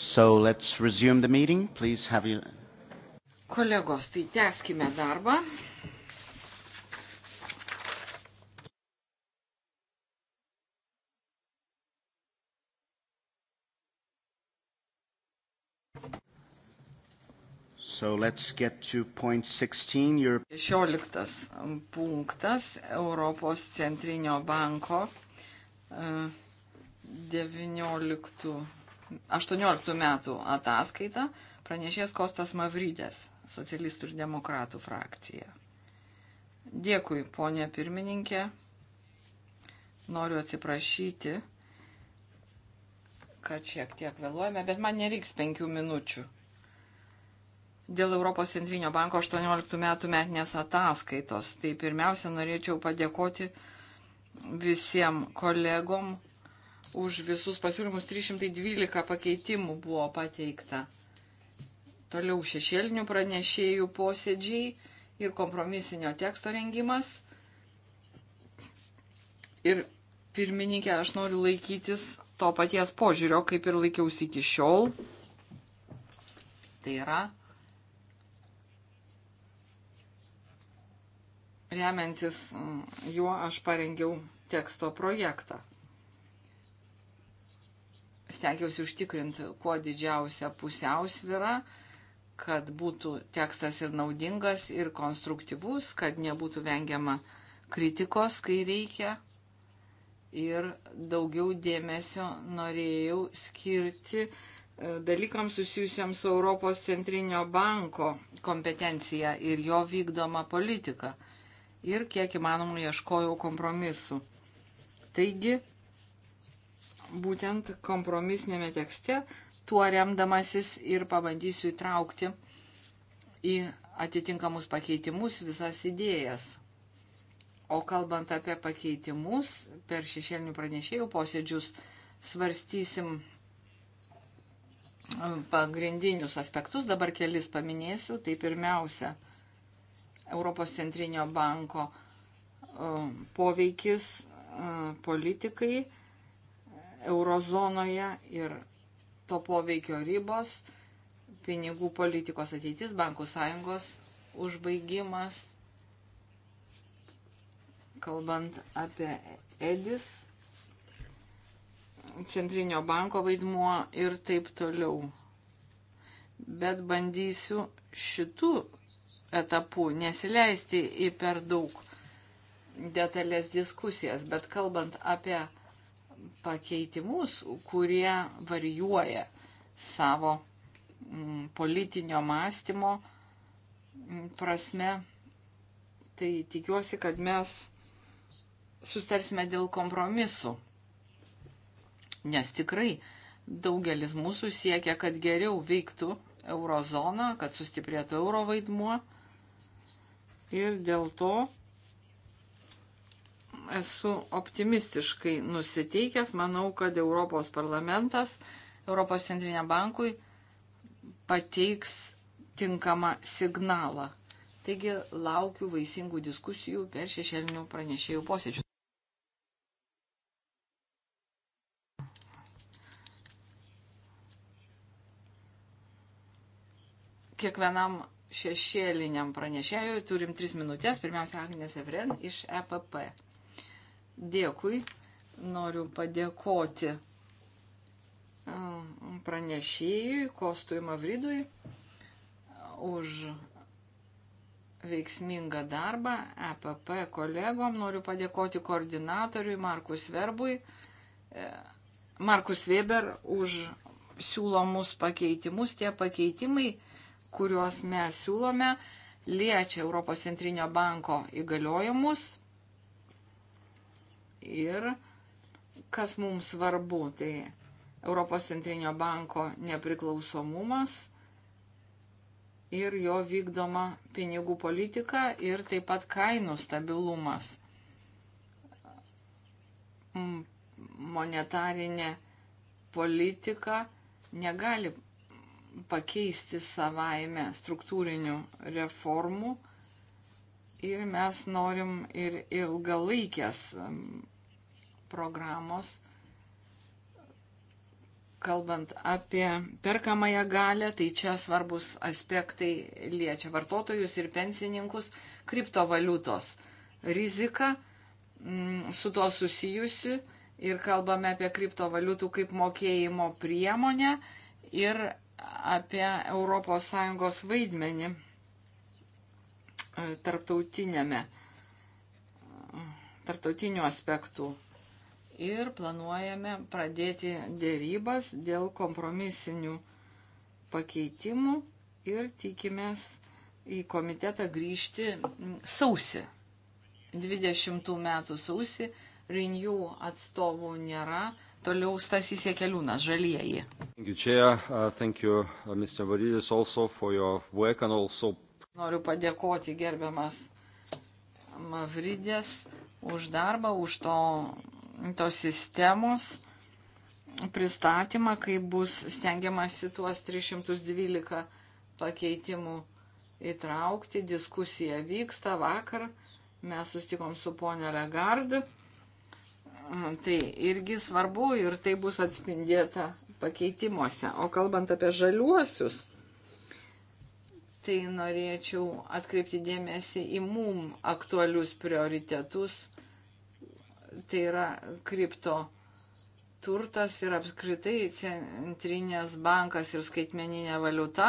So let's resume the meeting. Please have you. Kolegos, tai tęskime darbą. So let's get to point 16. Your... 16 punktas Europos centrinio banko 19 e, 18 metų ataskaitą pranešės Kostas Mavrydės, socialistų ir demokratų frakcija. Dėkui, ponė pirmininkė. Noriu atsiprašyti, kad šiek tiek vėluojame, bet man nereiks penkių minučių. Dėl Europos centrinio banko 18 metų metinės ataskaitos, tai pirmiausia norėčiau padėkoti visiems kolegom už visus pasiūlymus 312 pakeitimų buvo pateikta. Toliau šešėlinių pranešėjų posėdžiai ir kompromisinio teksto rengimas. Ir pirmininkė, aš noriu laikytis to paties požiūrio, kaip ir laikiausi iki šiol. Tai yra, remiantis mm, juo aš parengiau teksto projektą stengiausi užtikrinti kuo didžiausią pusiausvyrą, kad būtų tekstas ir naudingas, ir konstruktyvus, kad nebūtų vengiama kritikos, kai reikia. Ir daugiau dėmesio norėjau skirti e, dalykams susijusiams su Europos centrinio banko kompetencija ir jo vykdoma politika. Ir kiek įmanoma ieškojau kompromisu. Taigi, būtent kompromisinėme tekste, tuo remdamasis ir pabandysiu įtraukti į atitinkamus pakeitimus visas idėjas. O kalbant apie pakeitimus, per šešėlinių pranešėjų posėdžius svarstysim e, pagrindinius aspektus, dabar kelis paminėsiu. Tai pirmiausia, Europos centrinio banko e, poveikis e, politikai eurozonoje ir to poveikio ribos, pinigų politikos ateitis, bankų sąjungos užbaigimas, kalbant apie Edis, centrinio banko vaidmuo ir taip toliau. Bet bandysiu šitų etapų nesileisti į per daug detalės diskusijas, bet kalbant apie pakeitimus, kurie varijuoja savo mm, politinio mąstymo mm, prasme. Tai tikiuosi, kad mes sustarsime dėl kompromisų. Nes tikrai daugelis mūsų siekia, kad geriau veiktų eurozona, kad sustiprėtų euro vaidmuo. Ir dėl to esu optimistiškai nusiteikęs. Manau, kad Europos parlamentas Europos centriniam bankui pateiks tinkamą signalą. Taigi laukiu vaisingų diskusijų per šešėlinių pranešėjų posėdžių. Kiekvienam šešėliniam pranešėjui turim tris minutės. Pirmiausia, Agnes Evren iš EPP. Dėkui. Noriu padėkoti pranešėjui Kostui Mavridui už veiksmingą darbą. EPP kolegom noriu padėkoti koordinatoriui Markus Verbui, e, Markus Weber už siūlomus pakeitimus. Tie pakeitimai, kuriuos mes siūlome, liečia Europos centrinio banko įgaliojimus ir kas mums svarbu, tai Europos centrinio banko nepriklausomumas ir jo vykdoma pinigų politika ir taip pat kainų stabilumas. Monetarinė politika negali pakeisti savaime struktūrinių reformų ir mes norim ir ilgalaikės programos, kalbant apie perkamąją galę, tai čia svarbus aspektai liečia vartotojus ir pensininkus, kriptovaliutos rizika mm, su to susijusi ir kalbame apie kriptovaliutų kaip mokėjimo priemonę ir apie ES vaidmenį e, tarptautinėme, tarptautinių aspektų ir planuojame pradėti dėrybas dėl kompromisinių pakeitimų ir tikimės į komitetą grįžti sausi. 20 metų sausi Renew atstovų nėra. Toliau Stasys Jekeliūnas, žalieji. Uh, uh, Noriu padėkoti gerbiamas Mavridės už darbą, už to tos sistemos pristatymą, kai bus stengiamasi tuos 312 pakeitimų įtraukti. Diskusija vyksta vakar. Mes sustikom su ponė Legard. Tai irgi svarbu ir tai bus atspindėta pakeitimuose. O kalbant apie žaliuosius, tai norėčiau atkreipti dėmesį į mum aktualius prioritetus tai yra kripto turtas ir apskritai centrinės bankas ir skaitmeninė valiuta,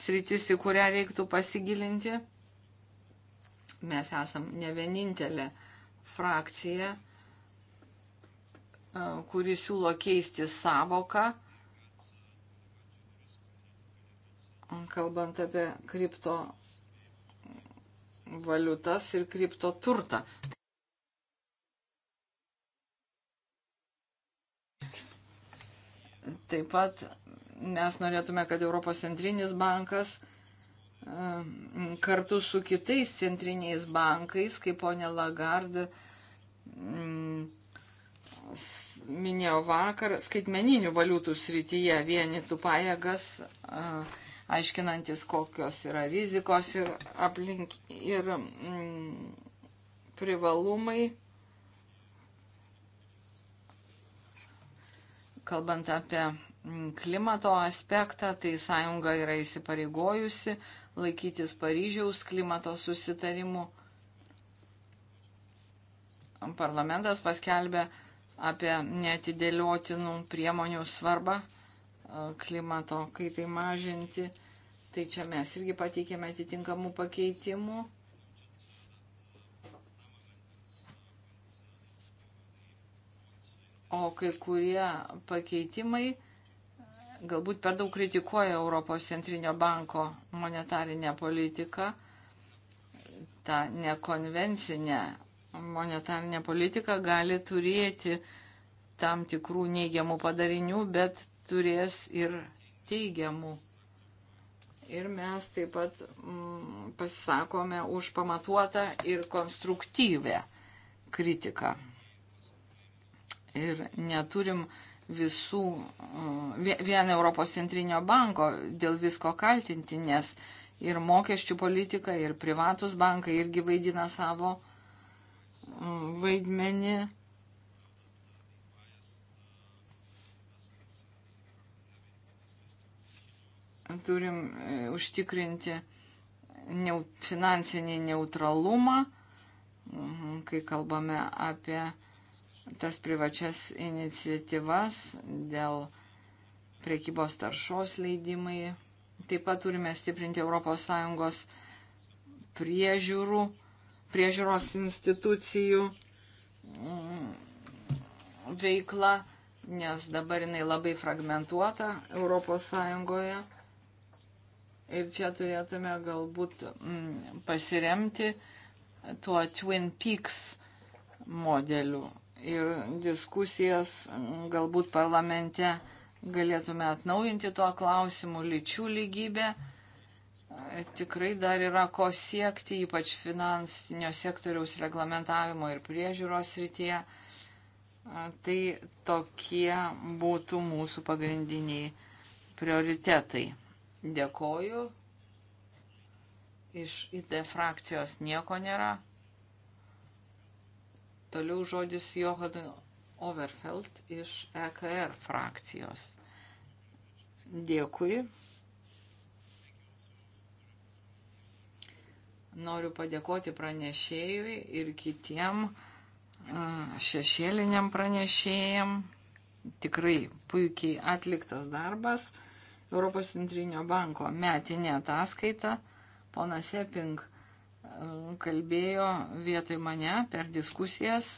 sritis, į kurią reiktų pasigilinti. Mes esam ne vienintelė frakcija, kuri siūlo keisti savoką, kalbant apie kripto valiutas ir kripto turtą. Taip pat mes norėtume, kad Europos centrinis bankas e, kartu su kitais centriniais bankais, kaip ponė Lagarde mm, minėjo vakar, skaitmeninių valiutų srityje vienytų pajėgas, e, aiškinantis, kokios yra rizikos ir, aplink, ir mm, privalumai Kalbant apie mm, klimato aspektą, tai sąjunga yra įsipareigojusi laikytis Paryžiaus klimato susitarimų. Parlamentas paskelbė apie netidėliotinų priemonių svarbą e, klimato kaitai mažinti. Tai čia mes irgi pateikėme atitinkamų pakeitimų. o kai kurie pakeitimai galbūt per daug kritikuoja Europos centrinio banko monetarinę politiką, tą nekonvencinę monetarinę politiką gali turėti tam tikrų neigiamų padarinių, bet turės ir teigiamų. Ir mes taip pat mm, pasisakome už pamatuotą ir konstruktyvę kritiką ir neturim visų mm, vien Europos centrinio banko dėl visko kaltinti, nes ir mokesčių politika, ir privatus bankai irgi vaidina savo mm, vaidmenį. Turim e, užtikrinti finansinį neutralumą, mhm, kai kalbame apie tas privačias iniciatyvas dėl priekybos taršos leidimai. Taip pat turime stiprinti ES priežiūrų, priežiūros institucijų mm, veiklą, nes dabar jinai labai fragmentuota ES. Ir čia turėtume galbūt mm, pasiremti tuo Twin Peaks modeliu ir diskusijas galbūt parlamente galėtume atnaujinti tuo klausimu lyčių lygybė. Tikrai dar yra ko siekti, ypač finansinio sektoriaus reglamentavimo ir priežiūros rytyje. Tai tokie būtų mūsų pagrindiniai prioritetai. Dėkoju. Iš IT frakcijos nieko nėra. Toliau žodis Johanui Overfeld iš EKR frakcijos. Dėkui. Noriu padėkoti pranešėjui ir kitiem šešėliniam pranešėjam. Tikrai puikiai atliktas darbas. Europos centrinio banko metinė ataskaita. Ponas Eping kalbėjo vietoj mane per diskusijas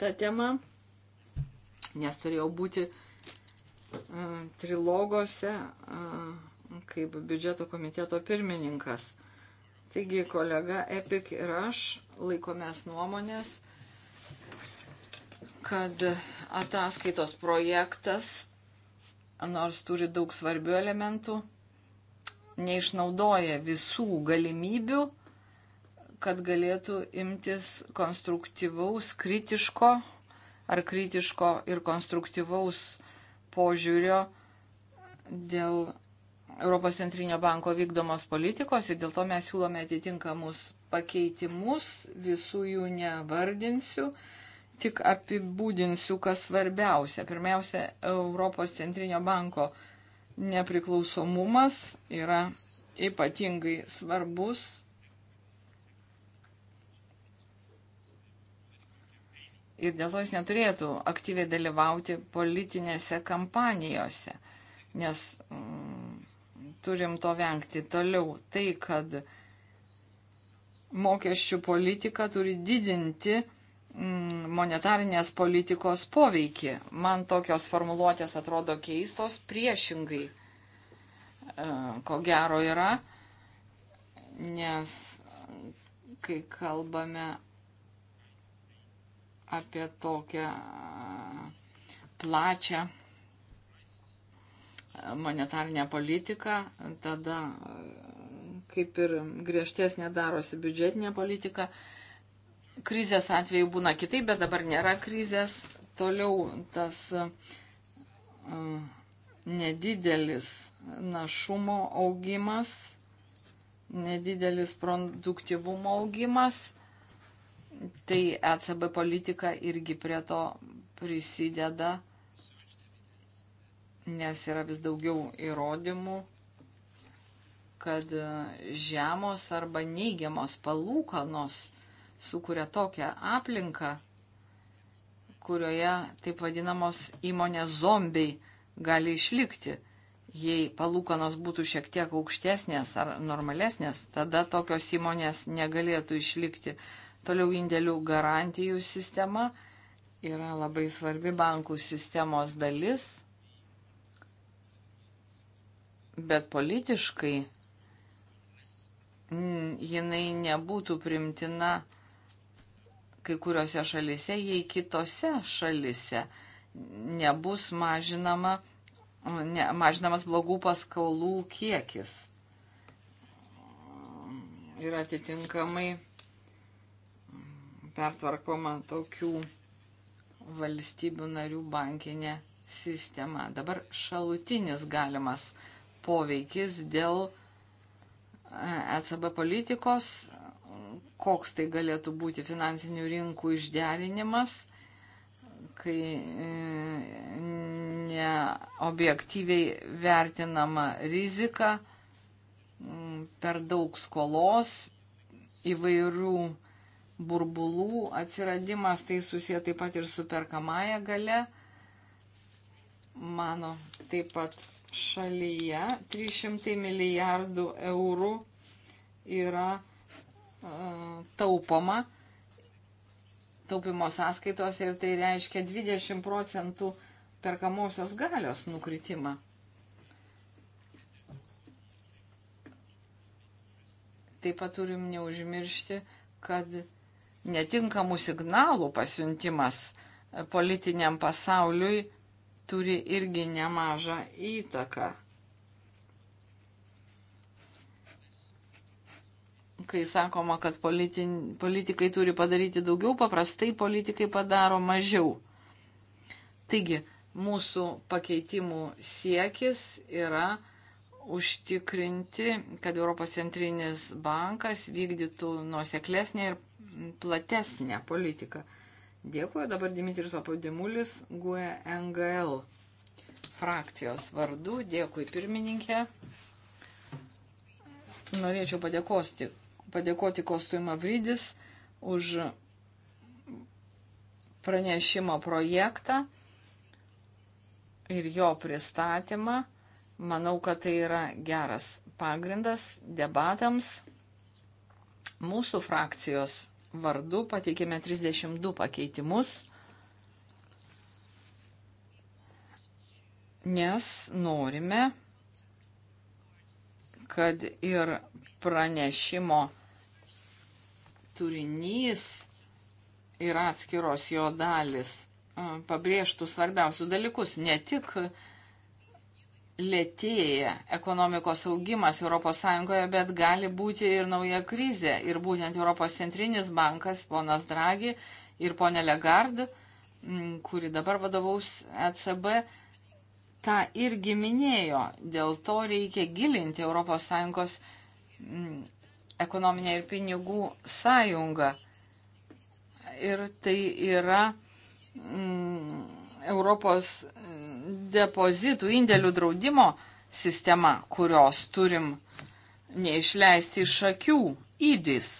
tą temą, nes turėjau būti e, trilogose e, kaip biudžeto komiteto pirmininkas. Taigi kolega Epik ir aš laikomės nuomonės, kad ataskaitos projektas, nors turi daug svarbių elementų, neišnaudoja visų galimybių, kad galėtų imtis konstruktyvaus, kritiško ar kritiško ir konstruktyvaus požiūrio dėl Europos centrinio banko vykdomos politikos ir dėl to mes siūlome atitinkamus pakeitimus, visų jų nevardinsiu, tik apibūdinsiu, kas svarbiausia. Pirmiausia, Europos centrinio banko nepriklausomumas yra ypatingai svarbus. Ir dėl to jis neturėtų aktyviai dalyvauti politinėse kampanijose, nes mm, turim to vengti toliau. Tai, kad mokesčių politika turi didinti Mm, monetarinės politikos poveikį. Man tokios formuluotės atrodo keistos, priešingai, e, ko gero yra, nes kai kalbame apie tokią e, plačią e, monetarinę politiką, tada kaip ir griežtesnė darosi biudžetinė politika, Krizės atveju būna kitaip, bet dabar nėra krizės. Toliau tas um, nedidelis našumo augimas, nedidelis produktivumo augimas. Tai ECB politika irgi prie to prisideda, nes yra vis daugiau įrodymų kad žemos arba neigiamos palūkanos sukuria tokią aplinką, kurioje taip vadinamos įmonės zombiai gali išlikti. Jei palūkanos būtų šiek tiek aukštesnės ar normalesnės, tada tokios įmonės negalėtų išlikti. Toliau indėlių garantijų sistema yra labai svarbi bankų sistemos dalis, bet politiškai mm, jinai nebūtų primtina kai kuriuose šalise, jei kitose šalise nebus mažinama, ne, mažinamas blogų paskolų kiekis. Ir atitinkamai pertvarkoma tokių valstybių narių bankinė sistema. Dabar šalutinis galimas poveikis dėl e, ECB politikos koks tai galėtų būti finansinių rinkų išderinimas, kai e, neobjektyviai vertinama rizika, per daug skolos, įvairių burbulų atsiradimas, tai susiję taip pat ir su perkamąją gale. Mano taip pat šalyje 300 milijardų eurų yra taupoma taupimo sąskaitos ir tai reiškia 20 procentų perkamosios galios nukritimą. Taip pat turim neužmiršti, kad netinkamų signalų pasiuntimas politiniam pasauliui turi irgi nemažą įtaką. kai sakoma, kad politin, politikai turi padaryti daugiau, paprastai politikai padaro mažiau. Taigi, mūsų pakeitimų siekis yra užtikrinti, kad Europos centrinis bankas vykdytų nuoseklesnę ir platesnę politiką. Dėkuoju, dabar Dimitris Papadimulis, GUE NGL frakcijos vardu. Dėkui pirmininkė. Norėčiau padėkosti padėkoti Kostui Mavridis už pranešimo projektą ir jo pristatymą. Manau, kad tai yra geras pagrindas debatams. Mūsų frakcijos vardu pateikėme 32 pakeitimus, nes norime, kad ir pranešimo turinys yra atskiros jo dalis, pabrėžtų svarbiausių dalykus. Ne tik lėtėja ekonomikos augimas ES, bet gali būti ir nauja krizė. Ir būtent Europos centrinis bankas, ponas Dragi ir ponė Legard, kuri dabar vadovaus ECB, tą irgi minėjo. Dėl to reikia gilinti ES ekonominė ir pinigų sąjunga. Ir tai yra mm, Europos depozitų indėlių draudimo sistema, kurios turim neišleisti iš akių įdys.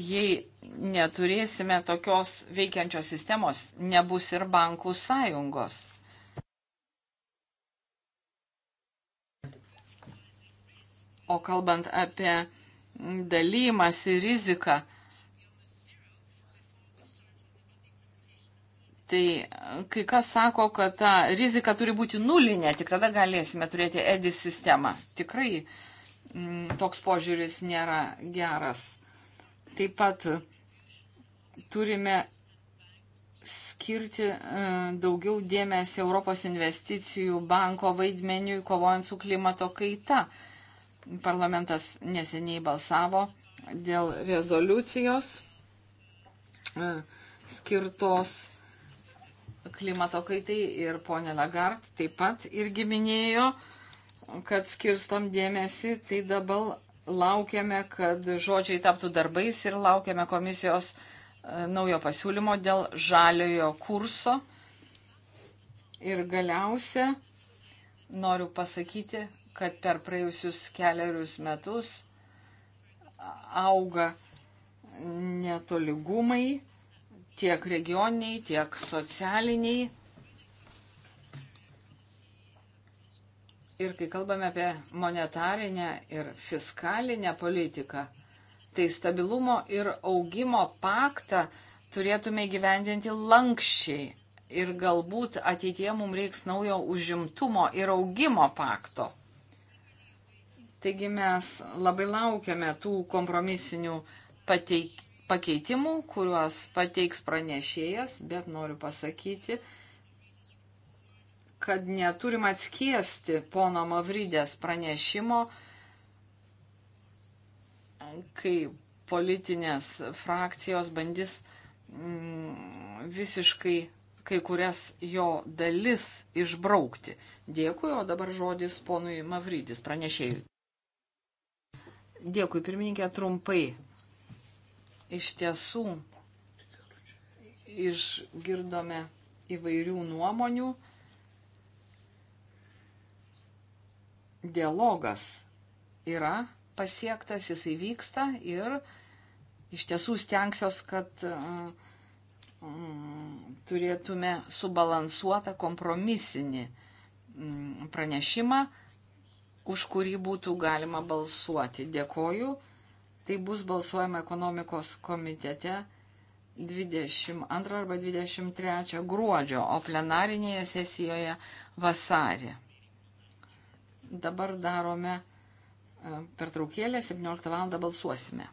Jei neturėsime tokios veikiančios sistemos, nebus ir bankų sąjungos. O kalbant apie dalymąsi riziką, tai kai kas sako, kad ta rizika turi būti nulinė, tik tada galėsime turėti EDIS sistemą. Tikrai m, mm, toks požiūris nėra geras. Taip pat turime skirti e, daugiau dėmesio Europos investicijų banko vaidmeniui kovojant su klimato kaita. Parlamentas neseniai balsavo dėl rezoliucijos e, skirtos klimato kaitai ir ponė Lagart taip pat irgi minėjo, kad skirstam dėmesį, tai dabar laukiame, kad žodžiai taptų darbais ir laukiame komisijos e, naujo pasiūlymo dėl žaliojo kurso. Ir galiausia noriu pasakyti, kad per praėjusius keliarius metus auga netoligumai tiek regioniniai, tiek socialiniai. Ir kai kalbame apie monetarinę ir fiskalinę politiką, tai stabilumo ir augimo paktą turėtume gyvendinti lankščiai. Ir galbūt ateitie mums reiks naujo užimtumo ir augimo pakto. Taigi mes labai laukiame tų kompromisinių pateik, pakeitimų, kuriuos pateiks pranešėjas, bet noriu pasakyti, kad neturim atskiesti pono Mavrydės pranešimo, kai politinės frakcijos bandys mm, visiškai kai kurias jo dalis išbraukti. Dėkui, o dabar žodis ponui Mavrydis pranešėjui. Dėkui, pirmininkė, trumpai. Iš tiesų, išgirdome įvairių nuomonių. Dialogas yra pasiektas, jisai vyksta ir iš tiesų stengsiuos, kad uh, mm, turėtume subalansuotą kompromisinį mm, pranešimą už kurį būtų galima balsuoti. Dėkoju. Tai bus balsuojama ekonomikos komitete 22 arba 23 gruodžio, o plenarinėje sesijoje vasarį. Dabar darome e, pertraukėlę, 17 val. balsuosime.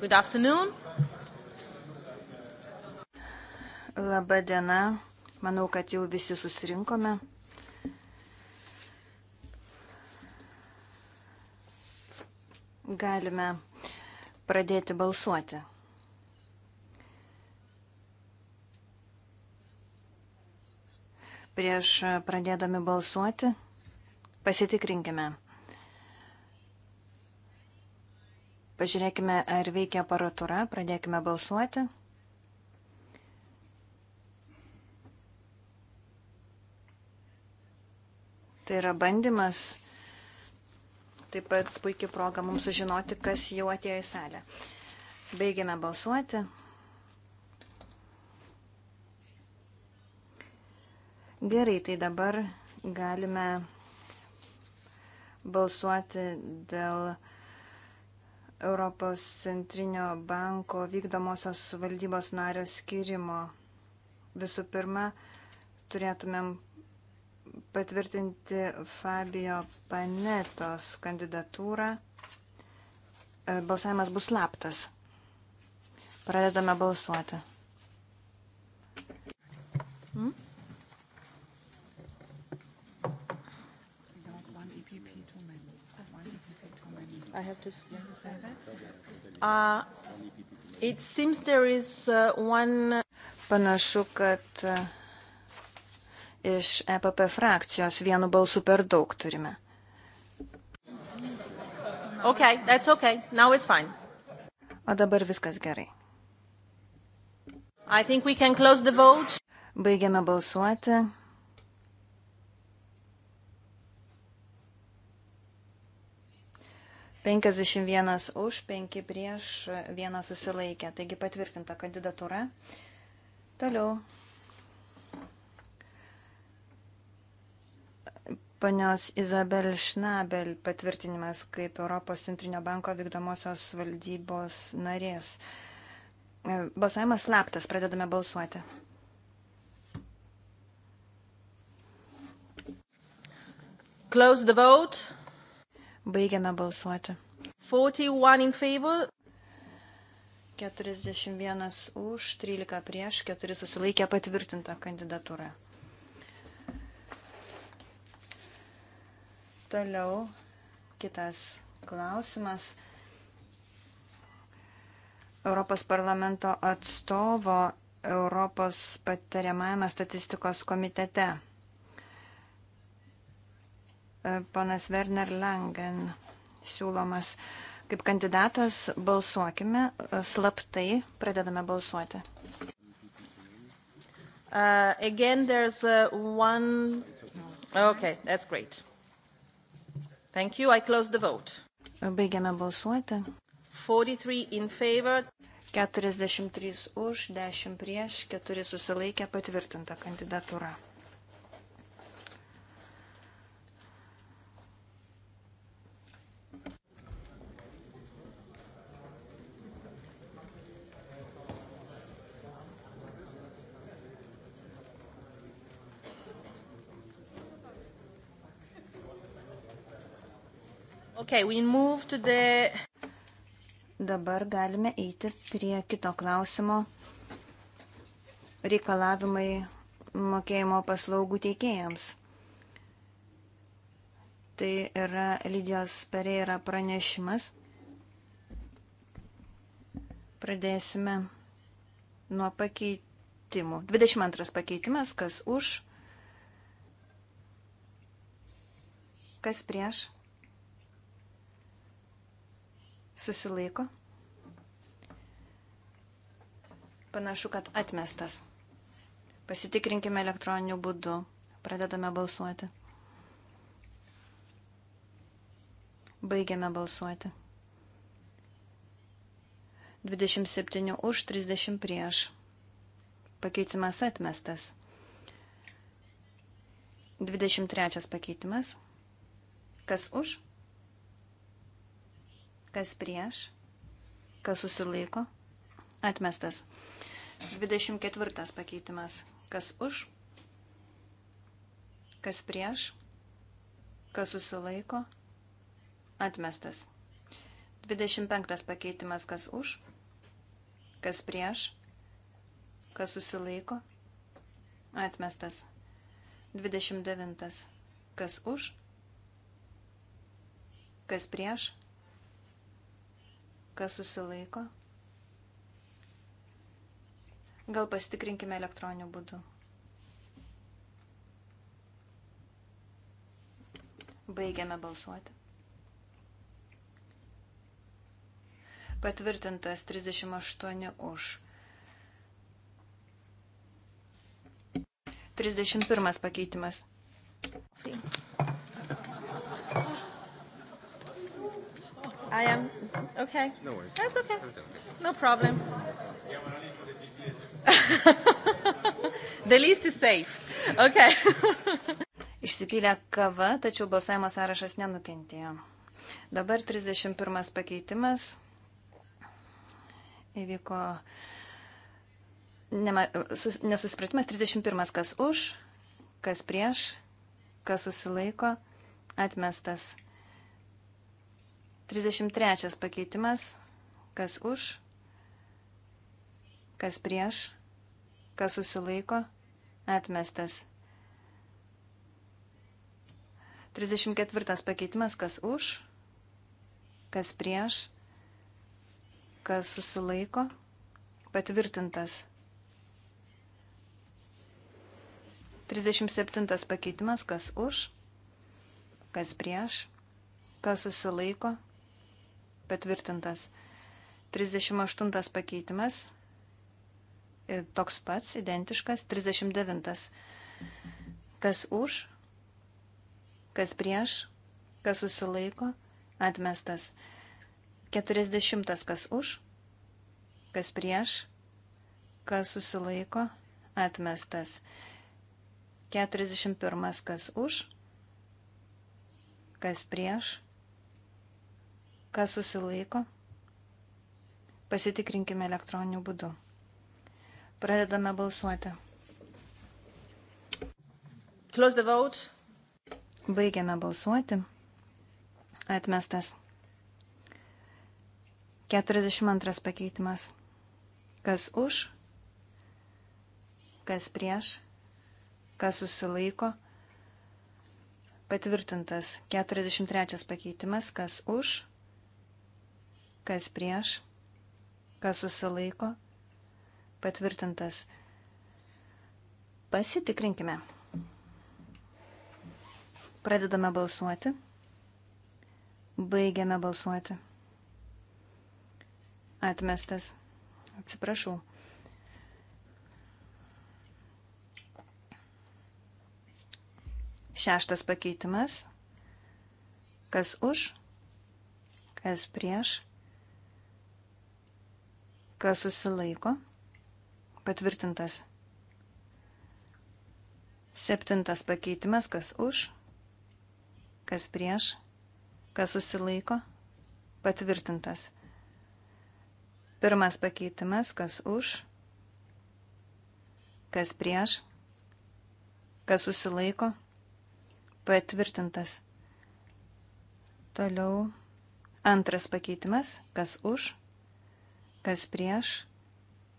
Good afternoon. Labą dieną. Manau, kad jau visi susirinkome. Galime pradėti balsuoti. Prieš pradėdami balsuoti, pasitikrinkime. Pažiūrėkime, ar veikia aparatūra, pradėkime balsuoti. Tai yra bandymas, taip pat puikia proga mums sužinoti, kas jau atėjo į salę. Baigiame balsuoti. Gerai, tai dabar galime balsuoti dėl Europos centrinio banko vykdomosios valdybos nario skirimo. Visų pirma, turėtumėm patvirtinti Fabio Panetos kandidatūrą. E, balsavimas bus slaptas. Pradedame balsuoti. Hmm? I have to. Uh, it seems there is uh, one. Uh, Panašu, kad uh, iš EPP frakcijos vienu balsu per daug turime. Okay, that's okay. Now it's fine. O dabar viskas gerai. I think we can close the vote. Baigiame balsuoti. 51 už, 5 prieš, 1 susilaikė. Taigi patvirtinta kandidatūra. Toliau. Panios Izabel Šnabel patvirtinimas kaip Europos centrinio banko vykdomosios valdybos narės. Balsavimas slaptas, pradedame balsuoti. Close the vote. Baigiame balsuoti. 41 in favor. 41 už, 13 prieš, 4 susilaikė patvirtinta kandidatūra. Toliau kitas klausimas. Europos parlamento atstovo Europos patariamajame statistikos komitete panas Werner Langen siūlomas kaip kandidatas. Balsuokime slaptai, pradedame balsuoti. Uh, again, there's uh, one. Okay, that's great. Thank you. I close the vote. Baigiame balsuoti. 43 in favor. 43 už, 10 prieš, 4 susilaikė patvirtinta kandidatūra. Okay, we move to the... Dabar galime eiti prie kito klausimo reikalavimai mokėjimo paslaugų teikėjams. Tai yra Lydijos Pereira pranešimas. Pradėsime nuo pakeitimų. 22 pakeitimas, kas už, kas prieš susilaiko. Panašu, kad atmestas. Pasitikrinkime elektroniniu būdu. Pradedame balsuoti. Baigiame balsuoti. 27 už, 30 prieš. Pakeitimas atmestas. 23 pakeitimas. Kas už? kas prieš, kas susilaiko, atmestas. 24 pakeitimas, kas už, kas prieš, kas susilaiko, atmestas. 25 pakeitimas, kas už, kas prieš, kas susilaiko, atmestas. 29. Kas už, kas prieš, kas susilaiko. Gal pasitikrinkime elektroniniu būdu. Baigiame balsuoti. Patvirtintas 38 už. 31 pakeitimas. I am Okay. No worries. That's okay. No problem. The list is safe. Okay. Išsipylė kava, tačiau balsavimo sąrašas nenukentėjo. Dabar 31 pakeitimas. Įvyko nema, sus, nesusipratimas. 31 kas už, kas prieš, kas susilaiko, atmestas. 33 pakeitimas, kas už, kas prieš, kas susilaiko, atmestas. 34 pakeitimas, kas už, kas prieš, kas susilaiko, patvirtintas. 37 pakeitimas, kas už, kas prieš, kas susilaiko, patvirtintas patvirtintas. 38 pakeitimas, e, toks pats, identiškas. 39. Kas už, kas prieš, kas susilaiko, atmestas. 40. Kas už, kas prieš, kas susilaiko, atmestas. 41. Kas už, kas prieš, Kas susilaiko? Pasitikrinkime elektroniniu būdu. Pradedame balsuoti. Close the vote. Baigiame balsuoti. Atmestas. 42 pakeitimas. Kas už? Kas prieš? Kas susilaiko? Patvirtintas. 43 pakeitimas. Kas už? kas prieš, kas susilaiko, patvirtintas. Pasitikrinkime. Pradedame balsuoti. Baigiame balsuoti. Atmestas. Atsiprašau. Šeštas pakeitimas. Kas už, kas prieš, kas susilaiko, patvirtintas. Septintas pakeitimas, kas už, kas prieš, kas susilaiko, patvirtintas. Pirmas pakeitimas, kas už, kas prieš, kas susilaiko, patvirtintas. Toliau antras pakeitimas, kas už, kas prieš,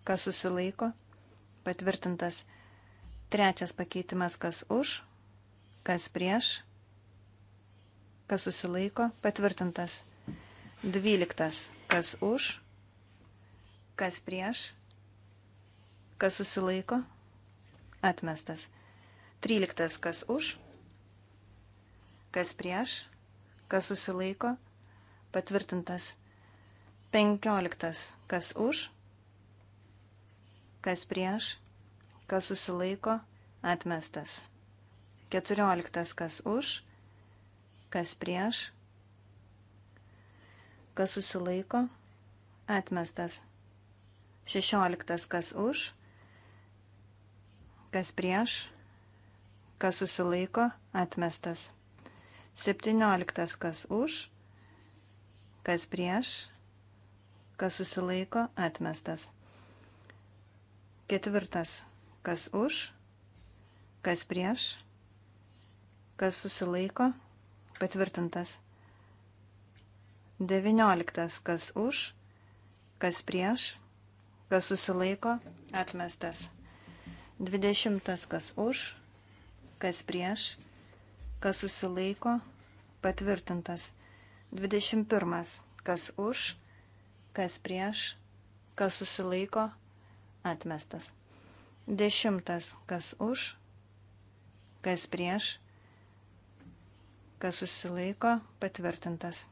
kas susilaiko, patvirtintas. Trečias pakeitimas, kas už, kas prieš, kas susilaiko, patvirtintas. Dvyliktas, kas už, kas prieš, kas susilaiko, atmestas. Tryliktas, kas už, kas prieš, kas susilaiko, patvirtintas. 15. Kas už, kas prieš, kas susilaiko, atmestas. 14. Kas už, kas prieš, kas susilaiko, atmestas. 16. Kas už, kas prieš, kas susilaiko, atmestas. 17. Kas už, kas prieš, kas susilaiko, atmestas. Ketvirtas, kas už, kas prieš, kas susilaiko, patvirtintas. Devinioliktas, kas už, kas prieš, kas susilaiko, atmestas. Dvidešimtas, kas už, kas prieš, kas susilaiko, patvirtintas. Dvidešimt pirmas, kas už, kas prieš, kas susilaiko, atmestas. Dešimtas, kas už, kas prieš, kas susilaiko, patvirtintas.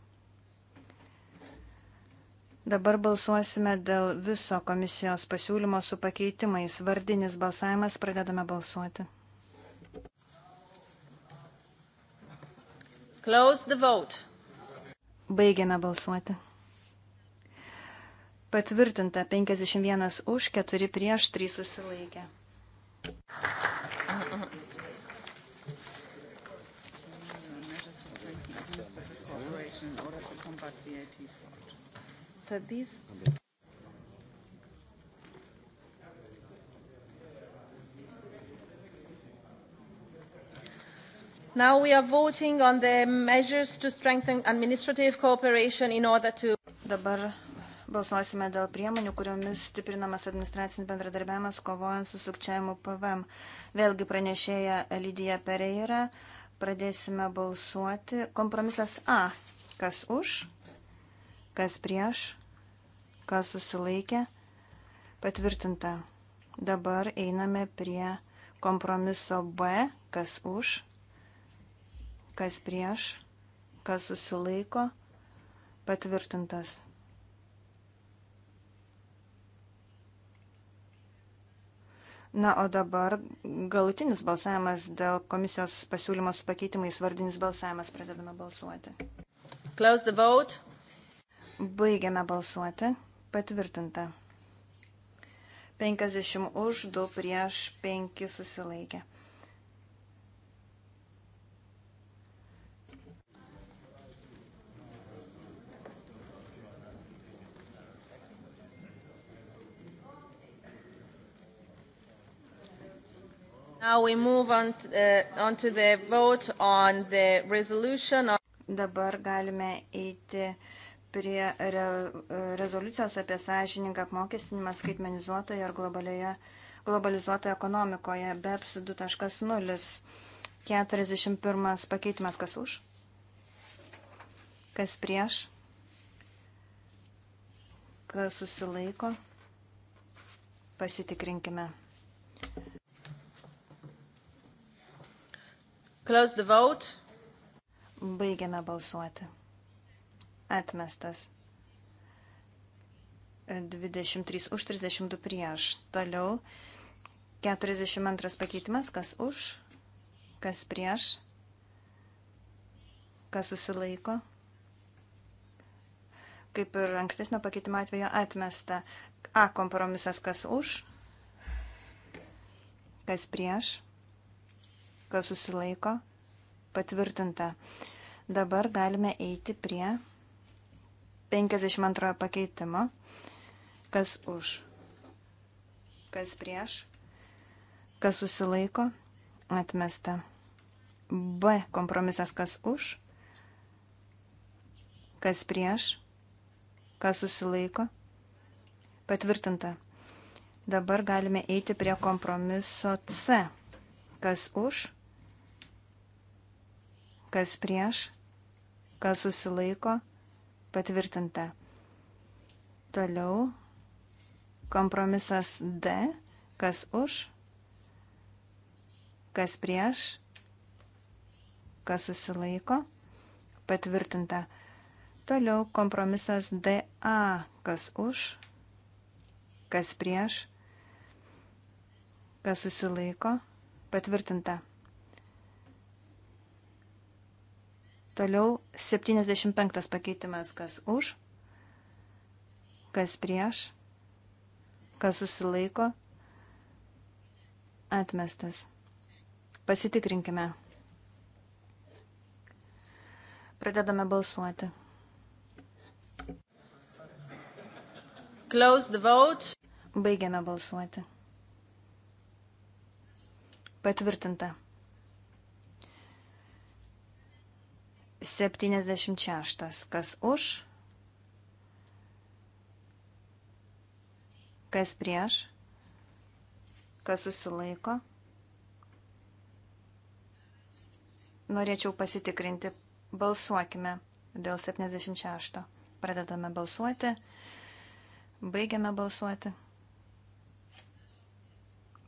Dabar balsuosime dėl viso komisijos pasiūlymo su pakeitimais. Vardinis balsavimas pradedame balsuoti. Close the vote. Baigiame balsuoti. Patvirtinta 51 už, 4 prieš, 3 susilaikė. So these Now we are voting on the measures to strengthen administrative cooperation in order to Dabar balsuosime dėl priemonių, kuriomis stiprinamas administracinis bendradarbiavimas kovojant su sukčiavimu PVM. Vėlgi pranešėja Lydija Pereira. Pradėsime balsuoti. Kompromisas A. Kas už? Kas prieš? Kas susilaikė? Patvirtinta. Dabar einame prie kompromiso B. Kas už? Kas prieš? Kas susilaiko? Patvirtintas. Na, o dabar galutinis balsavimas dėl komisijos pasiūlymo su pakeitimais vardinis balsavimas. Pradedame balsuoti. Close the vote. Baigiame balsuoti. Patvirtinta. 50 už, 2 prieš, 5 susilaikė. Now we move on to, uh, on to the vote on the resolution of... Dabar galime eiti prie re, rezoliucijos apie sąžininką apmokestinimą skaitmenizuotoje ir globalioje, globalizuotoje ekonomikoje BEPS 2.0. 41 pakeitimas kas už? Kas prieš? Kas susilaiko? Pasitikrinkime. Close the vote. Baigiame balsuoti. Atmestas. 23 už 32 prieš. Toliau 42 pakeitimas, kas už, kas prieš, kas susilaiko. Kaip ir ankstesnio pakeitimo atveju atmesta. A kompromisas, kas už, kas prieš, kas susilaiko, patvirtinta. Dabar galime eiti prie 52 pakeitimo, kas už, kas prieš, kas susilaiko, atmesta. B kompromisas, kas už, kas prieš, kas susilaiko, patvirtinta. Dabar galime eiti prie kompromiso C, kas už, kas prieš, kas susilaiko, patvirtinta. Toliau kompromisas D, kas už, kas prieš, kas susilaiko, patvirtinta. Toliau kompromisas DA, kas už, kas prieš, kas susilaiko, patvirtinta. Toliau 75 pakeitimas, kas už, kas prieš, kas susilaiko, atmestas. Pasitikrinkime. Pradedame balsuoti. Close the vote. Baigiame balsuoti. Patvirtinta. 76. Kas už? Kas prieš? Kas susilaiko? Norėčiau pasitikrinti. Balsuokime dėl 76. Pradedame balsuoti. Baigiame balsuoti.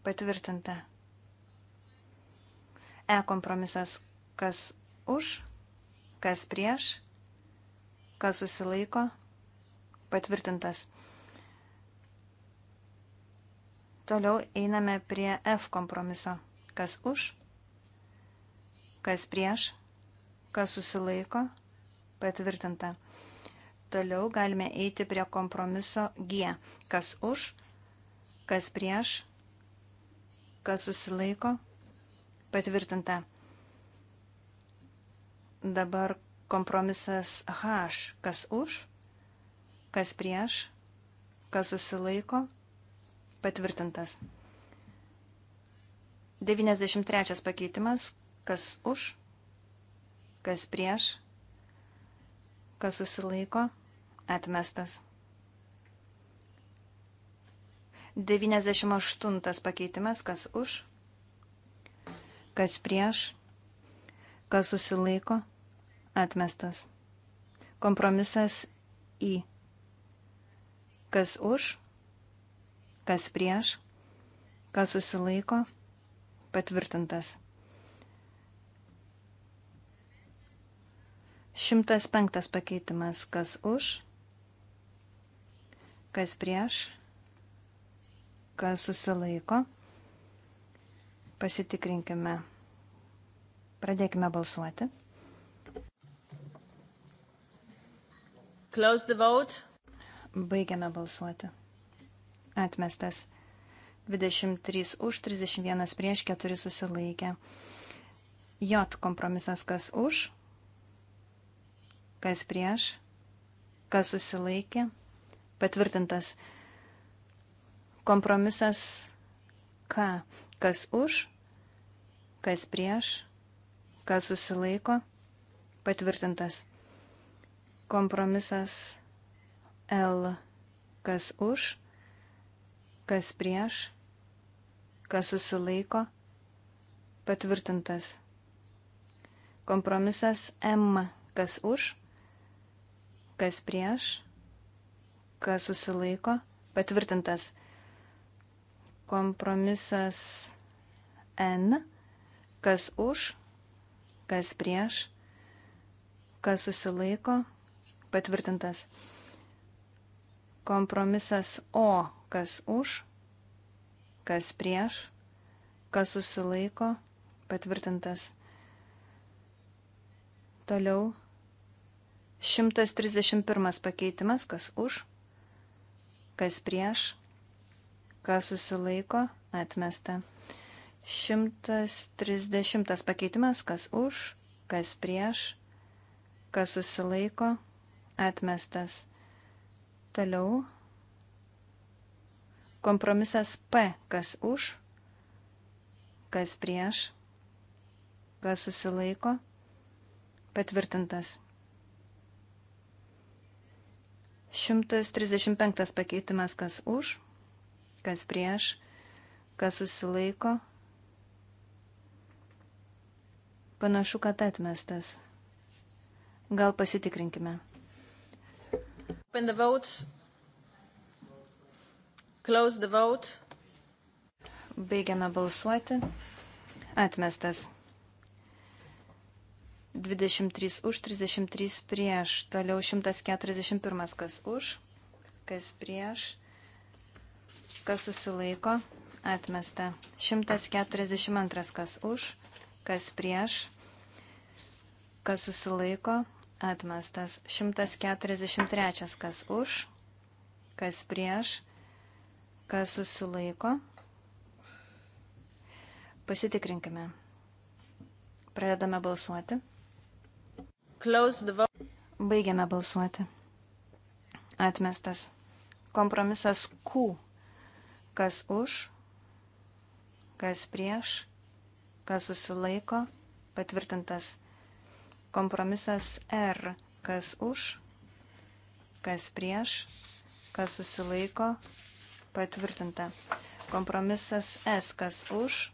Patvirtinta. E kompromisas kas už, Kas prieš? Kas susilaiko? Patvirtintas. Toliau einame prie F kompromiso. Kas už? Kas prieš? Kas susilaiko? Patvirtinta. Toliau galime eiti prie kompromiso G. Kas už? Kas prieš? Kas susilaiko? Patvirtinta. Dabar kompromisas H. Kas už, kas prieš, kas susilaiko, patvirtintas. 93 pakeitimas. Kas už, kas prieš, kas susilaiko, atmestas. 98 pakeitimas, kas už, kas prieš, kas susilaiko, atmestas. Kompromisas į, kas už, kas prieš, kas susilaiko, patvirtintas. 105 pakeitimas, kas už, kas prieš, kas susilaiko. Pasitikrinkime. Pradėkime balsuoti. Close the vote. Baigiame balsuoti. Atmestas. 23 už, 31 prieš, 4 susilaikė. J kompromisas kas už, kas prieš, kas susilaikė. Patvirtintas kompromisas K, kas už, kas prieš, kas susilaiko, patvirtintas. Kompromisas L, kas už, kas prieš, kas susilaiko, patvirtintas. Kompromisas M, kas už, kas prieš, kas susilaiko, patvirtintas. Kompromisas N, kas už, kas prieš, kas susilaiko, patvirtintas. Kompromisas O, kas už, kas prieš, kas susilaiko, patvirtintas. Toliau 131 pakeitimas, kas už, kas prieš, kas susilaiko, atmesta. 130 pakeitimas, kas už, kas prieš, kas susilaiko, atmestas. Toliau kompromisas P, kas už, kas prieš, kas susilaiko, patvirtintas. 135 pakeitimas, kas už, kas prieš, kas susilaiko, Panašu, kad atmestas. Gal pasitikrinkime. Open the votes. Close the vote. Baigiame balsuoti. Atmestas. 23 už, 33 prieš, toliau 141 kas už, kas prieš, kas susilaiko, atmesta. 142 kas už, kas prieš, kas susilaiko, atmestas 143, kas už, kas prieš, kas susilaiko. Pasitikrinkime. Pradedame balsuoti. Baigiame balsuoti. Atmestas. Kompromisas Q. Kas už, kas prieš, kas susilaiko, patvirtintas. Kompromisas R, kas už, kas prieš, kas susilaiko, patvirtinta. Kompromisas S, kas už,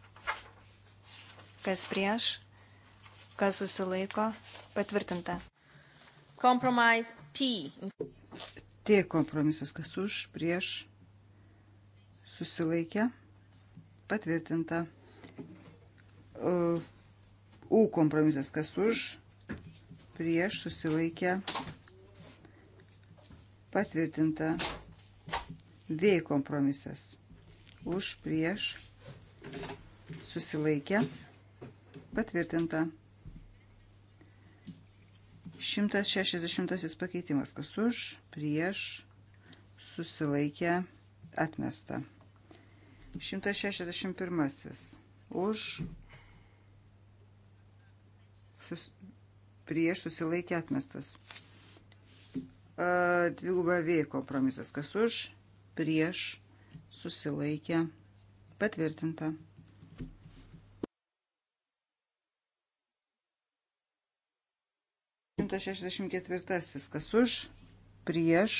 kas prieš, kas susilaiko, patvirtinta. Kompromis T. T kompromisas, kas už, prieš, susilaikė, patvirtinta. U kompromisas kas už, prieš susilaikę patvirtinta V kompromisas už, prieš susilaikę patvirtinta 160 pakeitimas kas už, prieš susilaikę atmesta 161 už, prieš sus, prieš susilaikė atmestas. Dviguba V kompromisas. Kas už, prieš susilaikė patvirtinta. Šimtas šešdešimt ketvirtasis. Kas už, prieš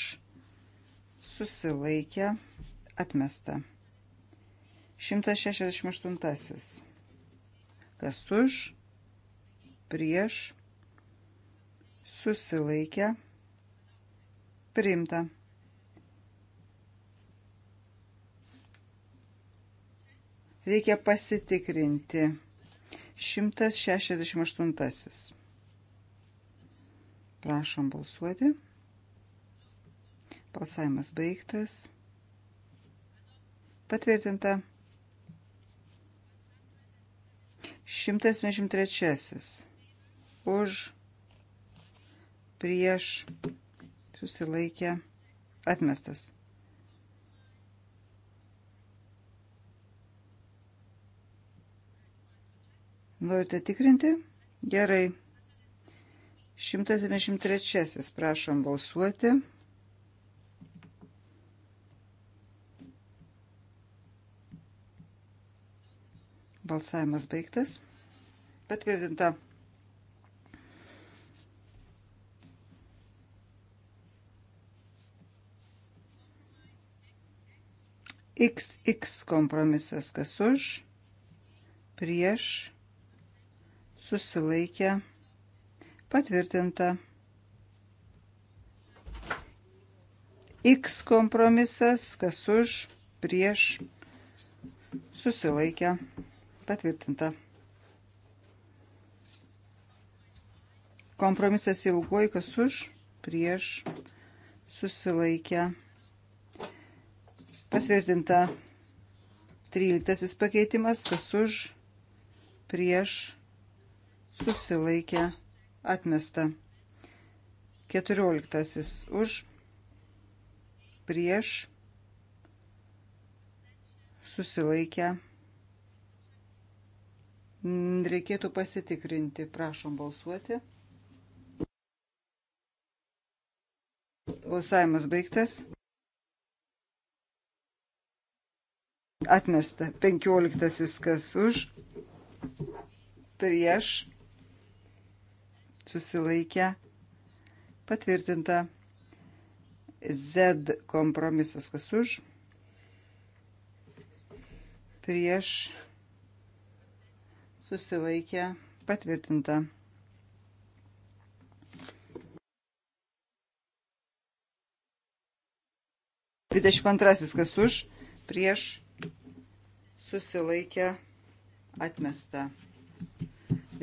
susilaikė atmesta. 168. Kas už, prieš, susilaikę, priimta. Reikia pasitikrinti. 168. Prašom balsuoti. Balsavimas baigtas. Patvirtinta. 173 už, prieš, susilaikė, atmestas. Norite tikrinti? Gerai. 173. Prašom balsuoti. Balsavimas baigtas. Patvirtinta. XX kompromisas kas už, prieš, susilaikę, patvirtinta. X kompromisas kas už, prieš, susilaikę, patvirtinta. Kompromisas ilgoj kas už, prieš, susilaikę, patvirtinta Patvirtinta. Tryliktasis pakeitimas, kas už, prieš, susilaikė, atmesta. Keturioliktasis už, prieš, susilaikę. Mm, reikėtų pasitikrinti, prašom balsuoti. Balsavimas baigtas. Atmesta. Penkioliktasis kas už. Prieš. Susilaikę. Patvirtinta. Z kompromisas kas už. Prieš. Susilaikę. Patvirtinta. Dvidešimt antrasis kas už prieš susilaikę atmesta.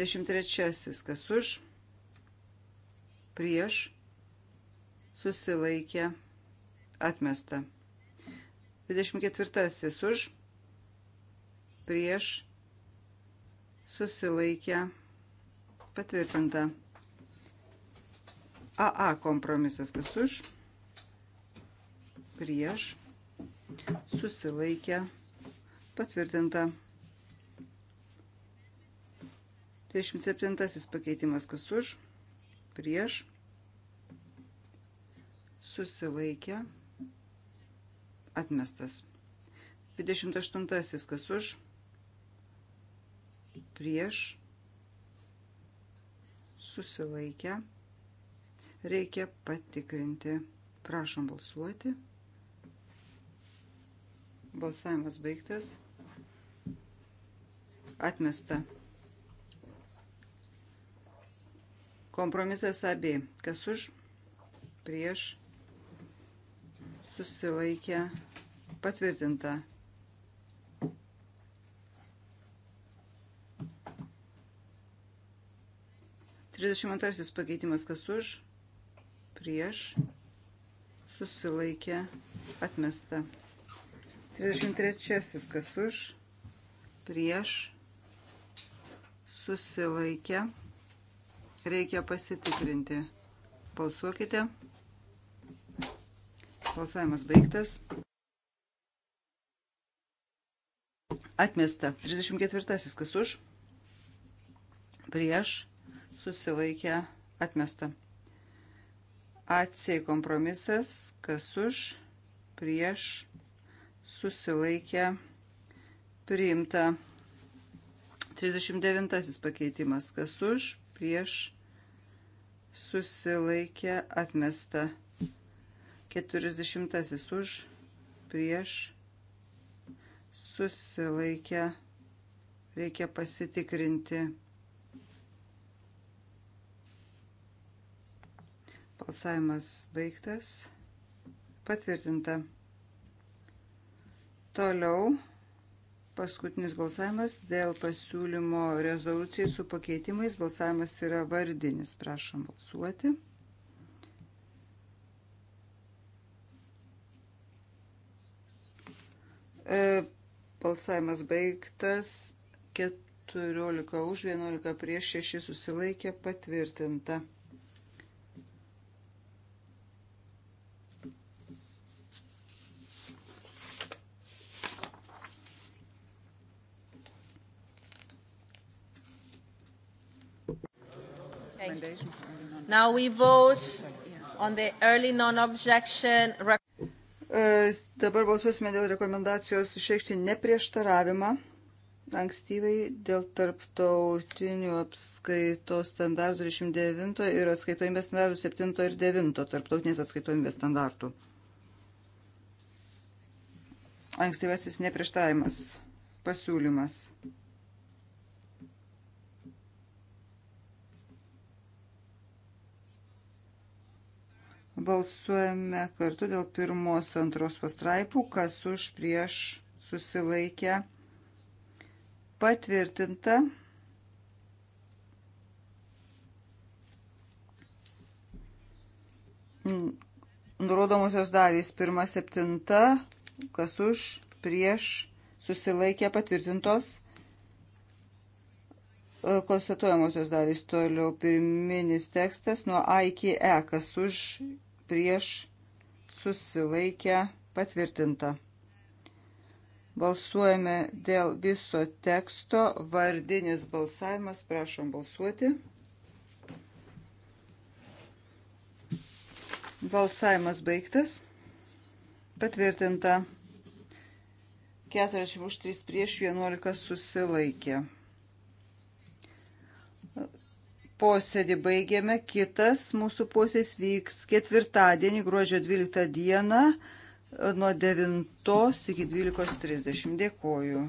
13. Kas už, prieš, susilaikę atmesta. 24. Už, prieš, susilaikę patvirtinta. AA kompromisas kas už, prieš, susilaikę atmesta Patvirtinta. 27 pakeitimas kas už, prieš, susilaikė, atmestas. 28 kas už, prieš, susilaikė, reikia patikrinti. Prašom balsuoti. Balsavimas baigtas. Atmesta. Kompromisas AB. Kas už? Prieš. Susilaikę. Patvirtinta. Trisdešimt antrasis pakeitimas. Kas už? Prieš. Susilaikę. Atmesta. 33. Kas už? Prieš susilaikę, reikia pasitikrinti. Balsuokite. Balsavimas baigtas. Atmesta. 34. Kas už? Prieš. Susilaikę. Atmesta. AC kompromisas. Kas už? Prieš. Susilaikę. Priimta. 39 pakeitimas. Kas už, prieš, susilaikė, atmesta. 40 už, prieš, susilaikė, reikia pasitikrinti. Balsavimas baigtas. Patvirtinta. Toliau. Paskutinis balsavimas dėl pasiūlymo rezoliucijai su pakeitimais. Balsavimas yra vardinis. Prašom balsuoti. E, balsavimas baigtas. 14 už, 11 prieš 6 susilaikė patvirtinta. recommendation for early non-objection. Now we vote on the early non-objection. E, dabar balsuosime dėl rekomendacijos išreikšti neprieštaravimą ankstyvai dėl tarptautinių apskaitos standartų 29 ir atskaitomybės standartų 7 ir 9 tarptautinės atskaitomybės standartų. Ankstyvasis neprieštavimas pasiūlymas. Balsuojame kartu dėl pirmos antros pastraipų, kas už prieš susilaikę patvirtinta. Nurodomosios dalys pirma septinta, kas už prieš susilaikė patvirtintos konstatuojamosios dalys toliau pirminis tekstas nuo A iki E, kas už prieš susilaikę patvirtinta. Balsuojame dėl viso teksto. Vardinis balsavimas. Prašom balsuoti. Balsavimas baigtas. Patvirtinta. 43 prieš 11 susilaikė posėdį baigėme. Kitas mūsų posėdis vyks ketvirtadienį, gruodžio 12 dieną, nuo 9 iki 12.30. Dėkuoju.